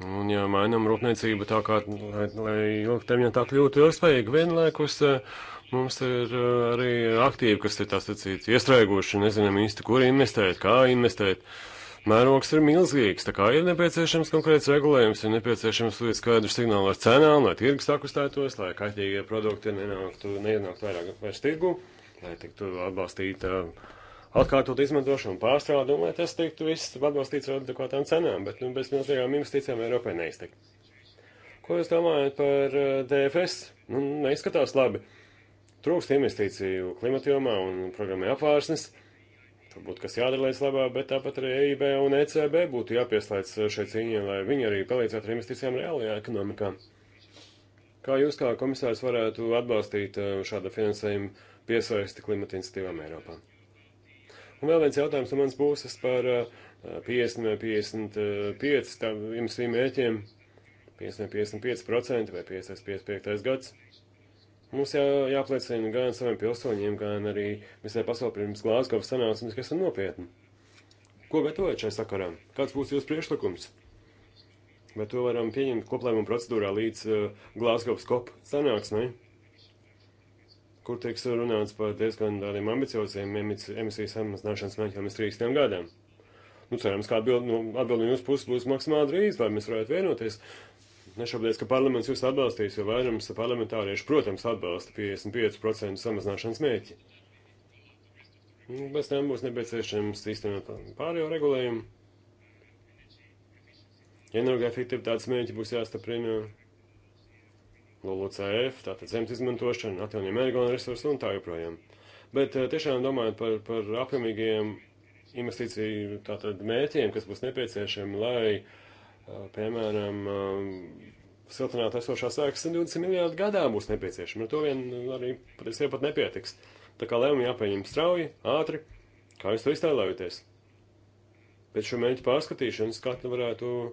Un, ja mainām rūpniecību tā kā, lai, lai ilgtermiņā tā kļūtu ilgspējīga, vienlaikus eh, mums ir eh, arī aktīvi, kas ir tā sacīt, iestrēguši, nezinām īsti, kur investēt, kā investēt. Mērogs ir milzīgs, tā kā ir nepieciešams konkrēts regulējums, ir nepieciešams līdz skaidrs signāli ar cenām, lai tirgus akustētos, lai kaitīgie produkti nenāktu, neienāktu vairāk vairs tirgu, lai tiktu atbalstīta. Uh, atkārtot izmantošanu, pārstrādu, un lai tas tiktu viss atbalstīts ar adekvātām cenām, bet nu, bez milzīgām investīcijām Eiropai neiztikt. Ko jūs domājat par eh, DFS? Nu, neizskatās labi. Trūkst investīciju klimata jomā un programmai apvārsnes. Tur būtu kas jādara, lai labā, bet tāpat arī EIB un ECB būtu jāpieslēdz šai cīņai, lai viņi arī palīdzētu ar investīcijām reālajā ekonomikā. Kā jūs kā komisārs varētu atbalstīt eh, šāda finansējuma piesaisti klimata iniciatīvām Eiropā? Un vēl viens jautājums no manas puses par 50 eh, vai 55 imsīm mēķiem. 50 55% vai 55 gads. Mums jā, jāpliecina gan saviem pilsoņiem, gan arī visai pasaulē pirms Glāzgovas sanāksmes, kas ir nopietni. Ko gatavojat šai sakarā? Kāds būs jūsu priekšlikums? Vai to varam pieņemt koplēmuma procedūrā līdz uh, eh, Glāzgovas kop sanāksmei? kur tiek runāts par diezgan tādiem ambicioziem emisiju samazināšanas mērķiem līdz 30 gadiem. Nu, cerams, ka atbild, nu, atbild no jūsu puses būs maksimāli drīz, lai mēs varētu vienoties. Nešaubieties, ka parlaments jūs atbalstīs, jo vairums parlamentārieši, protams, atbalsta 55% samazināšanas mērķi. Nu, bez tam būs nepieciešams īstenot pārējo regulējumu. Energoefektivitātes mērķi būs jāstaprina LULUCF, tātad zemes izmantošana, atjaunījuma energoresursi un tā joprojām. Bet eh, tiešām domājot par, par apjomīgiem investīciju tātad mērķiem, kas būs nepieciešami, lai, eh, piemēram, eh, siltināt esošās ēkas 20 miljārdu gadā būs nepieciešama. Ar to vien arī patiesībā pat nepietiks. Tā kā lēmumi jāpieņem strauji, ātri, kā jūs to iztēlojaties. Pēc šo mērķu pārskatīšanas katra varētu uh,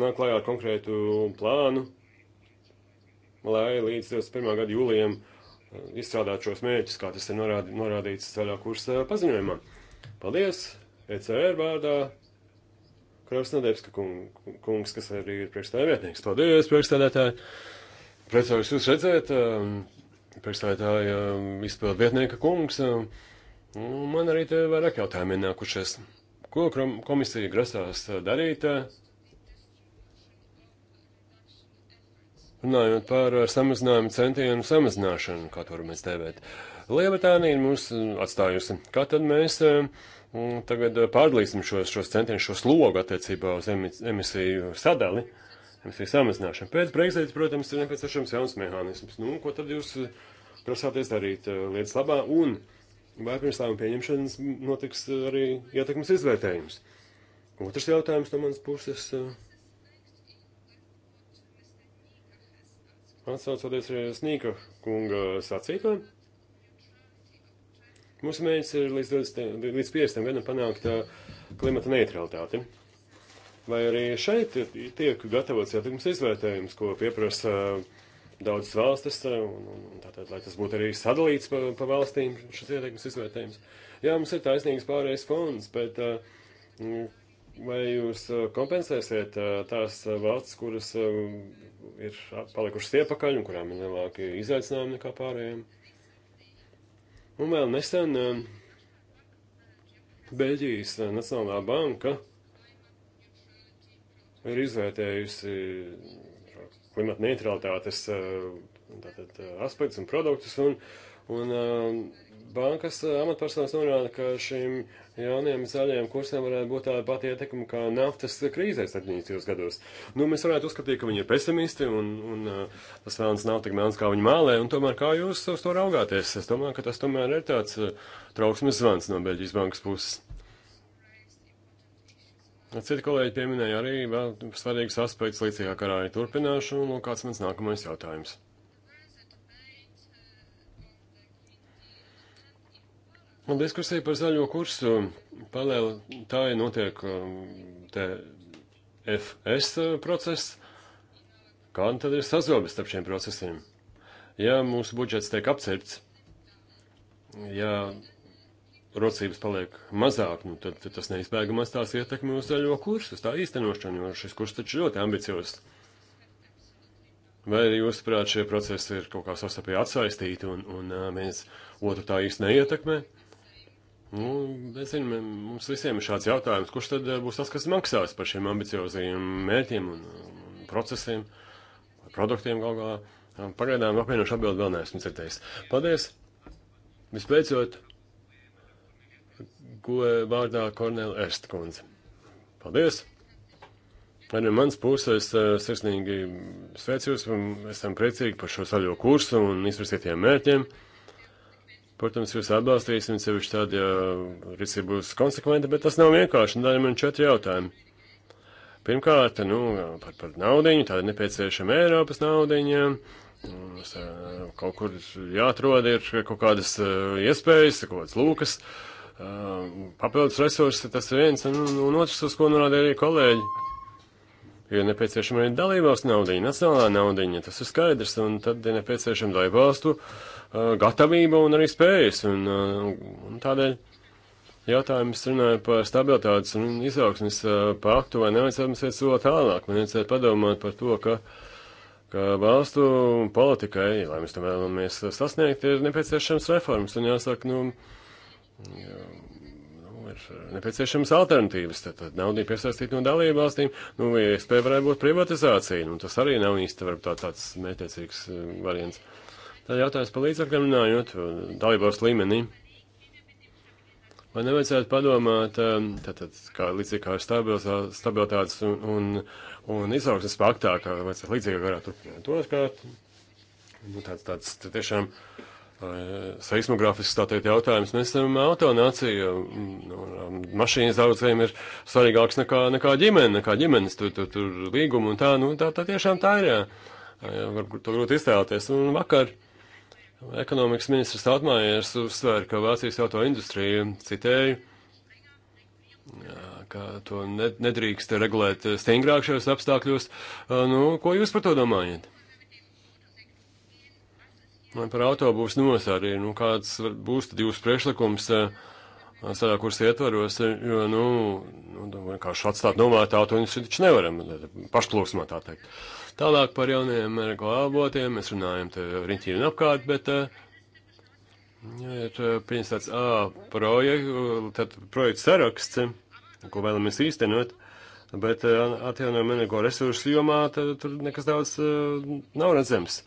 nāk klajā ar konkrētu plānu, lai līdz 21. gada jūlijam eh, izstrādātu šos mērķus, kā tas ir norādi, norādīts ceļā kursa paziņojumā. Paldies! ECR vārdā Krasnodebska kungs, kas arī ir priekšstādētnieks. Paldies, priekšstādētāji! Priecājos jūs redzēt, eh, priekšstādētāja eh, izpildu vietnieka kungs. Man arī te vairāk jautājumi nākušies. Ko komisija grasās darīt? Uh, Runājot par eh, samazinājumu centienu samazināšanu, kā to mēs tevēt. Lielbritānija mūs eh, atstājusi. Kā tad mēs eh, tagad pārdalīsim šos, šos centienus, šo slogu attiecībā uz emisiju sadali, emisiju samazināšanu? Pēc Brexit, protams, ir nepieciešams jauns mehānisms. Nu, ko tad jūs prasāties darīt lietas labā un vai pirms lēmuma pieņemšanas notiks arī ietekmes izvērtējums? Otrs jautājums no manas puses. Uh, Atsaucoties eh, arī Snīka kunga sacīto, mūsu mērķis ir līdz, 20, līdz 50 gadam panākt eh, klimata neutralitāti. Vai arī šeit tiek gatavots ietekmes izvērtējums, ko pieprasa eh, daudzas valstis, un, un tātad, lai tas būtu arī sadalīts pa, pa valstīm, šis ietekmes izvērtējums. Jā, mums ir taisnīgs pārējais fonds, bet mm, vai jūs kompensēsiet tās valsts, kuras ir palikušas iepakaļ un kurām ir lielāki izaicinājumi nekā pārējiem. Un vēl nesen um, Beļģijas Nacionālā banka ir izvērtējusi uh, klimata neutralitātes uh, uh, aspektus un produktus, un, un um, Bankas eh, amatpersonas norāda, ka šīm jaunajiem zaļajiem kursiem varētu būt tāda pati ietekme kā naftas krīzē 70. gados. Nu, mēs varētu uzskatīt, ka viņi ir pesimisti un, un eh, tas vēlams nav tik melns, kā viņi mēlē, un tomēr kā jūs uz to raugāties? Es domāju, ka tas tomēr ir tāds eh, trauksmes zvans no Beļģijas bankas puses. Citi kolēģi pieminēja arī vēl svarīgus aspektus līdzīgā karā. Turpināšu, un nu, kāds mans nākamais jautājums? Diskusija par zaļo kursu paralēli tā ir notiek um, te FS process. Kā tad ir sazobis starp šiem procesiem? Ja mūsu budžets tiek apcerts, ja rocības paliek mazāk, nu tad, tad tas neizbēgamās tās ietekmi uz zaļo kursu, tā īstenošanu, jo šis kurs taču ļoti ambiciozs. Vai arī jūs, prāt, šie procesi ir kaut kā sastarpēji atsaistīti un, un, un uh, viens otru tā īsti neietekmē? Nu, es zinu, mums visiem ir šāds jautājums, kurš tad eh, būs tas, kas maksās par šiem ambiciozajiem mērķiem un, un procesiem, produktiem gal galā. Pagaidām apvienošu atbildi vēl neesmu citējis. Paldies! Vispēcot, ko vārdā Kornēla Erstkundze. Paldies! Arī mans puses eh, sirsnīgi sveicījos, esam priecīgi par šo saļo kursu un izvirzītiem mērķiem. Protams, jūs atbalstīsim sevišķi tad, ja visi būs konsekventi, bet tas nav vienkārši. Tādēļ man četri jautājumi. Pirmkārt, nu, par, par naudiņu, tāda nepieciešama Eiropas naudiņa. Mums eh, kaut kur jāatrod ir kaut kādas eh, iespējas, kaut kādas lūkas, eh, papildus resursi, tas ir viens, un, un otrs, uz ko norādīja arī kolēģi ir nepieciešama arī dalībvalsts naudiņa, nacionālā naudiņa, tas ir skaidrs, un tad ir nepieciešama dalībvalstu uh, gatavība un arī spējas, un, uh, un tādēļ jautājums runāja par stabilitātes un izaugsmes uh, paktu, vai nevajadzētu mums iet soli tālāk, man vajadzētu padomāt par to, ka, ka valstu politikai, lai mēs to vēlamies sasniegt, ir nepieciešams reformas, un jāsaka, nu, jā, ir uh, nepieciešams alternatīvas. Tad, tad naudu piesaistīt no dalību valstīm, nu, ja iespēja varētu būt privatizācija, nu, tas arī nav īsti varbūt tā, tāds mētiecīgs uh, variants. Tad jautājums par līdzakļiem runājot, uh, dalību valsts līmenī. Vai nevajadzētu padomāt, tātad, um, kā līdzīgi kā ir stabilitātes un, un, un izaugsmes paktā, ka vajadzētu līdzīgi varētu turpināt. Toskārt, nu, tāds, tāds tiešām. Uh, E, seismogrāfisks tātad jautājums. Mēs esam autonācija. Mm, nu, mašīnas daudziem ir svarīgāks nekā, nekā ģimene, nekā ģimenes, tur, tur, tur līguma un tā, nu, tā, tā tiešām tā ir, jā. jā varbūt to grūti iztēloties. Un vakar ekonomikas ministrs Altmājers uzsver, ka Vācijas auto industrija, citēju, jā, ka to nedrīkst regulēt stingrāk šajos apstākļos. E, nu, ko jūs par to domājat? Vai par autobūs nosārī, nu kāds būs tad jūsu priekšlikums tādā eh, kursa ietvaros, eh, jo, nu, nu, nu vienkārši atstāt novērtā autoņus taču nevaram, eh, pašplūsmā tā teikt. Tālāk par jauniem energo avotiem, mēs runājam te riņķī un apkārt, bet nu, ir pieņems tāds A projekts, tad projekts saraksts, ko vēlamies īstenot. Bet atjaunojama energo resursu jomā tad, tur nekas daudz nav redzams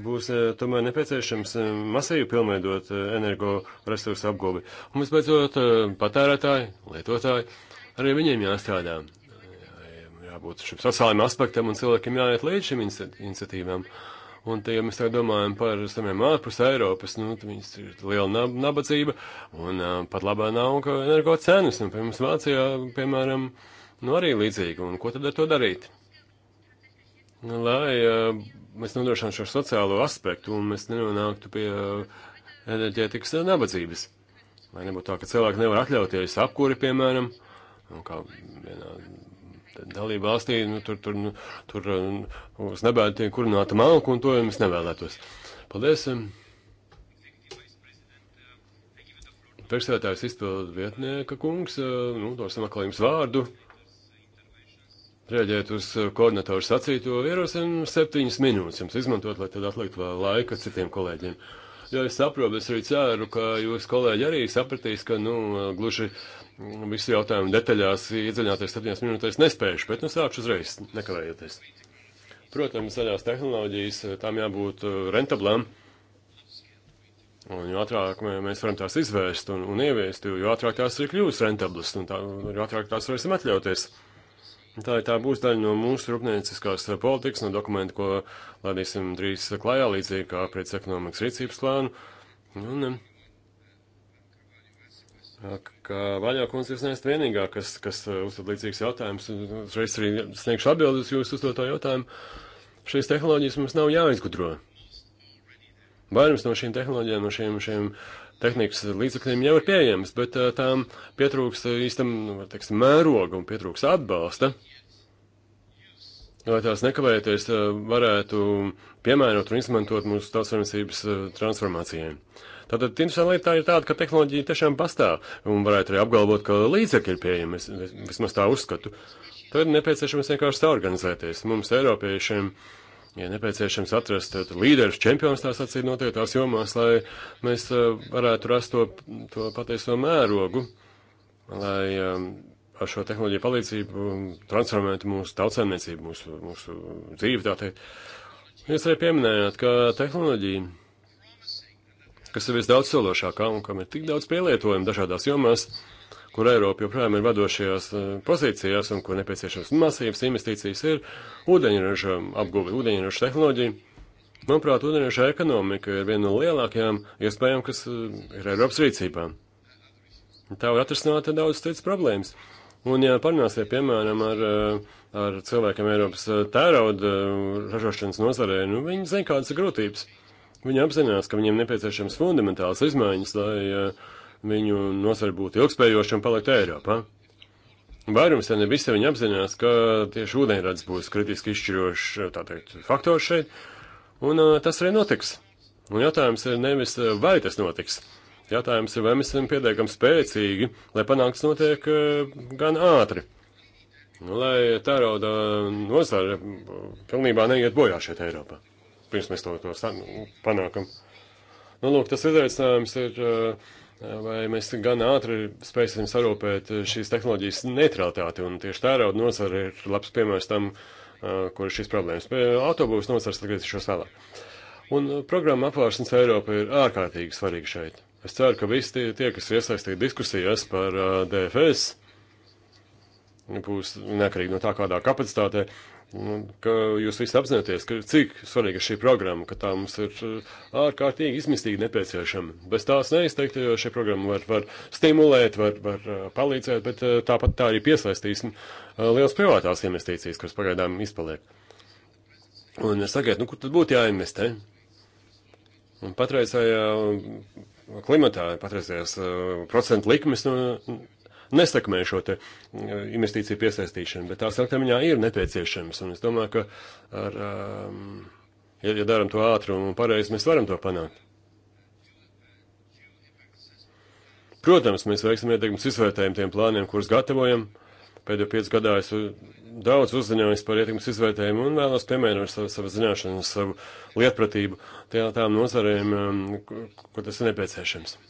būs eh, tomēr nepieciešams eh, masēju pilnveidot eh, energoresursu apgūvi. Un visbeidzot, patērētāji, lietotāji, arī viņiem jāstrādā. Jābūt šim sociālajam aspektam un cilvēkiem jāiet līdz šim iniciatīvām. Un, te, ja mēs tā domājam par saviem ārpus Eiropas, nu, tad viņas ir liela nab nabadzība, un uh, pat labā nav energo cenas, un, piemēram, Vācijā, piemēram, nu, arī līdzīgi, un ko tad ar to darīt? lai uh, mēs nodrošinātu šo sociālo aspektu un mēs nenonāktu pie uh, enerģētikas nabadzības. Lai nebūtu tā, ka cilvēki nevar atļauties apkuri, piemēram, un kā vienā dalība valstī, nu, tur, tur, nu, tur nu, uz nebēdu tiek kurināta malku, un to jau mēs nevēlētos. Paldies! Priekšsētājs izpildu vietnieka kungs, nu, dosim atkal jums vārdu. Rēģēt uz koordinatoru sacīto ierosim septiņas minūtes jums izmantot, lai tad atlikt vēl laika citiem kolēģiem. Jo es saprotu, es arī ceru, ka jūs kolēģi arī sapratīs, ka, nu, gluži visu jautājumu detaļās iedziļināties septiņās minūtēs nespējuši, bet, nu, sākšu uzreiz, nekavējoties. Protams, zaļās tehnoloģijas, tām jābūt uh, rentablām. Un jo ātrāk mēs varam tās izvērst un, un ieviest, jo ātrāk tās ir kļuvusi rentablas, un tā, jo ātrāk tās varēsim atļauties. Uh, Tā, tā būs daļa no mūsu rūpnieciskās politikas, no dokumenta, ko ladīsim drīz klajā, līdzīgi kā pēc ekonomikas rīcības plānu. Un, eh, kā vaļā kundze jūs neesat vienīgā, kas, kas eh, uzdod līdzīgs jautājums, uzreiz arī sniegšu atbildi uz jūsu uzdotā jautājumu. Šīs tehnoloģijas mums nav jāizgudro. Vairums no šīm tehnoloģijām, no šiem, šiem uh, tehnikas līdzekļiem jau ir pieejamas, bet tām pietrūks īstam, nu, teiksim, mēroga un pietrūks atbalsta, lai tās nekavēties varētu piemērot un izmantot mūsu tautsvarmesības transformācijai. Tātad interesanta lieta ir tāda, ka tehnoloģija tiešām pastāv un varētu arī apgalvot, ka līdzekļi ir pieejami, es vismaz tā uzskatu. Tad ir nepieciešams vienkārši saorganizēties. Mums, Eiropiešiem, uh, ja nepieciešams atrast līderus, čempionus tās acīm noteiktās jomās, lai mēs eh, varētu rast to, to pateiso mērogu, lai ehm, ar šo tehnoloģiju palīdzību transformētu mūsu tautsēmniecību, mūsu, mūsu dzīvi, tā teikt. Jūs arī pieminējāt, ka tehnoloģija, kas ir visdaudzsološākā un kam ir tik daudz pielietojumu dažādās jomās, uh, kur Eiropa joprojām ir vadošajās eh, pozīcijās un kur nepieciešams masīvas investīcijas, ir ūdeņraža apguve, ūdeņraža tehnoloģija. Manuprāt, ūdeņraža ekonomika ir viena no lielākajām iespējām, kas eh, ir Eiropas rīcībā. Tā var atrisināt daudz citas problēmas. Un, ja parunāsiet, piemēram, ar, eh, ar cilvēkiem Eiropas tērauda ražošanas nozarē, nu, viņi zina, kādas ir grūtības. Viņi apzinās, ka viņiem nepieciešams fundamentāls izmaiņas, lai uh, viņu nozara būtu ilgspējoša un palikt Eiropā. Vairums, ja ne visi viņi apzinās, ka tieši ūdeņrads būs kritiski izšķirošs, tā teikt, faktors šeit, un uh, tas arī notiks. Un jautājums ir nevis, uh, vai tas notiks. Jautājums ir, vai mēs esam pietiekami spēcīgi, lai panāks notiek uh, gan ātri. Nu, lai tā rauda nozara pilnībā neiet bojā šeit Eiropā. Pirms mēs to, to panākam. Nu, lūk, tas izaicinājums ir uh, Vai mēs gan ātri spēsim sarūpēt eh, šīs tehnoloģijas neutralitāti, un tieši tērauda nozara ir labs piemērs tam, eh, kur ir šīs problēmas. Autobūvas nozars atgriezīšos vēlāk. Un eh, programma apvārsnes Eiropa ir ārkārtīgi svarīga šeit. Es ceru, ka visi tie, tie kas iesaistīti diskusijās par DFS, būs nekarīgi no tā, kādā kapacitātē, Un, ka jūs visi apzināties, ka cik svarīga šī programma, ka tā mums ir uh, ārkārtīgi izmistīgi nepieciešama. Bez tās neizteikti, jo šī programma var, var stimulēt, var, var uh, palīdzēt, bet uh, tāpat tā arī piesaistīs liels privātās investīcijas, kas pagaidām izpaliek. Un sakiet, nu, kur tad būtu jāinvestē? Un patreizējā klimatā, patreizējās procentu likmes, nu, nesakmē šo te eh, investīciju piesaistīšanu, bet tās ilgtermiņā ir nepieciešamas. Un es domāju, ka ar, um, ja, ja daram to ātri un pareizi, mēs varam to panākt. Protams, mēs veiksim ietekmes izvērtējumu tiem plāniem, kurus gatavojam. Pēdējo piecu gadā es eh, daudz uzzinājos par ietekmes izvērtējumu un vēlos piemērot savu, savu zināšanu, savu lietpratību tajā tām nozarēm, ehm, ko tas ir nepieciešams.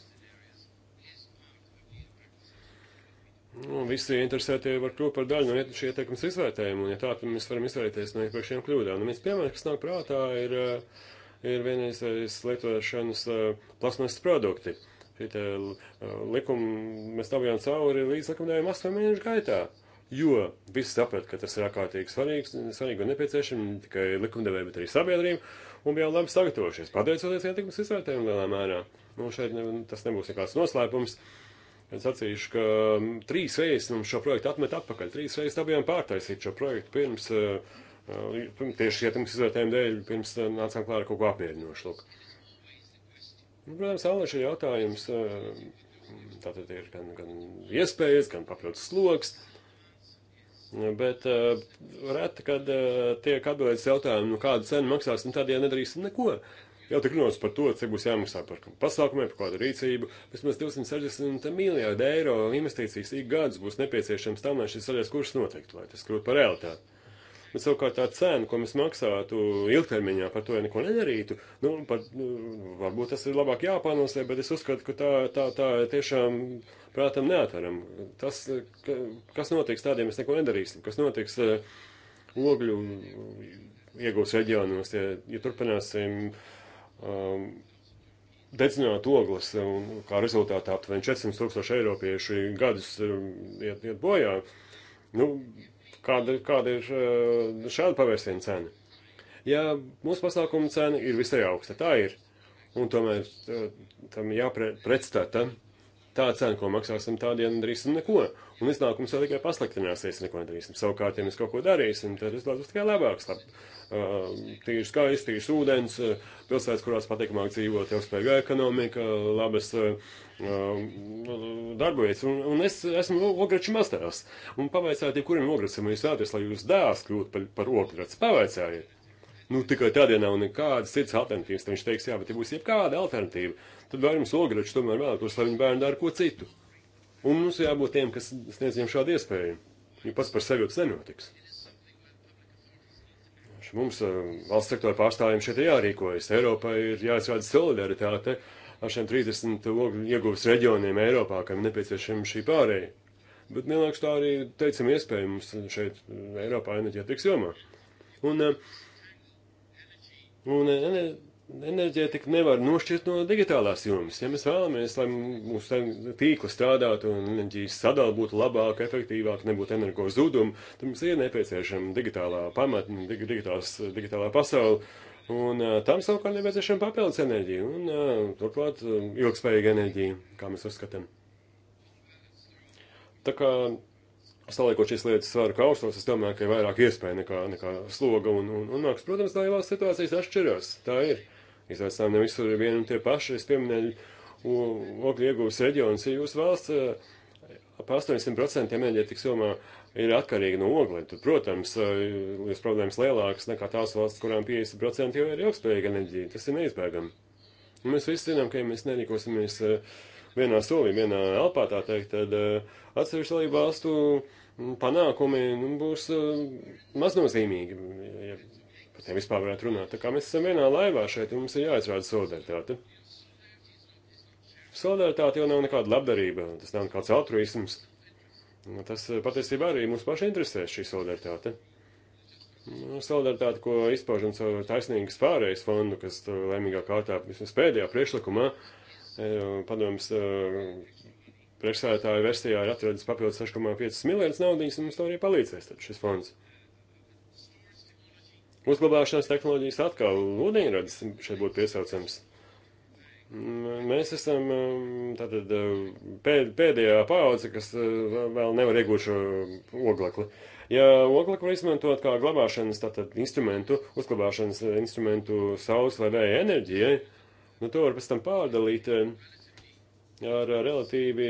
nu, visi interesētie var kļūt par daļu no šī ietekmes izvērtējuma, un ja tā, tad mēs varam izvairīties no iepriekšējiem kļūdām. Nu, viens piemērs, kas nāk prātā, ir, eh, ir vienreizējas eh, lietošanas eh, plasmas produkti. Šī likuma mēs tam bijām cauri līdz likumdevējiem astoņu mēnešu gaitā. Jo visi saprata, ka tas ir ārkārtīgi svarīgs, svarīgi un nepieciešams ne tikai likumdevēja, bet arī sabiedrība, un bijām labi sagatavojušies, pateicoties ietekmes izvērtējumam lielā mērā. Nu, šeit ne, tas nebūs nekāds noslēpums. Uh, Es atzīšu, ka mm, trīs reizes mums šo projektu atmet atpakaļ. Trīs reizes dabījām pārtaisīt šo projektu pirms, eh, eh, tieši ietekmes izvērtējuma dēļ, pirms eh, nācām klāra kaut ko apmierinošu. Lūk. Nu, protams, Alna šī jautājums, tātad ir gan, gan iespējas, gan papildus sloks. Bet uh, reti, kad uh, tiek atbildēts jautājumu, nu, kādu cenu maksāsim, nu, tad, ja nedarīsim neko, jau tik runāts par to, cik būs jāmaksā par pasākumiem, par kādu rīcību. Vismaz 260 miljārdu eiro investīcijas ik gadus būs nepieciešams tam, lai šis zaļais kurs notiktu, lai tas kļūtu par realitāti. Bet savukārt tā cena, ko mēs maksātu ilgtermiņā par to, ja neko nedarītu, nu, par, nu, varbūt tas ir labāk jāpānosē, bet es uzskatu, ka tā, tā, tā tiešām prātam neatveram. Tas, ka, kas notiks tādiem, mēs neko nedarīsim. Kas notiks uh, ogļu iegūs reģionos, ja, ja turpināsim uh, um, dedzināt ogles, un um, kā rezultātā aptuveni 400 tūkstoši eiropiešu gadus um, iet, iet bojā. Nu, kāda, kāda ir uh, šāda pavērsiena cena? Ja mūsu pasākuma cena ir visai augsta, tā ir, un tomēr uh, tam jāpretstata. Jāpre, tā cena, ko maksāsim, tā diena darīsim neko. Un iznākums jau tikai pasliktināsies, ja neko nedarīsim. Savukārt, ja mēs kaut ko darīsim, tad izdodas tikai labāks. Lab. Uh, tīrs skaists, tīrs ūdens, uh, pilsētas, kurās patīkamāk dzīvot, ilgspējīga ekonomika, labas uh, uh darbvietas. Un, un es esmu ogreču masters. Un pavaicājiet, ja kuram ogrecim jūs vēlaties, lai jūs dēls kļūtu par, par ogrecu. Pavaicājiet! Nu, tikai tādā nav nekādas citas alternatīvas. Tad viņš teiks, jā, bet ja būs jebkāda alternatīva, tad vairums lograču tomēr vēlētos, lai viņu bērni dara ko citu. Un mums jābūt tiem, kas sniedz viņiem šādu iespēju, jo pats par sevi tas nenotiks. Mums eh, valsts sektora pārstāvjiem šeit ir jārīkojas. Eiropai ir jāizrāda solidaritāte ar šiem 30 ogļu ieguves reģioniem Eiropā, kam nepieciešama šī pārēja. Bet vienlaikus tā arī teicam iespēju mums šeit eh, Eiropā enerģētikas jomā. Un, eh, un, un enerģētika nevar nošķirt no digitālās jomas. Ja mēs vēlamies, lai mūsu tīkli strādātu un enerģijas sadala būtu labāka, efektīvāka, nebūtu energo zuduma, tad mums ir nepieciešama digitālā pamata, dig digitālās, digitālā pasaule. Un uh, tam savukārt nepieciešama papildus enerģija un uh, turklāt uh, ilgspējīga enerģija, kā mēs uzskatām. Tā kā saliekot šīs lietas svaru kausos, es domāju, ka ir vairāk iespēja nekā, nekā sloga un, un, un mākslas. Protams, tā jau valsts situācijas atšķirās. Tā ir. Izaicinājumi ne visur ir vieni un tie paši. Es pieminēju ogļu iegūs reģionus, ja jūsu valsts ap 80% enerģētikas jomā ir atkarīga no oglēm. Tad, protams, jūs problēmas lielākas nekā tās valsts, kurām 50% jau ir ilgspējīga enerģija. Tas ir neizbēgami. Un mēs visi zinām, ka ja mēs nerīkosimies vienā solī, vienā elpā, tā teikt, tad atsevišķu dalību valstu panākumi nu, būs maznozīmīgi. Ja par tiem vispār varētu runāt. Tā kā mēs esam vienā laivā šeit, un mums ir jāizrāda solidaritāte. Solidaritāte jau nav nekāda labdarība, tas nav nekāds altruisms. Nu, tas eh, patiesībā arī mūs paši interesē šī solidaritāte. Nu, solidaritāte, ko izpaužam caur taisnīgas pārējas fondu, kas eh, laimīgā kārtā vismaz pēdējā priekšlikumā eh, padomus priekšsēdētāju versijā ir atradis papildus 6,5 miljonus naudas, un mums to arī palīdzēs šis fonds. Uzglabāšanas tehnoloģijas atkal ūdeņradis šeit būtu piesaucams. Mēs esam tātad pēd, pēdējā paudze, kas e, vēl nevar iegūt šo oglekli. Ja oglekli var izmantot kā glabāšanas tātad instrumentu, uzglabāšanas instrumentu saules vai vēja enerģijai, nu to var pēc tam pārdalīt e, ar relatīvi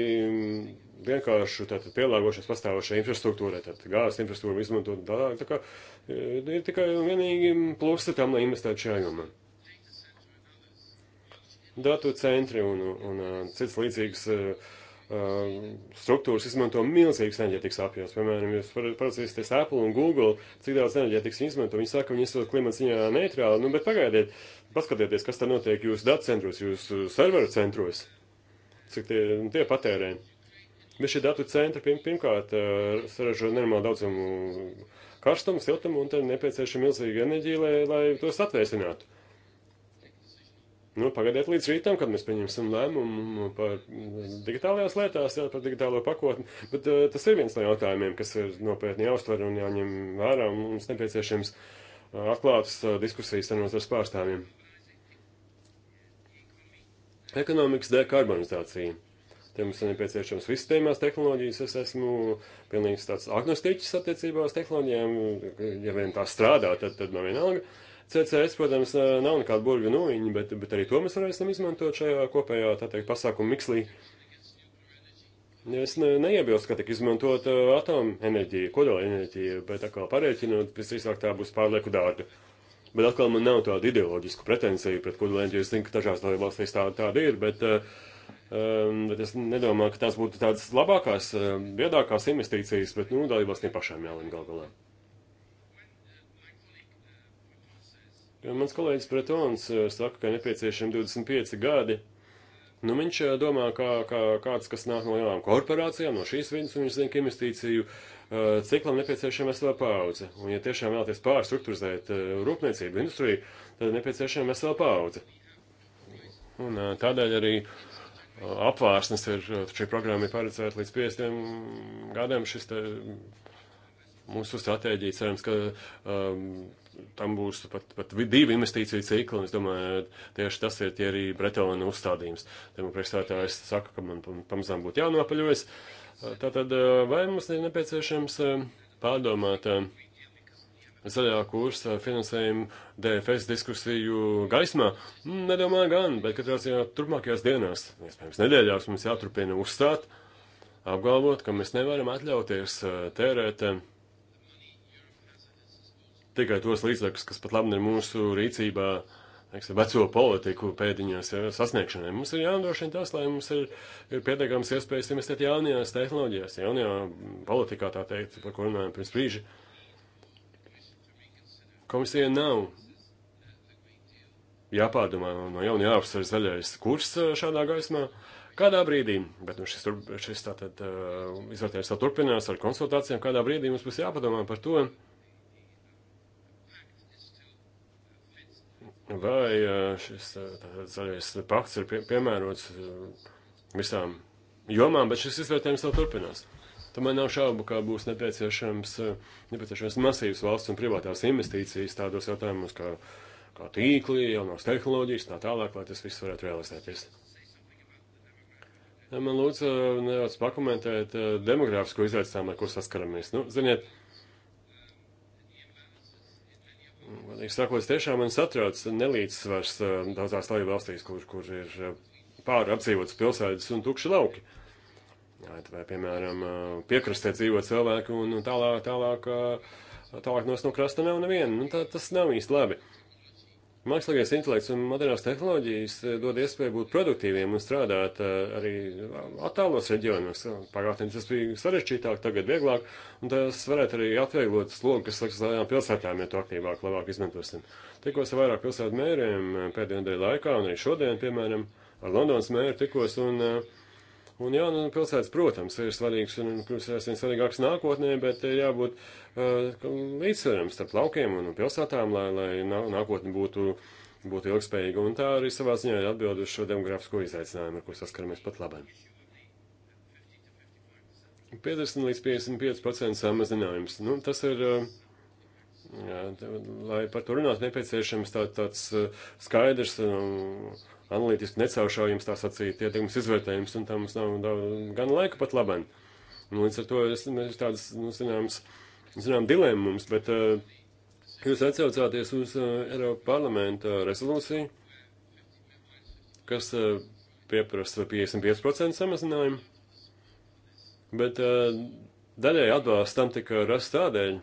vienkāršu tātad, pielāgošanos pastāvošai infrastruktūrai, tātad gāzes infrastruktūru izmantot un tālāk. Tā kā e, ir tikai un vienīgi plusi tam, lai investētu šajā jomā. Datu centri un, un, un e, cits līdzīgs e, struktūras izmanto milzīgas enerģētikas apjoms. Piemēram, jūs parasīsieties Apple un Google, cik daudz enerģētikas viņi izmanto. Viņi saka, viņi esot klimata ziņā neitrāli, nu, bet pagaidiet, paskatieties, kas tā notiek jūsu datu centros, jūsu serveru centros, cik tie, tie patērē. Uh, Mēs šie datu centri pirm, pirmkārt saražo nenormāli daudzumu karstumu, siltumu, un tad nepieciešama milzīga enerģija, lai, lai tos atvēsinātu. Nu, pagaidiet līdz rītam, kad mēs pieņemsim lēmumu par digitālajās lietās, jā, par digitālo pakotni, bet uh, tas ir viens no jautājumiem, kas ir nopietni jāuztver un jāņem vērā, un mums nepieciešams atklātas diskusijas sanos ar spārstāvjiem. Ekonomikas dekarbonizācija. Te mums ir nepieciešams sistēmās tehnoloģijas. Es esmu pilnīgs tāds agnostiķis attiecībā uz tehnoloģijām. Ja vien tā strādā, tad, tad man vienalga. CCS, protams, nav nekāda burvju nūjiņa, bet, bet arī to mēs varēsim izmantot šajā kopējā, tā teikt, pasākumu mikslī. Es ne, neiebilstu, ka tik izmantot uh, atomenerģiju, kodola enerģiju, bet atkal parēķinot, visvisāk tā būs pārlieku dārga. Bet atkal man nav tāda ideoloģiska pretensija pret kodola enerģiju. Es zinu, ka dažās dalībvalstīs tāda, tāda ir, bet uh, Ehm, bet es nedomāju, ka tās būtu tādas labākās, ehm, biedākās investīcijas, bet, nu, dalībvalstīm pašām jālem gal galā. Ja mans kolēģis Bretons eh, saka, ka nepieciešami 25 gadi. Nu, viņš eh, domā, kā, kā kāds, kas nāk no lielām korporācijām, no šīs vidas, un viņš zina, ka investīciju uh, ciklam nepieciešama vesela paudze. Un, ja tiešām vēlaties pārstruktūrizēt uh, rūpniecību industriju, tad nepieciešama vesela paudze. Un uh, tādēļ arī uh, apvārsnes ir, šī programma ir paredzēta līdz 50 gadiem. Šis te mūsu stratēģija cerams, ka um, tam būs pat, pat divi investīciju cikli, un es domāju, tieši tas ir tie arī Bretona uzstādījums. Te man priekšstādājs saka, ka man pamazām būtu jānopaļojas. Tātad, uh, vai mums ir nepieciešams uh, pārdomāt uh, zaļā kursa finansējumu DFS diskusiju gaismā? Mm, Nedomāju gan, bet katrā ziņā turpmākajās dienās, iespējams nedēļās, mums jāturpina uzstāt, apgalvot, ka mēs nevaram atļauties eh, tērēt eh, tikai tos līdzekļus, kas pat labi ir mūsu rīcībā, teiksim, veco politiku pēdiņās ja, sasniegšanai. Mums ir jānodrošina tas, lai mums ir, ir pietiekams iespējas investēt jaunajās tehnoloģijās, jaunajā politikā, tā teikt, par ko runājam pirms brīža. Uh, Komisija nav jāpārdomā no jauna jāapsver zaļais kurs uh, šādā gaismā. Kādā brīdī, bet nu, šis, šis tātad uh, izvērtējums tā turpinās ar konsultācijām, kādā brīdī mums būs jāpadomā par to, vai uh, šis uh, tātad, zaļais pakts ir pie, piemērots uh, visām jomām, bet šis izvērtējums tā turpinās. Tomēr nav šaubu, ka būs nepieciešams, eh, nepieciešams masīvas valsts un privātās investīcijas tādos jautājumos kā, kā tīkli, jaunās tehnoloģijas, tā tālāk, lai tas viss varētu realizēties. Ja man lūdzu eh, nedaudz pakomentēt eh, demogrāfisko izaicinājumu, ar ko saskaramies. Nu, ziniet, Godīgi sakot, tiešām man satrauc nelīdzsvars daudzās dalību valstīs, kur, kur ir pāri apdzīvotas pilsētas un tukši lauki. Uh, ASV, piemēram, piekrastē dzīvo cilvēku un tālāk, tālāk, tālāk no krasta nav neviena. Nu, tā, tas nav īsti labi. Mākslīgais intelekts un modernās tehnoloģijas dod iespēju būt produktīviem un strādāt arī attālos reģionos. Pagātnē tas bija sarežģītāk, tagad vieglāk, un tas varētu arī atvieglot slogu, kas liekas lielām pilsētām, ja to aktīvāk, labāk izmantosim. Tikos ar vairāk pilsētu mēriem pēdējo nedēļu laikā, un arī šodien, piemēram, ar Londonas mēru tikos, un uh, Un jā, nu, pilsētas, protams, ir svarīgs un kļūs aizvien svarīgāks nākotnē, bet ir jābūt uh, līdzsveram starp laukiem un pilsētām, lai, lai nākotne būtu, būtu ilgspējīga. Un tā arī savā ziņā ir atbild uz šo demografisko izaicinājumu, ar ko saskaramies pat labāk. 50 līdz 55% samazinājums. Nu, tas ir, uh, jā, lai par to runātu, nepieciešams tā, tāds uh, skaidrs. Uh, analītiski necaušaujams, tā sacīt, ietekmes izvērtējums, un tam mums nav daudz, gan laika pat labam. Nu, līdz ar to es, es tādas, nu, zināms, zinām, dilēma mums, bet uh, jūs atsaucāties uz uh, Eiropa parlamenta rezolūciju, kas uh, pieprasa 55% samazinājumu, bet uh, daļai atbalsts tam tika rasts tādēļ,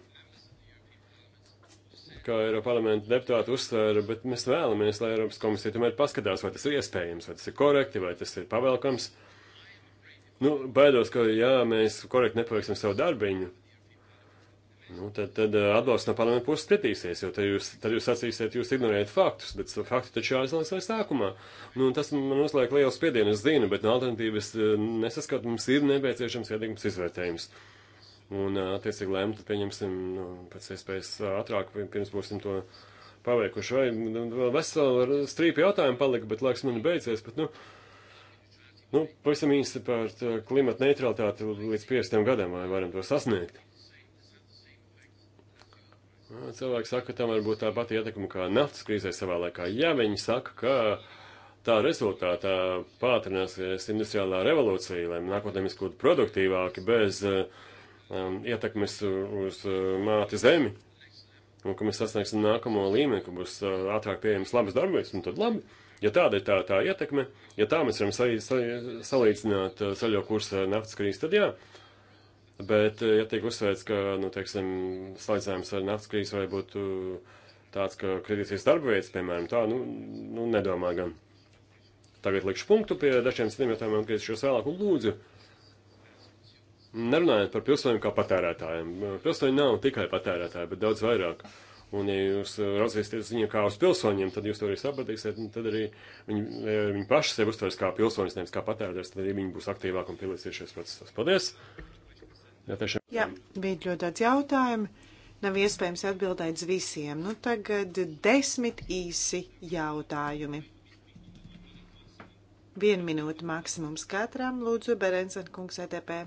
kā Eiropa parlamenta deputāti uzsvēra, bet mēs vēlamies, lai Eiropas komisija tomēr paskatās, vai tas ir iespējams, vai tas ir korekti, vai tas ir pavēlkams. Nu, baidos, ka jā, mēs korekti nepaveiksim savu darbiņu. Nu, tad, tad eh, atbalsts no parlamenta puses kritīsies, jo tad jūs, tad jūs sacīsiet, jūs ignorējat faktus, bet fakti taču jāizlasa vai sākumā. Nu, tas man uzliek lielu spiedienu, es zinu, bet no alternatīvas eh, nesaskatu, mums ir nepieciešams ietekmes izvērtējums. Uh, Un, attiecīgi, lēmumu pieņemsim nu, pēc iespējas ātrāk, pirms būsim to paveikuši. Vai nu, nu, vēl vesela strīpa jautājuma palika, bet laiks man ir beidzies. Bet, nu, nu, pavisam īsti par klimata neutralitāti līdz 50 gadiem, vai varam to sasniegt. Cilvēki saka, ka tam var būt tā pati ietekme kā naftas krīzē savā laikā. Ja viņi saka, ka tā rezultātā pātrināsies industriālā revolūcija, lai nākotnē mēs kļūtu produktīvāki bez uh, um, ietekmes uz uh, māti zemi, un ka mēs sasniegsim nākamo līmeni, ka būs uh, ātrāk pieejams labas darbības, un tad labi. Ja tāda ir tā, tā ietekme, ja tā mēs varam sa sa salīdzināt uh, saļo kursu ar naftas krīzi, tad jā. Bet, uh, ja tiek uzsvērts, ka, nu, teiksim, salīdzinājums ar naftas krīzi vai būtu tāds, ka kredīcijas darba veids, piemēram, tā, nu, nu nedomā gan. Tagad likšu punktu pie dažiem slimotājiem un griezīšos vēlāk un lūdzu Nerunājot par pilsoņiem kā patērētājiem. Pilsoņi nav tikai patērētāji, bet daudz vairāk. Un, ja jūs uh, raudzīsieties viņiem kā uz pilsoņiem, tad jūs to arī sapratīsiet. Tad arī viņi, viņi paši sevi uztvers kā pilsoņus, nevis kā patērētājs. Tad arī viņi būs aktīvāki un pielīdzējušies procesos. Paldies! Jā, tiešām. Jā, bija ļoti daudz jautājumu. Nav iespējams atbildēt uz visiem. Nu, tagad desmit īsi jautājumi. Vienu minūtu maksimums katram. Lūdzu, Berensen kungs, ETP.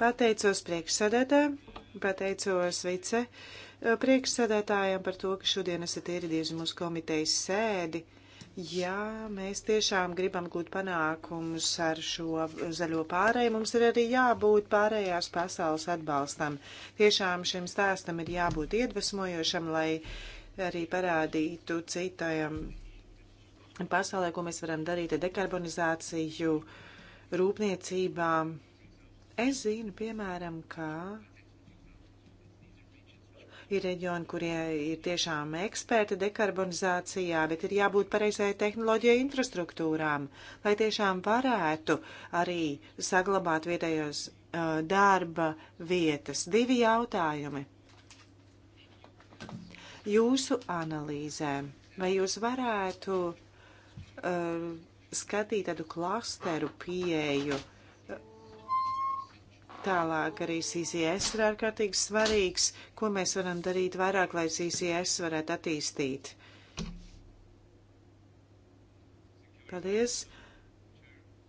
Pateicos priekšsēdētājiem, pateicos vice eh, priekšsēdētājiem par to, ka šodien esat ieradies mūsu komitejas sēdi. Jā, mēs tiešām gribam gūt panākumus ar šo zaļo pārēju. Mums ir arī jābūt pārējās pasaules atbalstam. Tiešām šim stāstam ir jābūt iedvesmojošam, lai arī parādītu citajam pasaulē, ko mēs varam darīt ar dekarbonizāciju, rūpniecībām Es zinu, piemēram, ka ir reģioni, kurie ir tiešām eksperti dekarbonizācijā, bet ir jābūt pareizai tehnoloģijai infrastruktūrām, lai tiešām varētu arī saglabāt vietējos uh, darba vietas. Divi jautājumi. Jūsu analīzē, vai jūs varētu uh, skatīt tādu klasteru pieeju, Tālāk arī CCS ir ārkārtīgi svarīgs, ko mēs varam darīt vairāk, lai CCS varētu attīstīt. Paldies!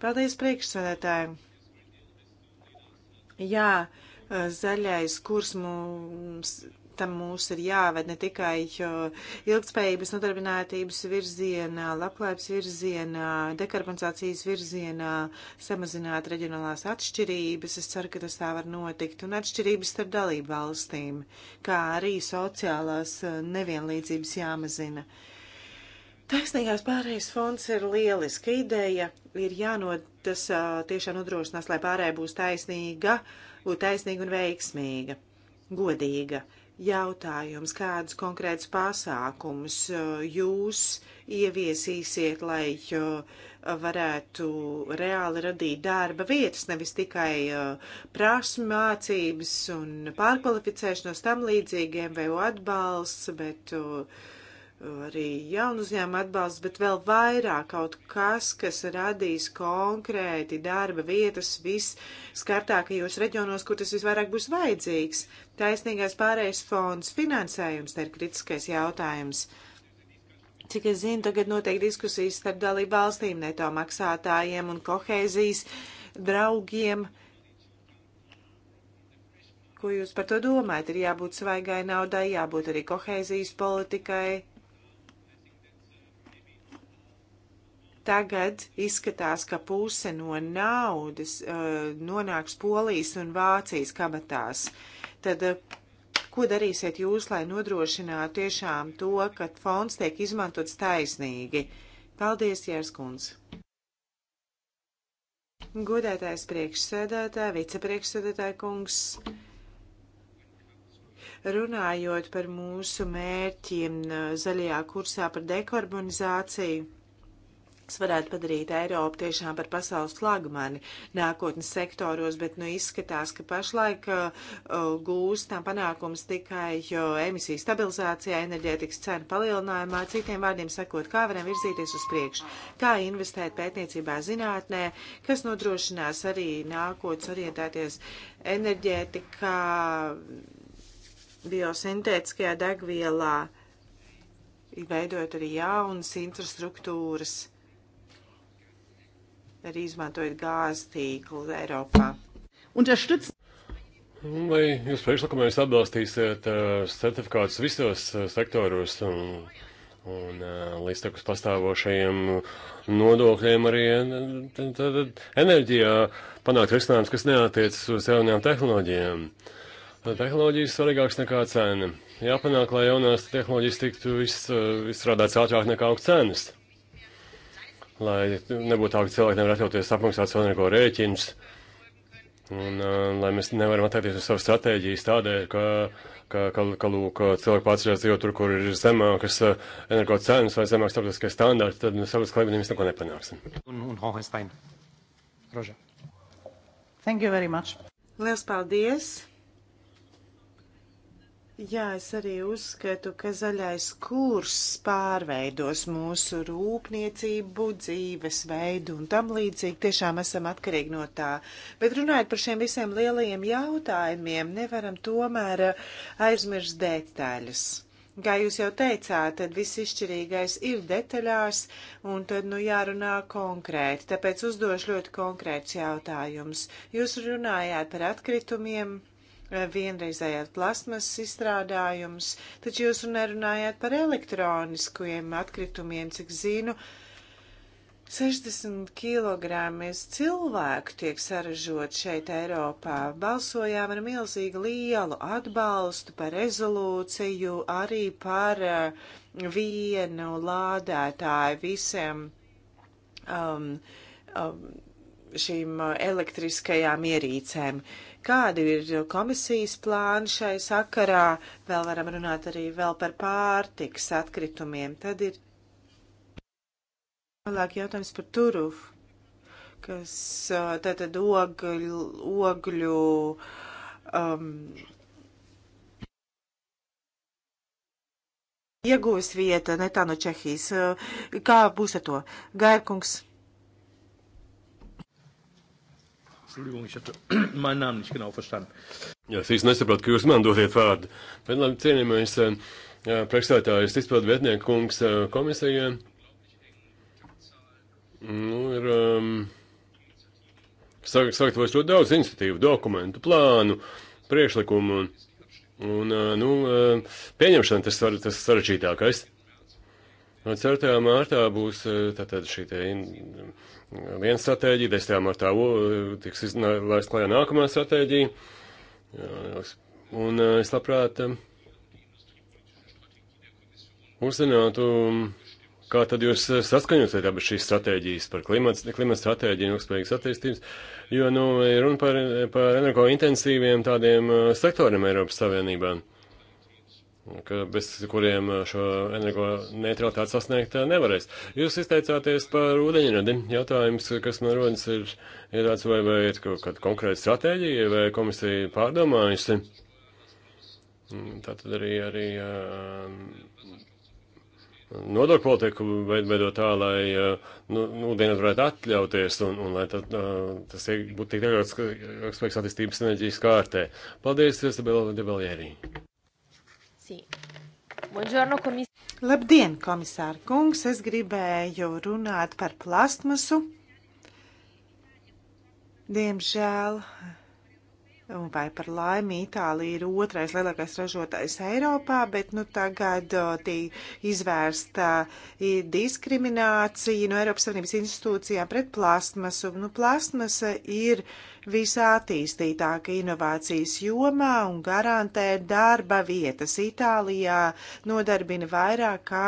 Paldies priekšsēdētājiem! Jā, eh, zaļais kurs mums tam mums ir jāved ne tikai ilgspējības nodarbinātības virzienā, labklājības virzienā, dekarbonizācijas virzienā, samazināt reģionālās atšķirības. Es ceru, ka tas tā var notikt, un atšķirības starp dalību valstīm, kā arī sociālās eh, nevienlīdzības jāmazina. Taisnīgās pārējais fonds ir lieliska ideja. Ir jānod, tas eh, tiešām nodrošinās, lai pārējai būs taisnīga, būtu taisnīga un veiksmīga, godīga. Jautājums, kādus konkrētus pasākumus uh, jūs ieviesīsiet, lai uh, varētu reāli radīt darba vietas, nevis tikai uh, prasmu mācības un pārkvalificēšanos tam līdzīgi MVO atbalsts, bet uh, arī jaunu uzņēmumu atbalsts, bet vēl vairāk kaut kas, kas radīs konkrēti darba vietas visskartākajos reģionos, kur tas visvairāk būs vajadzīgs. Taisnīgais pārējais fonds finansējums, tā ir kritiskais jautājums. Cik es zinu, tagad notiek diskusijas starp dalību valstīm, neto maksātājiem un kohēzijas draugiem. Ko jūs par to domājat? Ir jābūt svaigai naudai, jābūt arī kohēzijas politikai Tagad izskatās, ka puse no naudas uh, nonāks Polijas un Vācijas kabatās. Tad, uh, ko darīsiet jūs, lai nodrošinātu tiešām to, ka fonds tiek izmantots taisnīgi? Paldies, Jērskunds! Godētais priekšsēdētāja, vicepriekšsēdētāja kungs, runājot par mūsu mērķiem eh, zaļajā kursā par dekarbonizāciju. Tas varētu padarīt Eiropu tiešām par pasaules flagmani nākotnes sektoros, bet nu izskatās, ka pašlaik uh, uh gūstam panākums tikai uh, emisiju stabilizācijā, enerģētikas cenu palielinājumā, citiem vārdiem sakot, kā varam virzīties uz priekšu, kā investēt pētniecībā zinātnē, kas nodrošinās arī nākotnes orientēties enerģētikā, biosintētiskajā degvielā veidojot arī jaunas infrastruktūras arī izmantojot gāzes tīklu Eiropā. Unterstützt! Vai jūs priekšlikumā jūs atbalstīsiet uh, certifikātus visos uh, sektoros un, un uh, eh, līdz tekus pastāvošajiem nodokļiem arī t, t, t, enerģijā panākt risinājums, kas neatiecas uz jaunajām tehnoloģijām? Tehnoloģijas svarīgākas nekā cena. Jāpanāk, lai jaunās tehnoloģijas tiktu iz, izstrādāts ātrāk nekā augsts cenas lai nebūtu tā, ka cilvēki nevar atļauties apmaksāt savu energo rēķinus, un uh, lai mēs nevaram attiekties uz savu stratēģiju tādēļ, ka, ka, ka, ka lūk, cilvēki pārcerās dzīvo tur, kur ir zemākas uh, energo cenas vai zemākas starptautiskie standarti, tad nu, savas klēpnī mēs neko nepanāksim. Un, un Hohenstein. Roža. Thank you very much. Liels paldies! Jā, es arī uzskatu, ka zaļais kurs pārveidos mūsu rūpniecību, dzīvesveidu un tam līdzīgi. Tiešām esam atkarīgi no tā. Bet runājot par šiem visiem lielajiem jautājumiem, nevaram tomēr aizmirst detaļas. Kā jūs jau teicāt, tad viss izšķirīgais ir detaļās, un tad nu jārunā konkrēti. Tāpēc uzdošu ļoti konkrēts jautājums. Jūs runājāt par atkritumiem Eh, vienreizējāt plasmas izstrādājumus, taču jūs runājāt par elektroniskiem atkritumiem, cik zinu, 60 kg cilvēku tiek saražot šeit Eiropā. Balsojām ar milzīgu lielu atbalstu par rezolūciju, arī par eh, vienu lādētāju visiem um, um, šīm eh, elektriskajām ierīcēm. Uh, Kādi ir komisijas plāni šai sakarā? Vēl varam runāt arī vēl par pārtiks atkritumiem. Tad ir tālāk jautājums par turufu, kas tātad ogļu, ogļu um, iegūs vieta netālu no Čehijas. Kā būs ar to? Gairkungs. Entschuldigung, ich hatte *clears throat* meinen Namen nicht genau verstanden. Jā, es īsti nesaprotu, ka jūs man dodiet vārdu. Bet, labi, cienījamais eh, priekšstādātājs, izpildu vietnieku kungs eh, komisijai. Nu, ir um, ehm, sagatavots ļoti daudz iniciatīvu, dokumentu, plānu, priekšlikumu un, un eh, nu, pieņemšana tas, var, tas sarežģītākais. No 4. mārtā būs tātad šī te viena stratēģija, 10. martā tiks izlaist klajā nākamā stratēģija. Un eh, es labprāt eh, uzzinātu, kā tad jūs saskaņosiet abas šīs stratēģijas par klimata klimat stratēģiju un ilgspējīgas attīstības, jo, nu, runa par, par energo intensīviem tādiem eh, sektoriem Eiropas Savienībām ka bez kuriem uh, šo energo neutralitāti sasniegt uh, nevarēs. Jūs izteicāties par ūdeņradi. Jautājums, kas man rodas, ir, ir tāds, vai, vai ir kaut kāda konkrēta stratēģija, vai komisija pārdomājusi. Mm, Tātad arī, arī um, nodokļu politiku veidot tā, lai uh, nu, nu, ūdeņradi varētu atļauties un, un lai tad, tas būtu tik iekļauts, ka spēks attīstības enerģijas kārtē. Paldies, Isabela Debeljērī. Sì. Buongiorno, komis Labdien, komisāra kungs! Es gribēju runāt par plastmasu. Diemžēl Vai par laimi Itālija ir otrais lielākais ražotājs Eiropā, bet nu tagad tī izvērsta diskriminācija no Eiropas Savienības institūcijām pret plasmasu. Nu, plasmasa ir visātīstītāka inovācijas jomā un garantē darba vietas. Itālijā nodarbina vairāk kā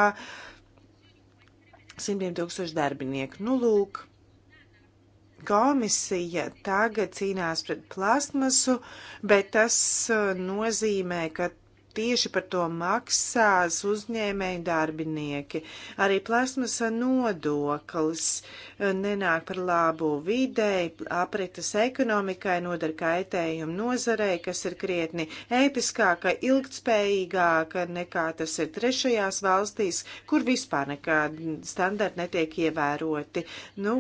simtiem tūkstošu darbinieku. Nu, lūk. Komisija tagad cīnās pret plasmasu, bet tas uh, nozīmē, ka tieši par to maksās uzņēmēji darbinieki. Arī plasmasa nodoklis uh, nenāk par labu videi, apritas ekonomikai, nodara kaitējumu nozarei, kas ir krietni ēpiskāka, ilgtspējīgāka nekā tas ir trešajās valstīs, kur vispār nekādi standarti netiek ievēroti. Nu,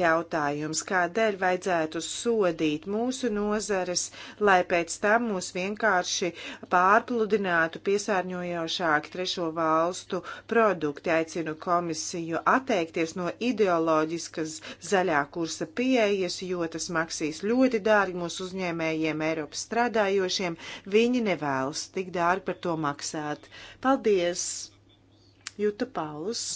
Jautājums, kādēļ vajadzētu sodīt mūsu nozares, lai pēc tam mūs vienkārši pārpludinātu piesārņojošāk trešo valstu produkti. Aicinu komisiju atteikties no ideoloģiskas zaļā kursa pieejas, jo tas maksīs ļoti dārgi mūsu uzņēmējiem, Eiropas strādājošiem. Viņi nevēlas tik dārgi par to maksāt. Paldies! Juta Paulus.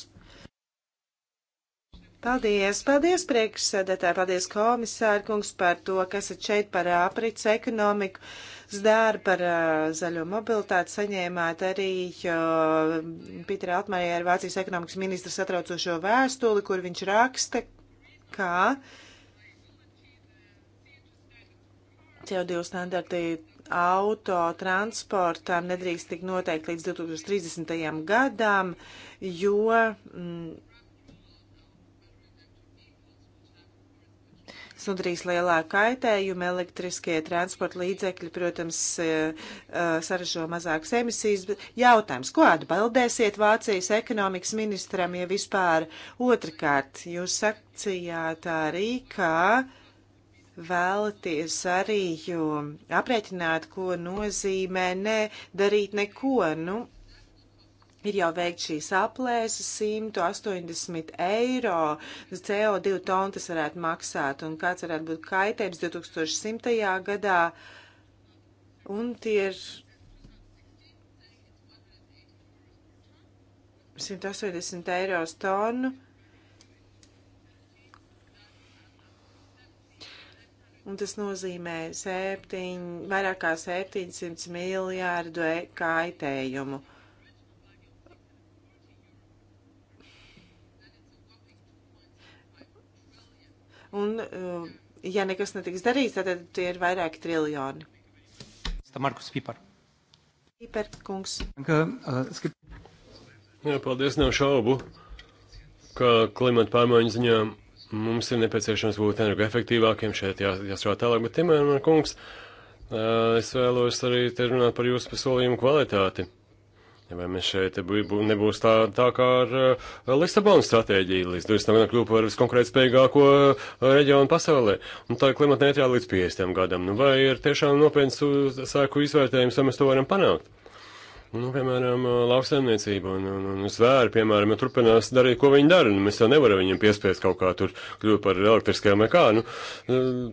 Paldies, paldies priekšsēdētāji, paldies komisāri kungs par to, kas ir šeit par aprits ekonomiku, zdāru par uh, zaļo mobilitāti, saņēmāt arī uh, Pītera Altmaier, ar Vācijas ekonomikas ministra satraucošo vēstuli, kur viņš raksta, kā CO2 standarti autotransportām nedrīkst tik noteikti līdz 2030. gadam, jo. Mm, nodarīs lielāku kaitējumu. Elektriskie transporta līdzekļi, protams, e, e, saražo mazākas emisijas. Jautājums, ko atbildēsiet Vācijas ekonomikas ministram, ja vispār otrkārt jūs sakcijāt arī, ka vēlaties arī aprēķināt, ko nozīmē nedarīt neko. Nu, Ir jau veikt šīs aplēses 180 eiro CO2 tonu tas varētu maksāt, un kāds varētu būt kaitējums 2100. gadā. Un tie ir 180 eiro tonu. un tas nozīmē septiņ, vairāk kā 700 miljārdu e kaitējumu. Un, eh, ja nekas netiks darīts, tad tie ir vairāki triljoni. Markus Pīpār. Pīpār kungs. Eh, jā, paldies, nav šaubu, ka klimata pārmaiņu ziņā mums ir nepieciešams būt energoefektīvākiem šeit, jā, jāstrādā tālāk, bet, Timēr, man kungs, eh, es vēlos arī te runāt par jūsu pasolījumu kvalitāti. Vai mēs šeit nebūs tā, tā kā ar uh, Lisabonas stratēģiju, līdz 20. gadam kļūt par viskonkurētspējīgāko uh, reģionu pasaulē, un tā ir klimata neitrāla līdz 50. gadam. Nu, vai ir tiešām nopietns uh, sēku izvērtējums, vai mēs to varam panākt? Nu, piemēram, lauksaimniecība un, un, un zvēri, piemēram, turpinās darīt, ko viņi dara. Nu, mēs jau nevaram viņiem piespiest kaut kā tur kļūt par elektriskajām vai kā. Nu,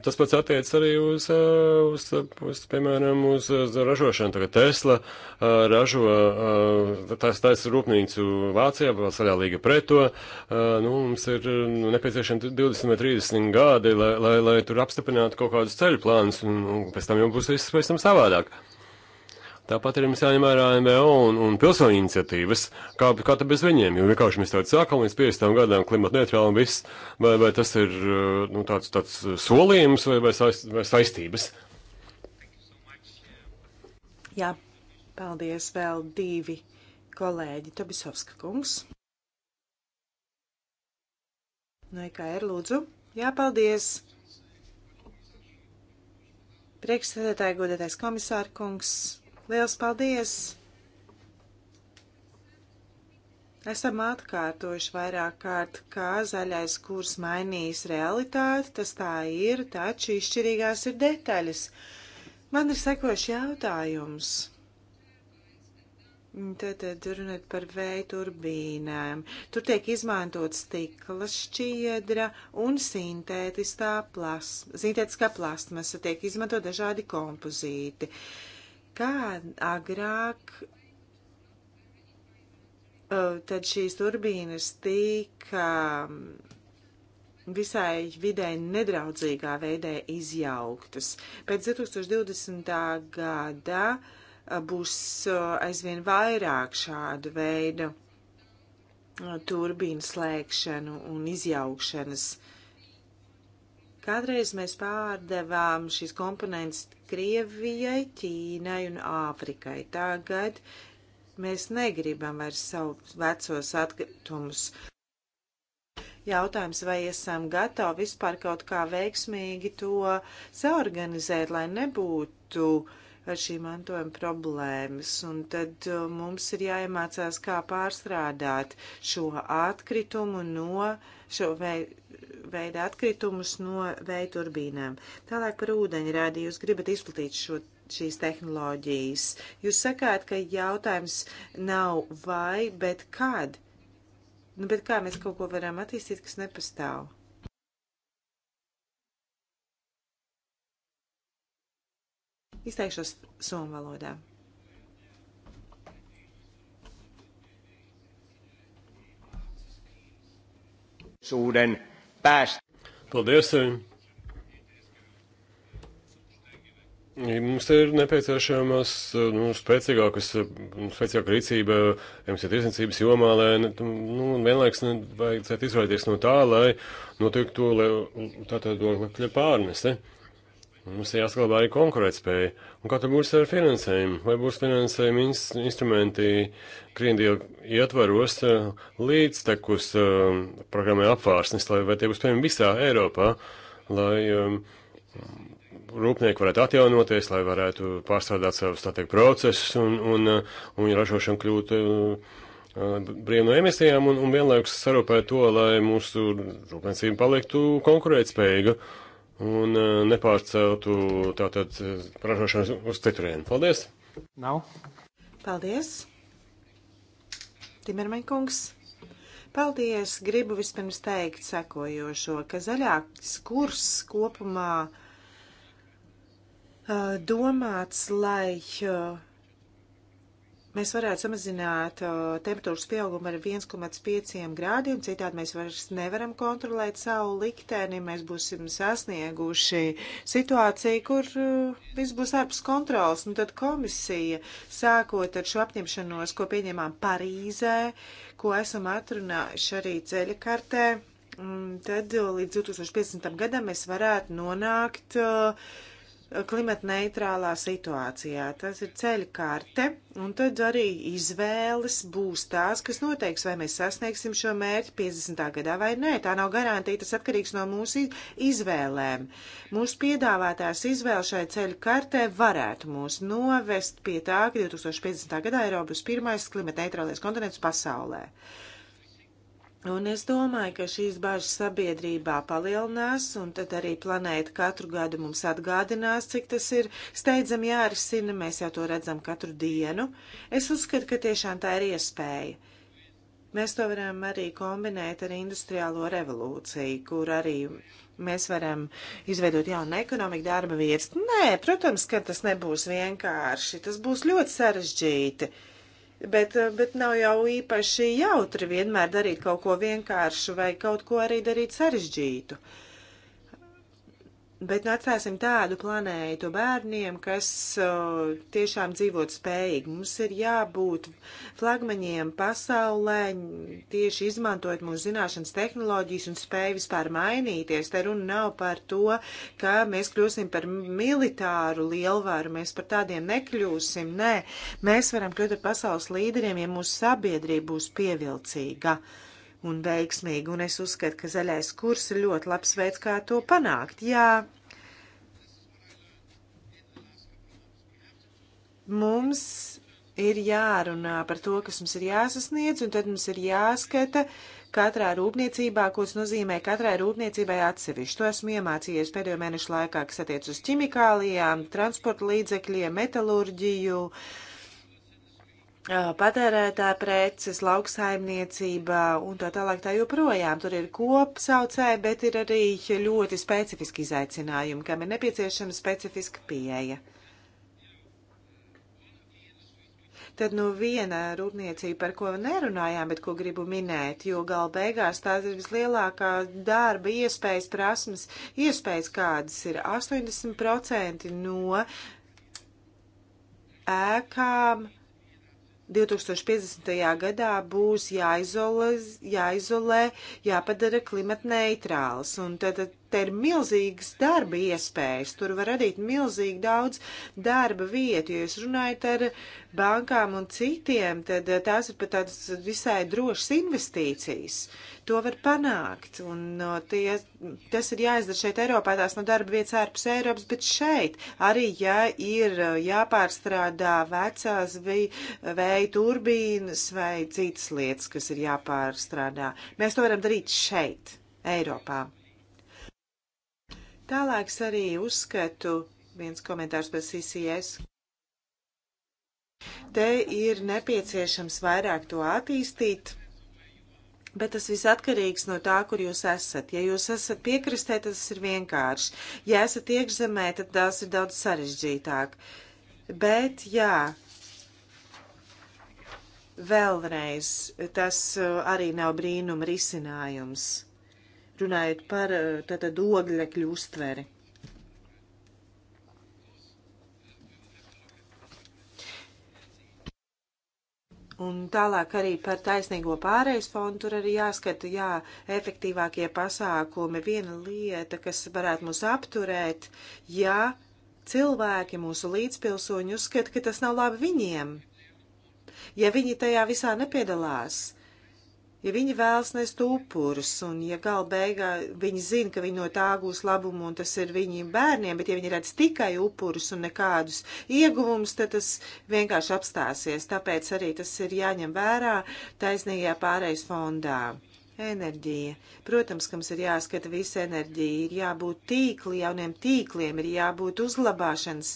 tas pats attiec arī uz, uz, uz piemēram, uz, uz ražošanu. Tagad Tesla ražo, tās taisa rūpnīcu Vācijā, vēl saļā līga pret to. Nu, mums ir nu, nepieciešami 20 vai 30 gadi, lai, lai, lai tur apstiprinātu kaut kādus ceļu plānus, un, un pēc tam jau būs viss pēc tam savādāk. Tāpat arī mums jāņem vērā NVO un, un pilsoņu iniciatīvas, kā, kā tad bez viņiem, jo vienkārši mēs tādu sākam līdz 50 gadām klimata neutrāli un viss, vai, vai tas ir eh, nu, tāds, tāds solījums vai, vai, saist, vai saistības. Jā, paldies vēl divi kolēģi Tobisovska kungs. No EKR lūdzu. Jā, paldies. Priekšsēdētāji, godētais komisāra kungs, Liels paldies! Esam atkārtojuši vairāk kārt, kā zaļais kurs mainīs realitāti, tas tā ir, taču izšķirīgās ir detaļas. Man ir sekoši jautājums. Tad, tad runāt par vēja turbīnēm. Tur tiek izmantot stikla šķiedra un sintētiskā plasma. Sintētiskā plasmasa tiek izmantot dažādi kompozīti. Uh, Kā agrāk tad šīs turbīnas tika visai vidē nedraudzīgā veidē izjauktas. Pēc 2020. gada būs aizvien vairāk šādu veidu turbīnu slēgšanu un izjaukšanas uh, Kādreiz mēs pārdevām šīs komponentes Krievijai, Ķīnai un Āfrikai. Tagad mēs negribam vairs savus vecos atkritumus. Jautājums, vai esam gatavi vispār kaut kā veiksmīgi to saorganizēt, lai nebūtu ar šī mantojuma problēmas. Un tad uh, mums ir jāiemācās, kā pārstrādāt šo atkritumu no šo veidu veida atkritumus no vēja turbīnām. Tālāk par ūdeņrādi jūs gribat izplatīt šo šīs tehnoloģijas. Jūs sakāt, ka jautājums nav vai, bet kad? Nu, bet kā mēs kaut ko varam attīstīt, kas nepastāv? Izteikšos somu valodā. Suuden Pērst. Paldies! Eh. Mums ir nepieciešamas eh, nu, spēcīgākas, eh, nu, spēcīgāka rīcība emisiju tirsniecības jomā, lai nu, nu vienlaiks nevajadzētu izvairīties no tā, lai notiktu tātad tā, tā, tā, tā, tā, tā, tā, tā, pārnese. Ne? Mums ir jāsaglabā arī konkurētspēja. Un kā tur būs ar finansējumu? Vai būs finansējuma ins instrumenti krīndievu ietvaros eh, līdztekus um, programmai apvārsnes, lai vai tie būs pieejami visā Eiropā, lai um, rūpnieki varētu atjaunoties, lai varētu pārstrādāt savus, tā teikt, procesus un, un, un, un ražošanu kļūt uh, brīvi no emisijām un, un vienlaikus sarūpēt to, lai mūsu rūpniecība paliktu konkurētspējīga. Uh, un uh, nepārceltu tātad uh, ražošanas uz citurienu. Paldies! Nav. Paldies! Timermaņkungs! Paldies! Gribu vispirms teikt sekojošo, ka zaļāks kurs kopumā uh, domāts, lai mēs varētu samazināt uh, temperatūras pieaugumu ar 1,5 grādiem, citādi mēs vairs nevaram kontrolēt savu likteni, mēs būsim sasnieguši situāciju, kur uh, viss būs ārpus kontrols. Un tad komisija, sākot ar šo apņemšanos, ko pieņemām Parīzē, ko esam atrunājuši arī ceļa kartē, mm, tad uh, līdz 2050. gadam mēs varētu nonākt uh, klimatneitrālā situācijā. Tas ir ceļkārte, un tad arī izvēles būs tās, kas noteiks, vai mēs sasniegsim šo mērķi 50. gadā vai nē. Tā nav garantīta, tas atkarīgs no mūsu izvēlēm. Mūsu piedāvātās izvēles šai ceļkartē varētu mūs novest pie tā, ka 2050. gadā Eiropas pirmais klimatneitrālais kontinents pasaulē. Uh, Un es domāju, ka šīs bažas sabiedrībā palielinās, un tad arī planēta katru gadu mums atgādinās, cik tas ir steidzami jārisina, mēs jau to redzam katru dienu. Es uzskatu, ka tiešām tā ir iespēja. Mēs to varam arī kombinēt ar industriālo revolūciju, kur arī mēs varam izveidot jaunu ekonomiku darba vietas. Nē, protams, ka tas nebūs vienkārši, tas būs ļoti sarežģīti. Uh, Bet, eh, bet nav jau īpaši jautri vienmēr darīt kaut ko vienkāršu vai kaut ko arī darīt sarežģītu. Uh, Bet nu, atstāsim tādu planētu bērniem, kas uh, tiešām dzīvot spējīgi. Mums ir jābūt flagmaņiem pasaulē, tieši izmantojot mūsu zināšanas tehnoloģijas un spēju vispār mainīties. Te runa nav par to, ka mēs kļūsim par militāru lielvaru, mēs par tādiem nekļūsim. Nē, mēs varam kļūt par pasaules līderiem, ja mūsu sabiedrība būs pievilcīga. Uh, un veiksmīgi, un es uzskatu, ka zaļais kurs ir ļoti labs veids, kā to panākt. Jā, mums ir jārunā par to, kas mums ir jāsasniedz, un tad mums ir jāskata katrā rūpniecībā, ko tas nozīmē katrai rūpniecībai atsevišķi. To esmu iemācījies pēdējo mēnešu laikā, kas attiec uz ķimikālijām, transporta līdzekļiem, metalurģiju. Uh, patērētā preces, lauksaimniecība un tā tālāk tā joprojām. Tur ir kopsaucēji, bet ir arī ļoti specifiski izaicinājumi, kam ir nepieciešama specifiska pieeja. Tad nu viena rūpniecība, par ko nerunājām, bet ko gribu minēt, jo gal beigās tās ir vislielākā darba iespējas, prasmes, iespējas kādas ir 80% no ēkām. Uh, 2050. gadā būs jāizolē, jāizolē jāpadara klimat neitrāls. Un tad, tad te ir milzīgas darba iespējas, tur var radīt milzīgi daudz darba vietu. Ja jūs runājat ar bankām un citiem, tad eh, tās ir pat tādas visai drošas investīcijas. To var panākt, un no tie, tas ir jāizdara šeit Eiropā, tās no darba vietas ārpus Eiropas, bet šeit arī, ja ir eh, jāpārstrādā vecās vēja turbīnas vai citas lietas, kas ir jāpārstrādā, mēs to varam darīt šeit, Eiropā. Tālāk arī uzskatu viens komentārs par CCS. Te ir nepieciešams vairāk to attīstīt, bet tas viss atkarīgs no tā, kur jūs esat. Ja jūs esat piekristē, tas ir vienkārši. Ja esat iekšzemē, tad tas ir daudz sarežģītāk. Bet, jā, vēlreiz, tas uh, arī nav brīnuma risinājums runājot par eh, tātad ogļekļu uztveri. Un tālāk arī par taisnīgo pārējais fondu tur arī jāskata, jā, efektīvākie pasākumi. Viena lieta, kas varētu mūs apturēt, ja cilvēki mūsu līdzpilsoņi uzskata, ka tas nav labi viņiem, ja viņi tajā visā nepiedalās. Uh, Ja viņi vēlas nest upurus, un ja gala beigā viņi zina, ka viņi no tā gūs labumu, un tas ir viņiem bērniem, bet ja viņi redz tikai upurus un nekādus ieguvumus, tad tas vienkārši apstāsies. Tāpēc arī tas ir jāņem vērā taisnīgajā pārejas fondā. Enerģija. Protams, ka mums ir jāskata visa enerģija, ir jābūt tīkli, jauniem tīkliem, ir jābūt uzlabāšanas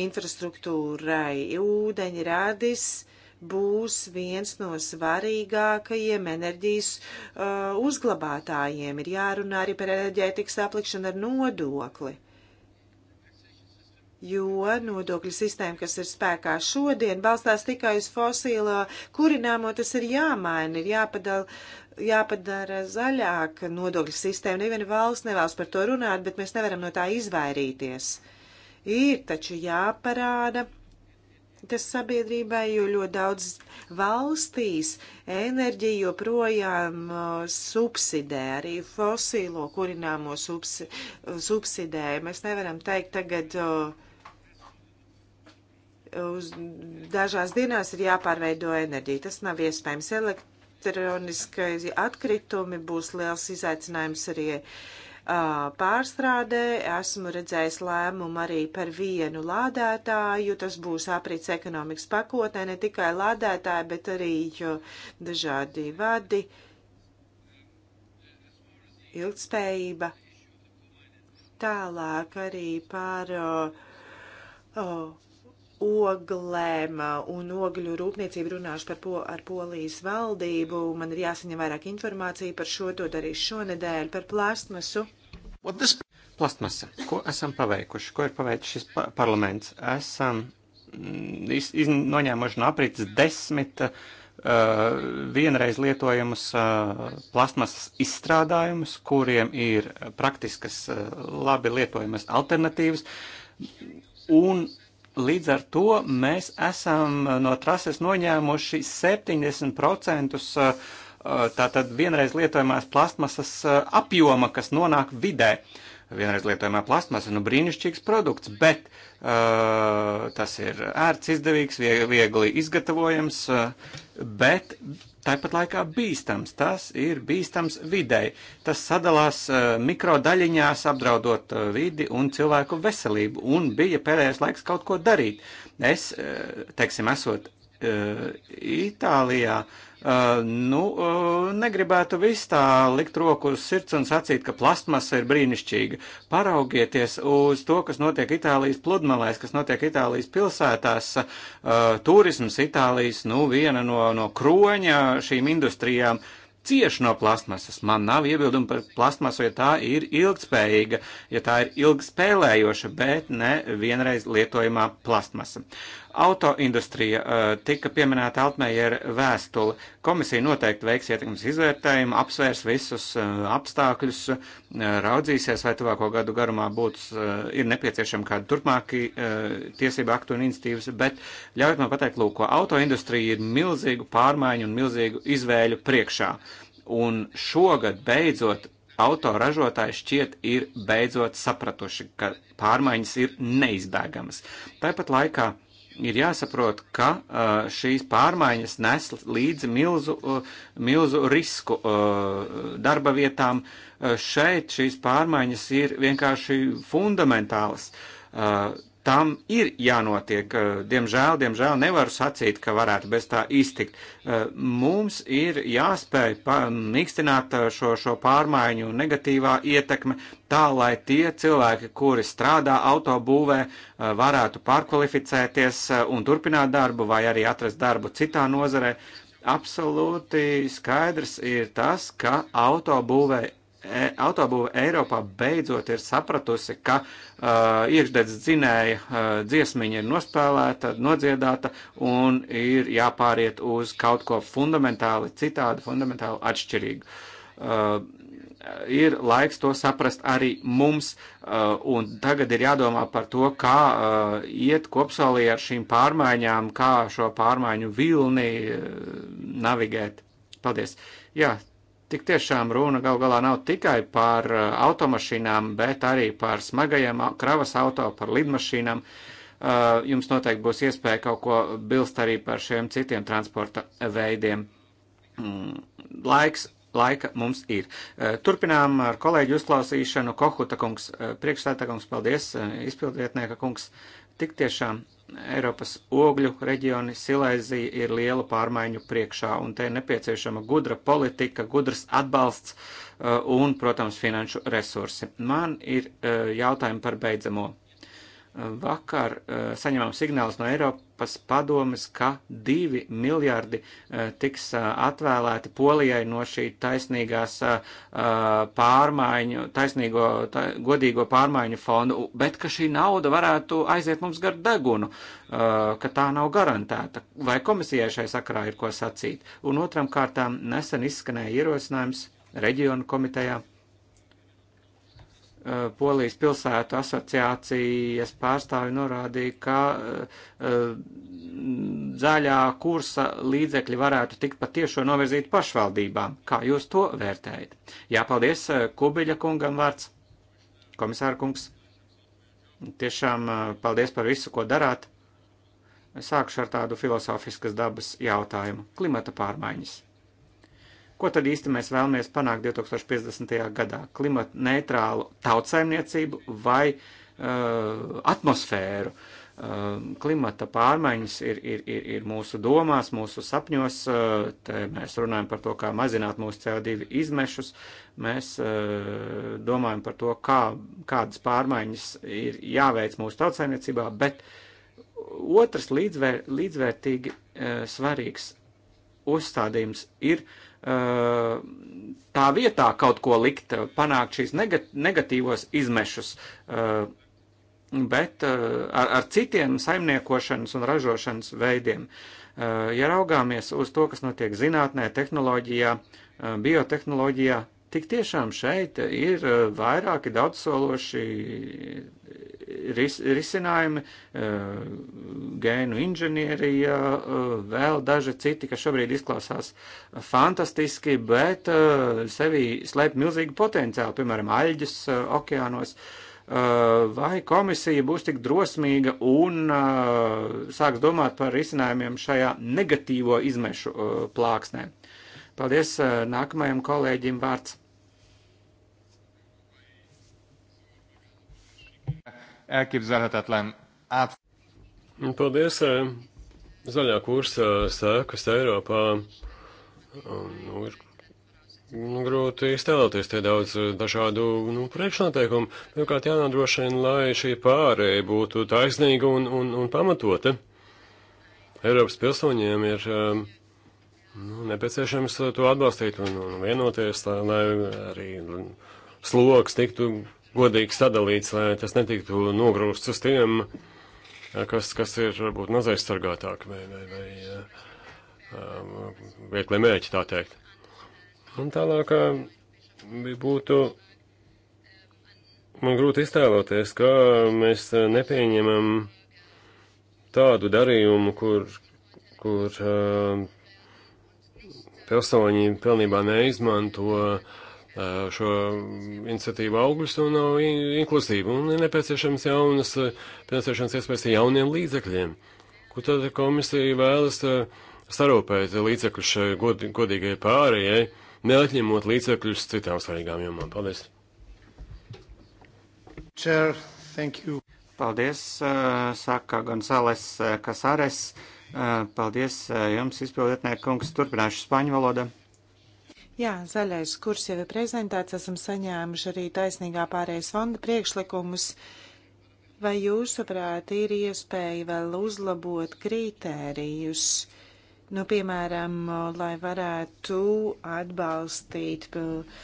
infrastruktūrai, ūdeņradis, uh, būs viens no svarīgākajiem enerģijas uh, uzglabātājiem. Ir jārunā arī par enerģētikas aplikšanu ar nodokli jo nodokļu sistēma, kas ir spēkā šodien, balstās tikai uz fosīlo kurināmo, tas ir jāmaina, ir jāpadala, jāpadara zaļāka nodokļu sistēma. Neviena valsts nevēlas par to runāt, bet mēs nevaram no tā izvairīties. Ir taču jāparāda, tas sabiedrībai, jo ļoti daudz valstīs enerģija joprojām uh, subsidē, arī fosīlo kurināmo subsidē. Mēs nevaram teikt tagad. Uh, uz dažās dienās ir jāpārveido enerģija. Tas nav iespējams. Elektroniskais atkritumi būs liels izaicinājums arī uh, pārstrādē. Esmu redzējis lēmumu arī par vienu lādētāju. Tas būs aprīts ekonomikas pakotnē, ne tikai lādētāji, bet arī dažādi vadi, ilgspējība. Tālāk arī par. Oh, oh, oglēm un ogļu rūpniecību runāšu par po, ar Polijas valdību. Man ir jāsaņem vairāk informācija par šo, to darīšu šonedēļ, par plastmasu. This... Plastmasa. Ko esam paveikuši? Ko ir paveicis šis pa parlaments? Esam mm, iz, iz, noņēmuši no aprītas desmit uh, vienreiz lietojamus uh, plastmasas izstrādājumus, kuriem ir praktiskas, uh, labi lietojamas alternatīvas. Un Līdz ar to mēs esam uh, no trases noņēmuši 70% uh, uh, tātad vienreiz lietojamās plastmasas apjoma, kas nonāk vidē. Uh, vienreiz lietojamā plasmasa, nu brīnišķīgs produkts, bet uh, tas ir ērts, izdevīgs, viegli izgatavojams, uh, bet tāpat laikā bīstams. Tas ir bīstams videi. Tas sadalās uh, mikrodaļiņās, apdraudot uh, vidi un cilvēku veselību, un bija pēdējais laiks kaut ko darīt. Es, uh, teiksim, esot Eh, Itālijā, eh, nu, eh, negribētu visu tā likt roku uz sirds un sacīt, ka plastmasa ir brīnišķīga. Paraugieties uz to, kas notiek Itālijas pludmalēs, kas notiek Itālijas pilsētās. Turisms Itālijas, nu, viena no, no kroņa šīm industrijām cieš no plastmasas. Man nav iebildumi par plastmasu, ja tā ir ilgspējīga, ja tā ir ilgspēlējoša, bet ne vienreiz lietojamā plastmasa. Autoindustrija eh, tika pieminēta Altmējera vēstuli. Komisija noteikti veiks ietekmes izvērtējumu, apsvērs visus eh, apstākļus, eh, raudzīsies, vai tuvāko gadu garumā būs, ir nepieciešama kāda turpmāki tiesība aktu un institīvas, bet ļaujiet man pateikt, lūk, ko autoindustrija ir milzīgu pārmaiņu un milzīgu izvēļu priekšā. Un šogad beidzot autoražotāji šķiet ir beidzot sapratuši, ka pārmaiņas ir neizbēgamas. Tāpat laikā uh, ir jāsaprot, ka šīs pārmaiņas nes līdzi milzu, milzu risku darba vietām. Šeit šīs pārmaiņas ir vienkārši fundamentālas tam ir jānotiek. Eh, diemžēl, diemžēl nevaru sacīt, ka varētu bez tā iztikt. Eh, mums ir jāspēj mīkstināt eh, šo, šo pārmaiņu negatīvā ietekme tā, lai tie cilvēki, kuri strādā autobūvē, varētu pārkvalificēties un turpināt darbu vai arī atrast darbu citā nozarē. Absolūti skaidrs ir tas, ka autobūvē e, autobūve Eiropā beidzot ir sapratusi, ka uh, iekšdedz dzinēja uh, dziesmiņa ir nospēlēta, nodziedāta un ir jāpāriet uz kaut ko fundamentāli citādu, fundamentāli atšķirīgu. Uh, ir laiks to saprast arī mums, uh, un tagad ir jādomā par to, kā uh, iet kopsolī ar šīm pārmaiņām, kā šo pārmaiņu vilni uh, navigēt. Paldies! Jā, Tik tiešām runa gal galā nav tikai par uh, automašīnām, bet arī par smagajiem kravas auto, par lidmašīnām. Uh, jums noteikti būs iespēja kaut ko bilst arī par šiem citiem transporta veidiem. Mm, laiks, laika mums ir. Uh, turpinām ar kolēģi uzklausīšanu. Kohuta kungs, priekšstādā kungs, paldies, izpildietnieka kungs. Tik tiešām Eiropas ogļu reģioni Silēzija ir liela pārmaiņu priekšā, un te ir nepieciešama gudra politika, gudrs atbalsts uh, un, protams, finanšu resursi. Man ir uh, jautājumi par beidzamo. Uh, vakar saņemam signālus no Eiropas Eiropas padomas, ka divi miljardi eh, tiks eh, atvēlēti Polijai no šī taisnīgās eh, pārmaiņu, taisnīgo, tā, godīgo pārmaiņu fondu, bet ka šī nauda varētu aiziet mums gar degunu, ka tā nav garantēta. Vai komisijai šai sakarā ir ko sacīt? Un otram kārtām nesen izskanēja ierosinājums reģionu komitejā Eh, Polijas pilsētu asociācijas pārstāvi norādīja, ka eh, mm, zaļā kursa līdzekļi varētu tikt patiešo novirzīt pašvaldībām. Kā jūs to vērtējat? Jā, paldies eh, Kubiļa kungam vārds, komisāra kungs. Tiešām paldies par visu, ko darāt. Sākšu ar tādu filozofiskas dabas jautājumu - klimata pārmaiņas. Ko tad īsti mēs vēlamies panākt 2050. gadā? Klimata neitrālu tautsaimniecību vai uh, atmosfēru? Uh, klimata pārmaiņas ir, ir, ir, ir mūsu domās, mūsu sapņos. Uh, te mēs runājam par to, kā mazināt mūsu CO2 izmešus. Mēs uh, domājam par to, kā, kādas pārmaiņas ir jāveic mūsu tautsaimniecībā, bet otrs līdzvēr, līdzvērtīgi uh, svarīgs uzstādījums ir uh, Eh, tā vietā kaut ko likt, eh, panākt šīs negatīvos izmešus, eh, bet ar, ar citiem saimniekošanas un ražošanas veidiem. Ja raugāmies uz to, kas notiek zinātnē, tehnoloģijā, biotehnoloģijā, tik tiešām šeit ir vairāki daudzsološi ris, risinājumi, e, gēnu inženierija, e, vēl daži citi, kas šobrīd izklausās fantastiski, bet e, sevī slēp milzīgu potenciālu, piemēram, aļģis okeānos. Vai komisija būs tik drosmīga un sāks domāt par risinājumiem šajā negatīvo izmešu plāksnē? Paldies nākamajam kolēģim vārds. elképzelhetetlen át. Nu, paldies! Eh, zaļā kursa sēkas Eiropā nu, ir nu, grūti iztēloties tie daudz eh, dažādu nu, priekšnoteikumu. Pirmkārt, jānodrošina, lai šī pārēja būtu taisnīga un, un, un pamatota. Eiropas pilsoņiem ir eh, nu, nepieciešams to atbalstīt un, un vienoties, lai, lai arī sloks tiktu godīgi sadalīts, lai tas netiktu nogrūsts uz tiem, eh, kas, kas ir varbūt mazais sargātāki vai, vai, vai eh, um, viegli mēķi, tā teikt. Un tālāk eh, būtu man grūti iztēloties, kā mēs nepieņemam tādu darījumu, kur, kur uh, pilsoņi pilnībā neizmanto uh, šo iniciatīvu augļus un nav inklusīva. Un ir nepieciešams jaunas finansēšanas iespējas jauniem līdzekļiem. Kur tad komisija vēlas sarūpēt līdzekļus šai god, godīgai pārējai, neatņemot līdzekļus citām svarīgām jomām? Paldies! Chair, thank you. Paldies, saka Gonzales Kasares. Paldies jums, izpildietnieku kungs. Turpināšu spāņu valodu. Jā, zaļais kurs jau ir prezentēts, esam saņēmuši arī taisnīgā pārējais fonda priekšlikumus. Vai jūsuprāt ir iespēja vēl uzlabot kritērijus, nu, piemēram, lai varētu atbalstīt uh,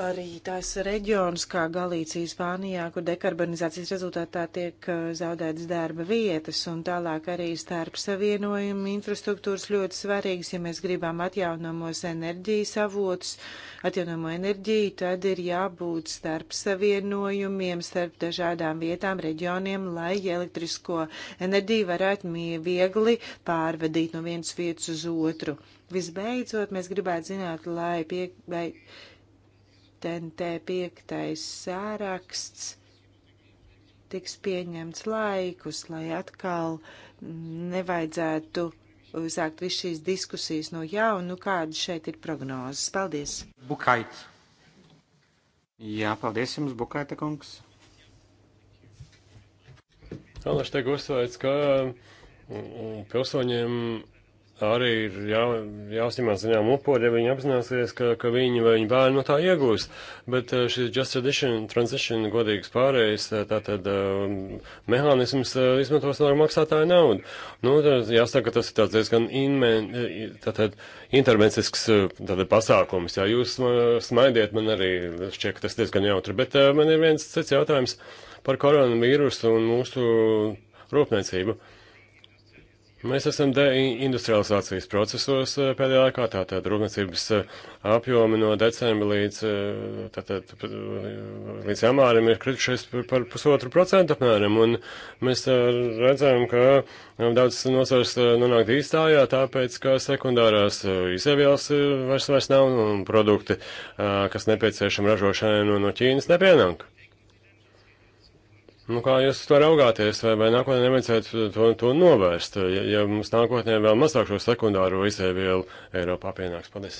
Arī tās reģions, kā Galīcija, Spānijā, kur dekarbonizācijas rezultātā tiek uh, zaudētas darba vietas, un tālāk arī starp savienojumu infrastruktūras ļoti svarīgas. Ja mēs gribam atjaunamos enerģijas avotus, atjaunamo enerģiju, tad ir jābūt starp savienojumiem, starp dažādām vietām, reģioniem, lai elektrisko enerģiju varētu viegli pārvadīt no vienas vietas uz otru. Visbeidzot, mēs gribētu zināt, lai pie, vai TNT piektais sāraksts tiks pieņemts laikus, lai atkal nevajadzētu sākt visu šīs diskusijas no jauna, nu kāda šeit ir prognozes. Paldies! Bukait! Jā, paldies jums, Bukaita kungs! Alaš tiek uzsvērts, ka mm, mm, pilsoņiem arī ir jā, jāuzņemās viņām upuri, ja viņi apzināsies, ka, ka viņi vai viņa bērni no tā iegūs. Bet eh, šis just tradition, transition, godīgs pārējais, eh, tātad um, mehānisms izmantos no maksātāja naudu. Nu, jāsaka, ka tas ir tāds diezgan inmen, tātad intervencisks tātad pasākums. Jā, jūs smaidiet man arī, šķiet, ka tas diezgan jautri. Bet uh, man ir viens cits jautājums par koronavīrusu un mūsu rūpniecību. Uh, Mēs esam deindustrializācijas procesos eh, pēdējā laikā, tātad rūpniecības eh, apjomi no decembra līdz, eh, tātad, līdz janvārim ir kritušies par pusotru procentu apmēram, un mēs redzam, ka daudz nozars nonāk dīstājā, tāpēc, ka sekundārās izēvielas vairs vairs nav, un produkti, kas nepieciešami ražošanai no, no Ķīnas, nepienāk. Nu, kā jūs to raugāties, vai, vai nākotnē nevajadzētu to, to novērst, ja, ja mums nākotnē vēl mazāk šo sekundāro izēvielu Eiropā pienāks? Paldies!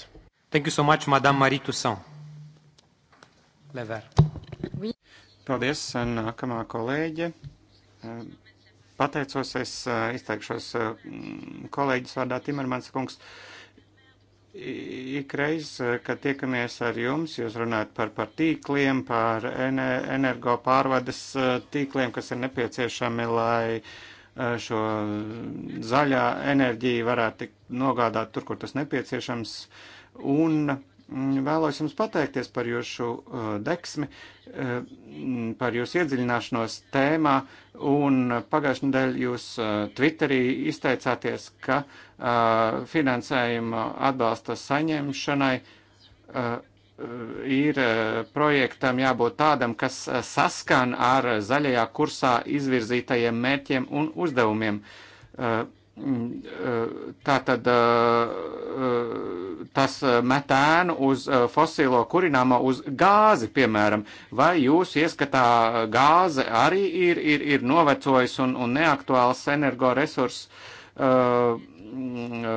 Thank you so much, Madame Marie Toussaint. Lever. Paldies, eh, nākamā kolēģe. Eh, pateicos, es eh, izteikšos kolēģis vārdā Timermans kungs. Uh, ikreiz, eh, kad tiekamies ar jums, jūs runājat par, par tīkliem, par energo pārvades eh, tīkliem, kas ir nepieciešami, lai eh, šo zaļā enerģiju varētu nogādāt tur, kur tas nepieciešams. Un Mm, vēlos jums pateikties par jūsu uh, deksmi, uh, par jūsu iedziļināšanos tēmā, un pagājušajā nedēļā jūs uh, Twitterī izteicāties, ka finansējuma atbalsta saņemšanai ir projektam jābūt tādam, kas saskan ar zaļajā kursā izvirzītajiem mērķiem un uzdevumiem. Uh, Mm, eh, tātad eh, eh, tas met ēnu uz fosilo kurināmo, uz gāzi, piemēram. Vai jūs ieskatā gāze arī ir, ir, ir novecojis un, un neaktuāls energoresurss, mm,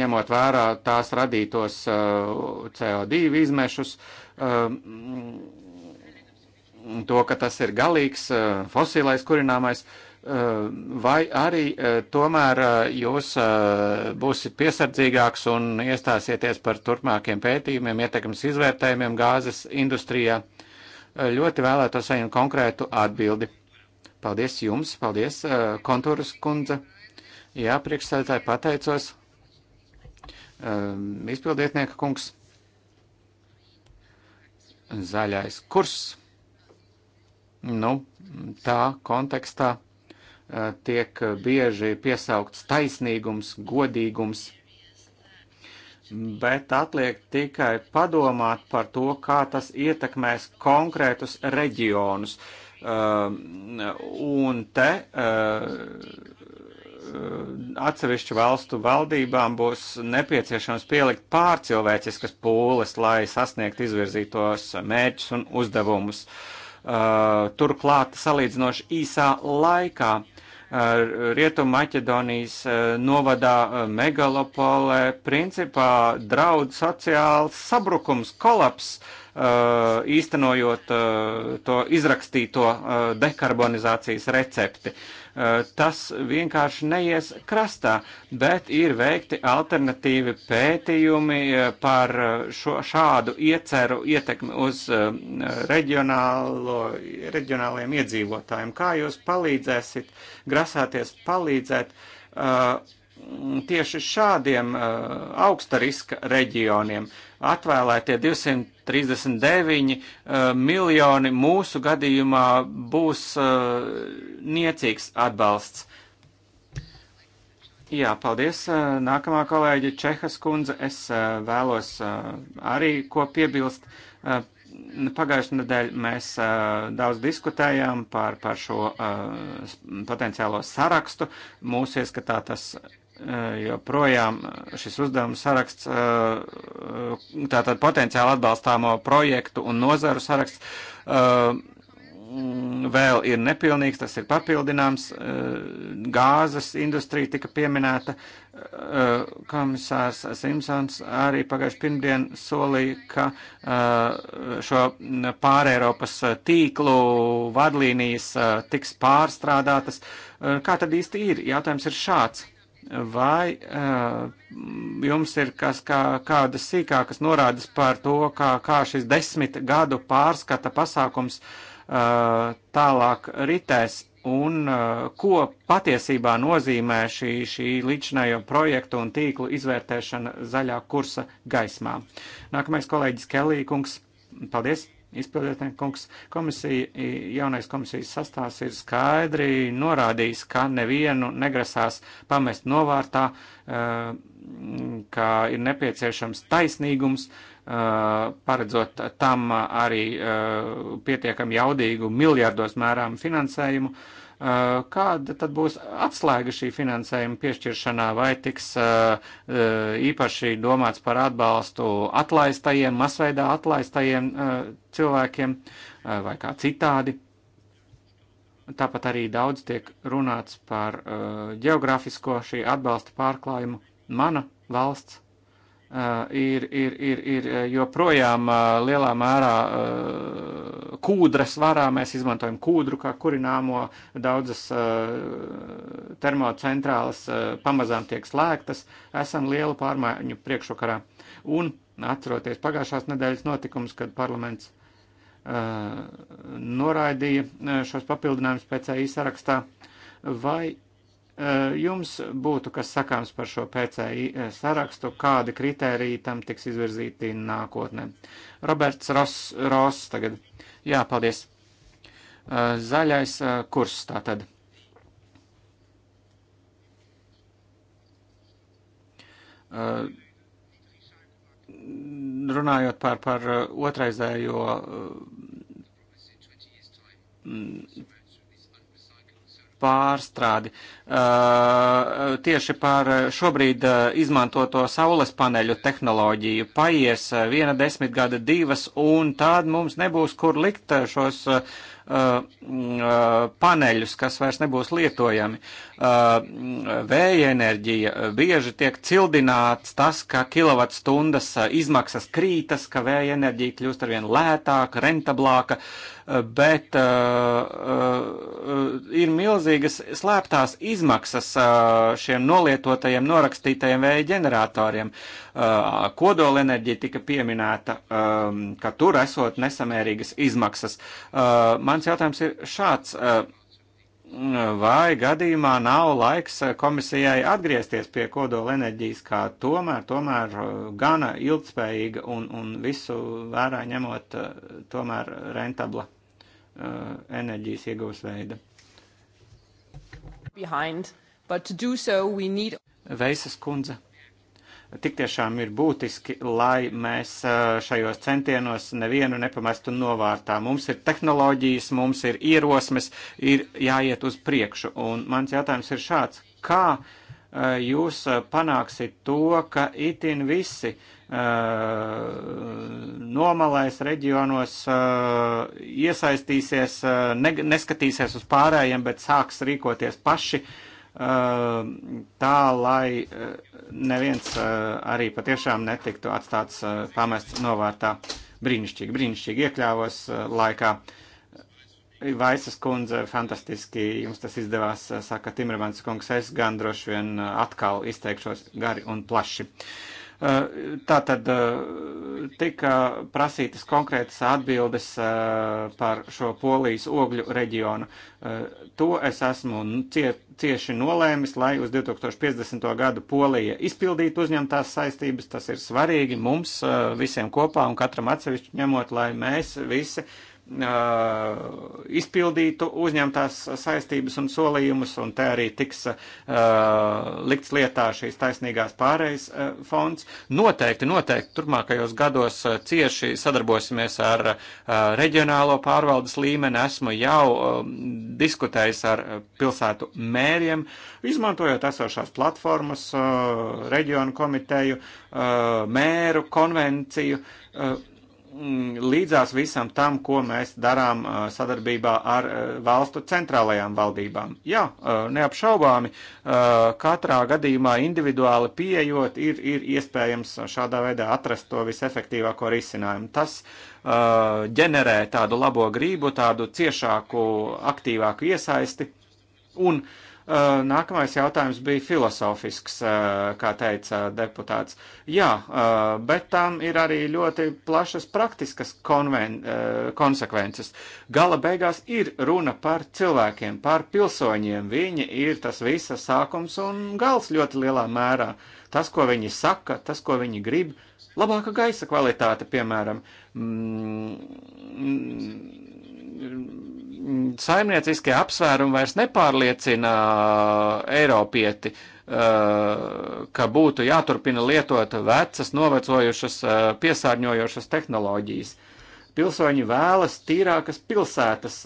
ņemot vērā tās radītos CO2 izmešus? Mm, to, ka tas ir galīgs fosilais kurināmais. Uh, Eh, vai arī eh, tomēr eh, jūs būsiet piesardzīgāks un iestāsieties par turpmākiem pētījumiem, ietekmes izvērtējumiem gāzes industrijā? Ļoti vēlētos saņemt konkrētu atbildi. Paldies jums, paldies, kontūras kundze. Jā, priekšsēdētāji pateicos. Izpildietnieka kungs. Zaļais kurs. Nu, tā kontekstā Eh, tiek eh, bieži piesaukts taisnīgums, godīgums, bet atliek tikai padomāt par to, kā tas ietekmēs konkrētus reģionus. Eh, un te atsevišķu valstu valdībām būs nepieciešams pielikt pārcilvēciskas pūles, lai sasniegtu izvirzītos mērķus un uzdevumus. Turklāt salīdzinoši īsā laikā uh, Rietumu Maķedonijas novadā megalopolē principā draud sociāls sabrukums, kolaps, īstenojot to izrakstīto dekarbonizācijas recepti. Eh, tas vienkārši neies krastā, bet ir veikti alternatīvi pētījumi eh, par eh, šo, šādu ieceru ietekmi uz reģionālo, reģionāliem iedzīvotājiem. Kā jūs palīdzēsit, grasāties palīdzēt? Uh, tieši šādiem uh, augsta riska reģioniem atvēlētie 239 uh, eh, miljoni mūsu gadījumā būs uh, niecīgs atbalsts. Jā, paldies. Eh, nākamā kolēģa Čehas kundze, es uh, vēlos uh, arī ko piebilst. Uh, Pagājušajā nedēļā mēs uh, daudz diskutējām par, par šo uh, potenciālo sarakstu. Mūsu ieskatā tas Eh, jo projām eh, šis uzdevuma saraksts, eh, tātad potenciāli atbalstāmo projektu un nozaru saraksts vēl ir nepilnīgs, tas ir papildināms. Gāzes industrija tika pieminēta. Komisārs Simpsons arī pagājuši pirmdien solīja, ka šo pārēropas tīklu vadlīnijas tiks pārstrādātas. Kā tad īsti ir? Jautājums ir šāds Vai uh, jums ir kas, kā, kādas sīkākas norādes par to, kā, kā šis desmit gadu pārskata pasākums uh, tālāk ritēs un uh, ko patiesībā nozīmē šī, šī līdzinējo projektu un tīklu izvērtēšana zaļā kursa gaismā? Nākamais kolēģis Kelī kungs, paldies! izpildētnieku kungs, komisija, jaunais komisijas sastāvs ir skaidri norādījis, ka nevienu negrasās pamest novārtā, eh, ka ir nepieciešams taisnīgums, eh, paredzot tam arī eh, pietiekam jaudīgu miljardos mērām finansējumu. Uh, Eh, kāda tad būs atslēga šī finansējuma piešķiršanā, vai tiks eh, īpaši domāts par atbalstu atlaistajiem, masveidā atlaistajiem eh, cilvēkiem vai kā citādi? Tāpat arī daudz tiek runāts par geogrāfisko šī atbalsta pārklājumu. Mana valsts ir, ir, ir, ir joprojām lielā mērā kūdras varā. Mēs izmantojam kūdru kā kurināmo, daudzas termocentrālas pamazām tiek slēgtas. Esam lielu pārmaiņu priekšvakarā. Un atceroties pagājušās nedēļas notikums, kad parlaments noraidīja šos papildinājumus pēc EI sarakstā, vai Eh, jums būtu kas sakāms par šo PCI eh, sarakstu, kādi kriteriji tam tiks izvirzīti nākotnē. Roberts Ross, Ross tagad. Jā, paldies. Eh, zaļais kurs tātad. Runājot par, par otraizējo pārstrādi. Uh, tieši par uh, šobrīd uh, izmantoto saules paneļu tehnoloģiju paies uh, viena desmitgada divas, un tād mums nebūs kur likt uh, šos uh, paneļus, kas vairs nebūs lietojami. Uh, vēja enerģija, uh, bieži tiek cildināts tas, ka kilovatstundas uh, izmaksas krītas, ka vēja enerģija kļūst arvien lētāka, rentablāka, bet ir milzīgas slēptās izmaksas šiem nolietotajiem, norakstītajiem vēja ģeneratoriem. Kodolenerģija tika pieminēta, um, ka tur esot nesamērīgas izmaksas. Mans jautājums ir šāds vai gadījumā nav laiks komisijai atgriezties pie kodola enerģijas kā tomēr, tomēr uh, gana ilgspējīga un, un visu vērā ņemot uh, tomēr rentabla uh, enerģijas iegūs veida. Behind, but to do so we need. Veisas kundze tik tiešām ir būtiski, lai mēs šajos centienos nevienu nepamestu novārtā. Mums ir tehnoloģijas, mums ir ierosmes, ir jāiet uz priekšu. Un mans jautājums ir šāds. Kā jūs panāksit to, ka itin visi nomalēs reģionos iesaistīsies, neskatīsies uz pārējiem, bet sāks rīkoties paši? Uh, tā, lai eh, neviens eh, arī patiešām netiktu atstāts eh, pamests novārtā. Brīnišķīgi, brīnišķīgi iekļāvos laikā. Vaisas kundze, fantastiski jums tas izdevās, saka Timermans kungs, es gan droši vien atkal izteikšos gari un plaši. Uh, Eh, Tā tad eh, tika prasītas konkrētas atbildes eh, par šo polijas ogļu reģionu. To es esmu nu, cie, cieši nolēmis, lai uz 2050. gadu Polija izpildītu uzņemtās saistības. Tas ir svarīgi mums visiem kopā un katram atsevišķi ņemot, lai mēs visi uh, Uh, izpildītu uzņemtās saistības un solījumus, un te arī tiks uh, likts lietā šīs taisnīgās pārejas uh, fonds. Noteikti, noteikti turpmākajos gados uh, cieši sadarbosimies ar uh, reģionālo pārvaldes līmeni. Esmu jau uh, diskutējis ar uh, pilsētu mēriem, izmantojot esošās platformas, uh, reģionu komiteju, uh, mēru konvenciju. Uh, Mm, līdzās visam tam, ko mēs darām uh, sadarbībā ar uh, valstu centrālajām valdībām. Jā, uh, neapšaubāmi, katrā gadījumā individuāli pieejot ir, ir iespējams šādā veidā atrast to visefektīvāko risinājumu. Tas ģenerē tādu labo grību, tādu ciešāku, aktīvāku iesaisti un uh, Nākamais jautājums bija filozofisks, kā teica deputāts. Jā, bet tam ir arī ļoti plašas praktiskas konven, konsekvences. Gala beigās ir runa par cilvēkiem, par pilsoņiem. Viņi ir tas visa sākums un gals ļoti lielā mērā. Tas, ko viņi saka, tas, ko viņi grib, labāka gaisa kvalitāte, piemēram. Mm, saimnieciskie apsvērumi vairs nepārliecina uh, Eiropieti, uh, ka būtu jāturpina lietot vecas, novecojušas, uh, piesārņojošas tehnoloģijas. Pilsoņi vēlas tīrākas pilsētas,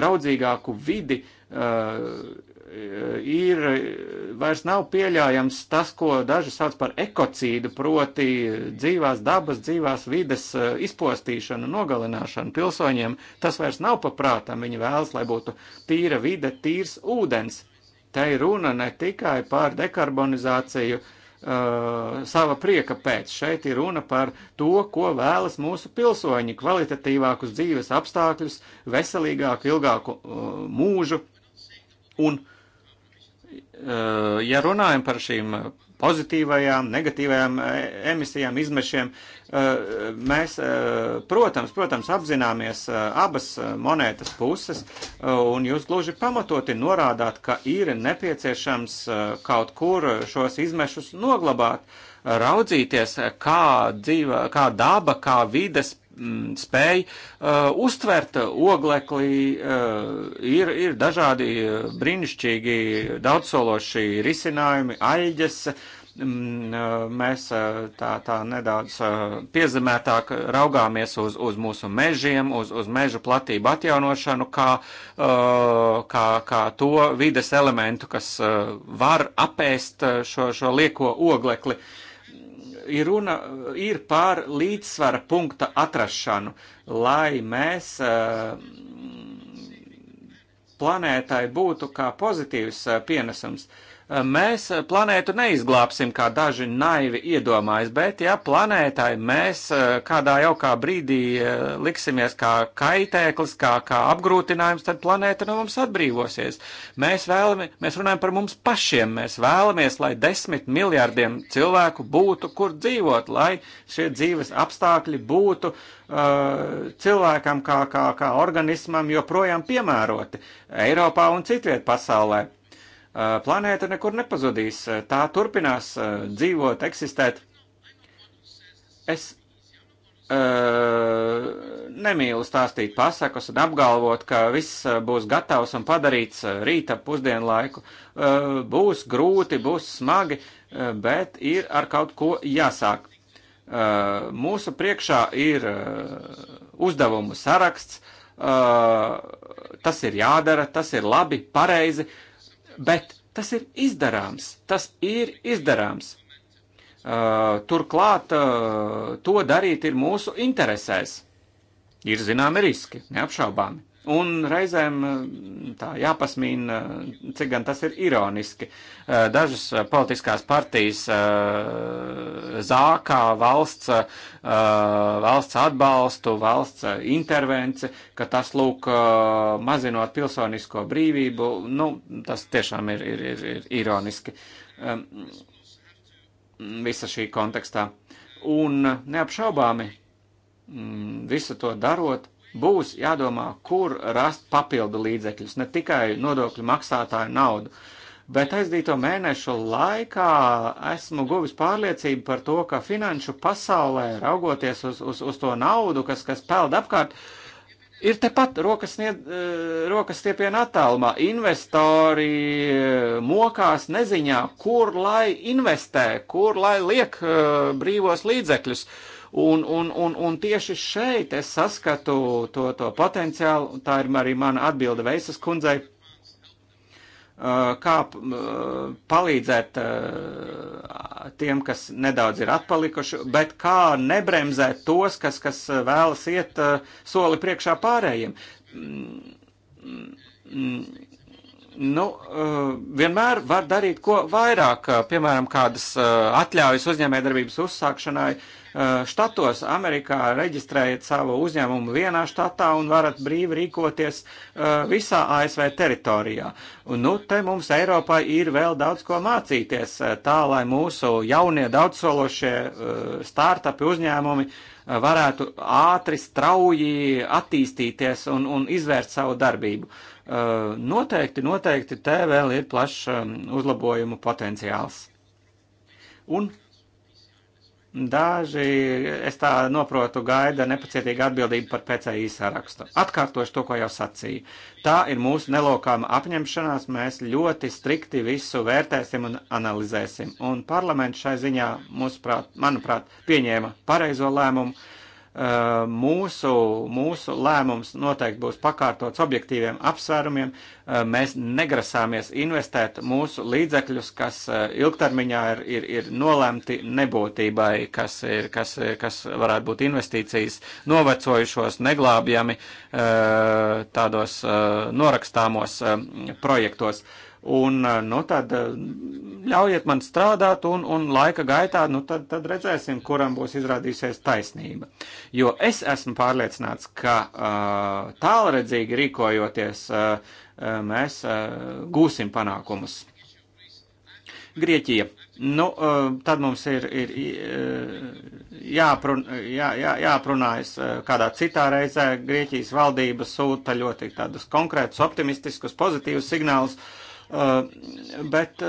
draudzīgāku vidi, ir, vairs nav pieļaujams tas, ko daži sauc par ekocīdu, proti dzīvās dabas, dzīvās vides eh, izpostīšanu, nogalināšanu pilsoņiem. Tas vairs nav paprātam, viņi vēlas, lai būtu tīra vide, tīrs ūdens. Te ir runa ne tikai par dekarbonizāciju uh, sava prieka pēc, šeit ir runa par to, ko vēlas mūsu pilsoņi - kvalitatīvākus dzīves apstākļus, veselīgāku, ilgāku uh, mūžu. Un uh, Eh, ja runājam par šīm pozitīvajām, negatīvajām eh, emisijām, izmešiem, eh, mēs, protams, protams, apzināmies abas monētas puses, un jūs gluži pamatoti norādāt, ka ir nepieciešams kaut kur šos izmešus noglabāt, raudzīties, kā dzīva, kā daba, kā vides m, mm, spēj uh, uztvert ogleklī, uh, ir, ir dažādi uh, brīnišķīgi daudzsološi risinājumi, aļģes. M, mm, uh, mēs uh, tā, tā nedaudz piezemētāk raugāmies uz, uz mūsu mežiem, uz, uz mežu platību atjaunošanu, kā, uh, kā, kā to vides elementu, kas var apēst šo, šo lieko oglekli. Uh, ir runa ir par līdzsvara punkta atrašanu, lai mēs eh, planētai būtu kā pozitīvs eh, pienesums. Uh, mēs eh, planētu neizglābsim, kā daži naivi iedomājas, bet ja planētai mēs eh, kādā jau kā brīdī eh, liksimies kā kaitēklis, kā, kā apgrūtinājums, tad planēta no mums atbrīvosies. Mēs vēlamies, mēs runājam par mums pašiem, mēs vēlamies, lai desmit miljārdiem cilvēku būtu, kur dzīvot, lai šie dzīves apstākļi būtu uh, cilvēkam kā, kā, kā organismam joprojām piemēroti Eiropā un citviet pasaulē Eh, planēta nekur nepazudīs, eh, tā turpinās eh, dzīvot, eksistēt. Es Uh, nemīlu stāstīt pasakas un apgalvot, ka viss būs gatavs un padarīts rīta pusdienlaiku. Uh, būs grūti, būs smagi, uh, bet ir ar kaut ko jāsāk. Mūsu priekšā ir uzdevumu saraksts, tas ir jādara, tas ir labi, pareizi. Bet tas ir izdarāms. Tas ir izdarāms. Uh, turklāt uh, to darīt ir mūsu interesēs. Ir zināmi riski, neapšaubāmi. Un reizēm eh, tā jāpasmīna, eh, cik gan tas ir ironiski. Eh, dažas politiskās partijas zākā valsts, valsts atbalstu, valsts intervenci, ka tas lūk mazinot pilsonisko brīvību, nu, tas tiešām ir, ir, ir, ir ironiski visa šī kontekstā. Un neapšaubāmi mm, visu to darot būs jādomā, kur rast papildu līdzekļus, ne tikai nodokļu maksātāju naudu. Bet aizdīto mēnešu laikā esmu guvis pārliecību par to, ka finanšu pasaulē, raugoties uz, uz, uz to naudu, kas, kas peld apkārt, uh, ir tepat rokas, nie, e, rokas stiepienā attālumā. Investori e, mokās neziņā, kur lai investē, kur lai liek e, brīvos līdzekļus. Un, un, un, un tieši šeit es saskatu to, to potenciālu, tā ir arī mana atbilde Veisas kundzei Eh, kā eh, palīdzēt eh, tiem, kas nedaudz ir atpalikuši, bet kā nebremzēt tos, kas, kas vēlas iet soli priekšā pārējiem. Mm, mm, nu, vienmēr var darīt ko vairāk, piemēram, kādas atļaujas uzņēmējdarbības uzsākšanai, uh, Eh, štatos Amerikā reģistrējat savu uzņēmumu vienā štatā un varat brīvi rīkoties eh, visā ASV teritorijā. Un, nu, te mums Eiropā ir vēl daudz ko mācīties, eh, tā lai mūsu jaunie daudzsološie startupi uzņēmumi varētu ātri, strauji attīstīties un, un izvērst savu darbību. Noteikti, noteikti te vēl ir plašs uzlabojumu potenciāls. Un Daži, es tā noprotu, gaida nepacietīgi atbildību par PCI sarakstu. Atkārtošu to, ko jau sacīju. Tā ir mūsu nelokāma apņemšanās, mēs ļoti strikti visu vērtēsim un analizēsim. Un parlaments šai ziņā, mūsuprāt, manuprāt, pieņēma pareizo lēmumu Eh, mūsu, mūsu lēmums noteikti būs pakārtots objektīviem apsvērumiem. Eh, mēs negrasāmies investēt mūsu līdzekļus, kas eh, ilgtermiņā ir, ir, ir nolēmti nebūtībai, kas, ir, kas, kas varētu būt investīcijas novecojušos, neglābjami tādos norakstāmos projektos. Un, eh, nu, tad eh, ļaujiet man strādāt, un, un laika gaitā, nu, tad, tad redzēsim, kuram būs izrādīsies taisnība. Jo es esmu pārliecināts, ka uh, tālredzīgi rīkojoties, uh, mēs uh, gūsim panākumus. Grieķija. Nu, uh, tad mums ir, ir jāprun, jā, jā, jāprunājas kādā citā reizē. Grieķijas valdība sūta ļoti tādus konkrētus, optimistiskus, pozitīvus signālus. Uh, Uh, bet. Uh,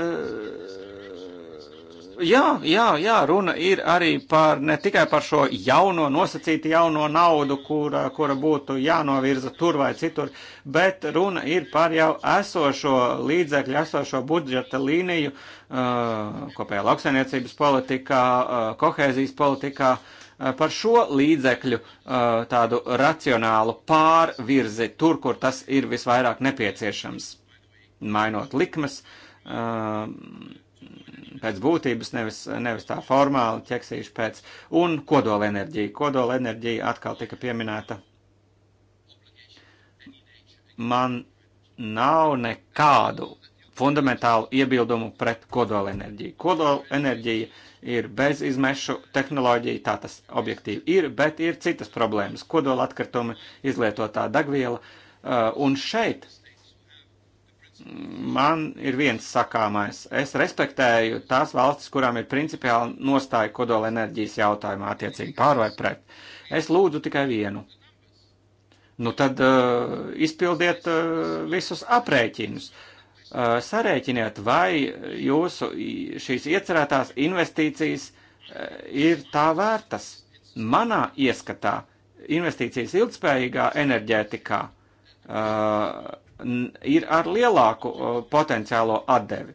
jā, jā, jā, runa ir arī par ne tikai par šo jauno, nosacīti jauno naudu, kura, kura būtu jānovirza tur vai citur, bet runa ir par jau esošo līdzekļu, esošo budžeta līniju, uh, kopējā lauksainiecības politikā, uh, kohēzijas politikā, uh, par šo līdzekļu uh, tādu racionālu pārvirzi tur, kur tas ir visvairāk nepieciešams mainot likmes um, pēc būtības, nevis, nevis tā formāli ķeksīšu pēc, un kodolenerģija. Kodolenerģija atkal tika pieminēta. Man nav nekādu fundamentālu iebildumu pret kodolenerģiju. Kodolenerģija ir bez izmešu tehnoloģija, tā tas objektīvi ir, bet ir citas problēmas - kodola atkritumi, izlietotā dagviela. Uh, un šeit man ir viens sakāmais. Es respektēju tās valstis, kurām ir principiāli nostāja kodola enerģijas jautājumā attiecīgi pār vai pret. Es lūdzu tikai vienu. Nu tad uh, izpildiet uh, visus aprēķinus. Uh, sarēķiniet, vai jūsu šīs iecerētās investīcijas uh, ir tā vērtas. Manā ieskatā investīcijas ilgspējīgā enerģētikā uh, ir ar lielāku potenciālo atdevi.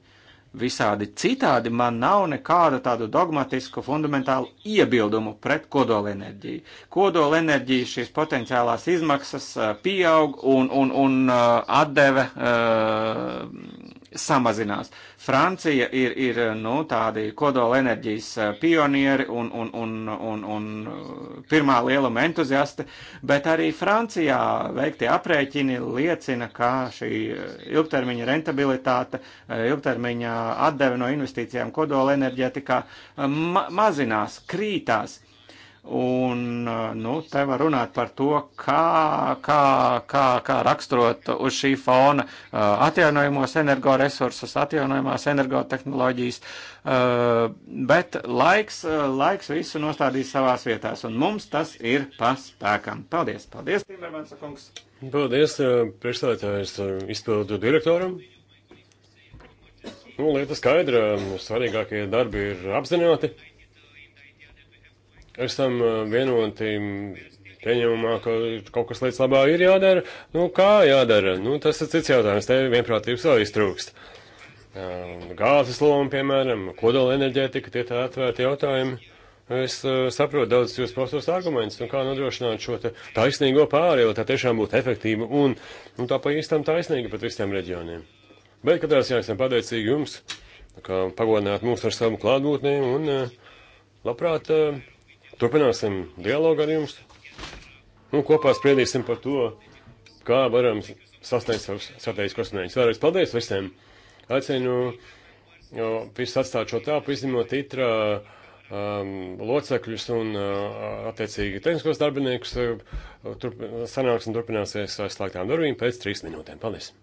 Visādi citādi man nav nekāda tādu dogmatisku, fundamentālu iebildumu pret kodolenerģiju. Kodolenerģija šīs potenciālās izmaksas pieaug un, un, un atdeve uh, samazinās. Francija ir, ir nu, tādi kodola enerģijas eh, pionieri un, un, un, un, un eh, pirmā lieluma entuziasti, bet arī Francijā veiktie aprēķini liecina, ka šī eh, ilgtermiņa rentabilitāte, ilgtermiņa atdeve no investīcijām kodola enerģētikā ma mazinās, krītās. Un, nu, te var runāt par to, kā, kā, kā, kā raksturot uz šī fona atjaunojumos energoresursus, atjaunojumās energotehnoloģijas, bet laiks, laiks visu nostādīs savās vietās, un mums tas ir paspēkam. Paldies, paldies, Timermans kungs! Paldies, priekšstādātājs izpildu direktoram. Nu, lieta skaidra, svarīgākie darbi ir apzināti esam eh, vienoti pieņemumā, ka kaut kas līdz labā ir jādara. Nu, kā jādara? Nu, tas ir cits jautājums. Te vienprātības vēl iztrūkst. Ehm, gāzes loma, piemēram, kodola enerģētika, tie tā atvērti jautājumi. Es uh, saprotu daudz jūsu paustos argumentus, un nu, kā nodrošināt šo taisnīgo pārēju, lai tā tiešām būtu efektīva un, un nu, tā pa īstam taisnīga pat visiem reģioniem. Bet katrā ziņā esam pateicīgi jums, ka pagodināt mūs ar savu klātbūtni un uh, labprāt uh, Turpināsim dialogu ar jums. Un nu, kopā spriedīsim par to, kā varam sasniegt savus strateģiskos mērķus. Vēlreiz paldies visiem. Aicinu visus atstāt šo tāpu, izņemot itra um, locekļus un uh, attiecīgi tehniskos darbiniekus. Uh, turp, sanāksim turpināsies aizslēgtām durvīm pēc trīs minūtēm. Paldies!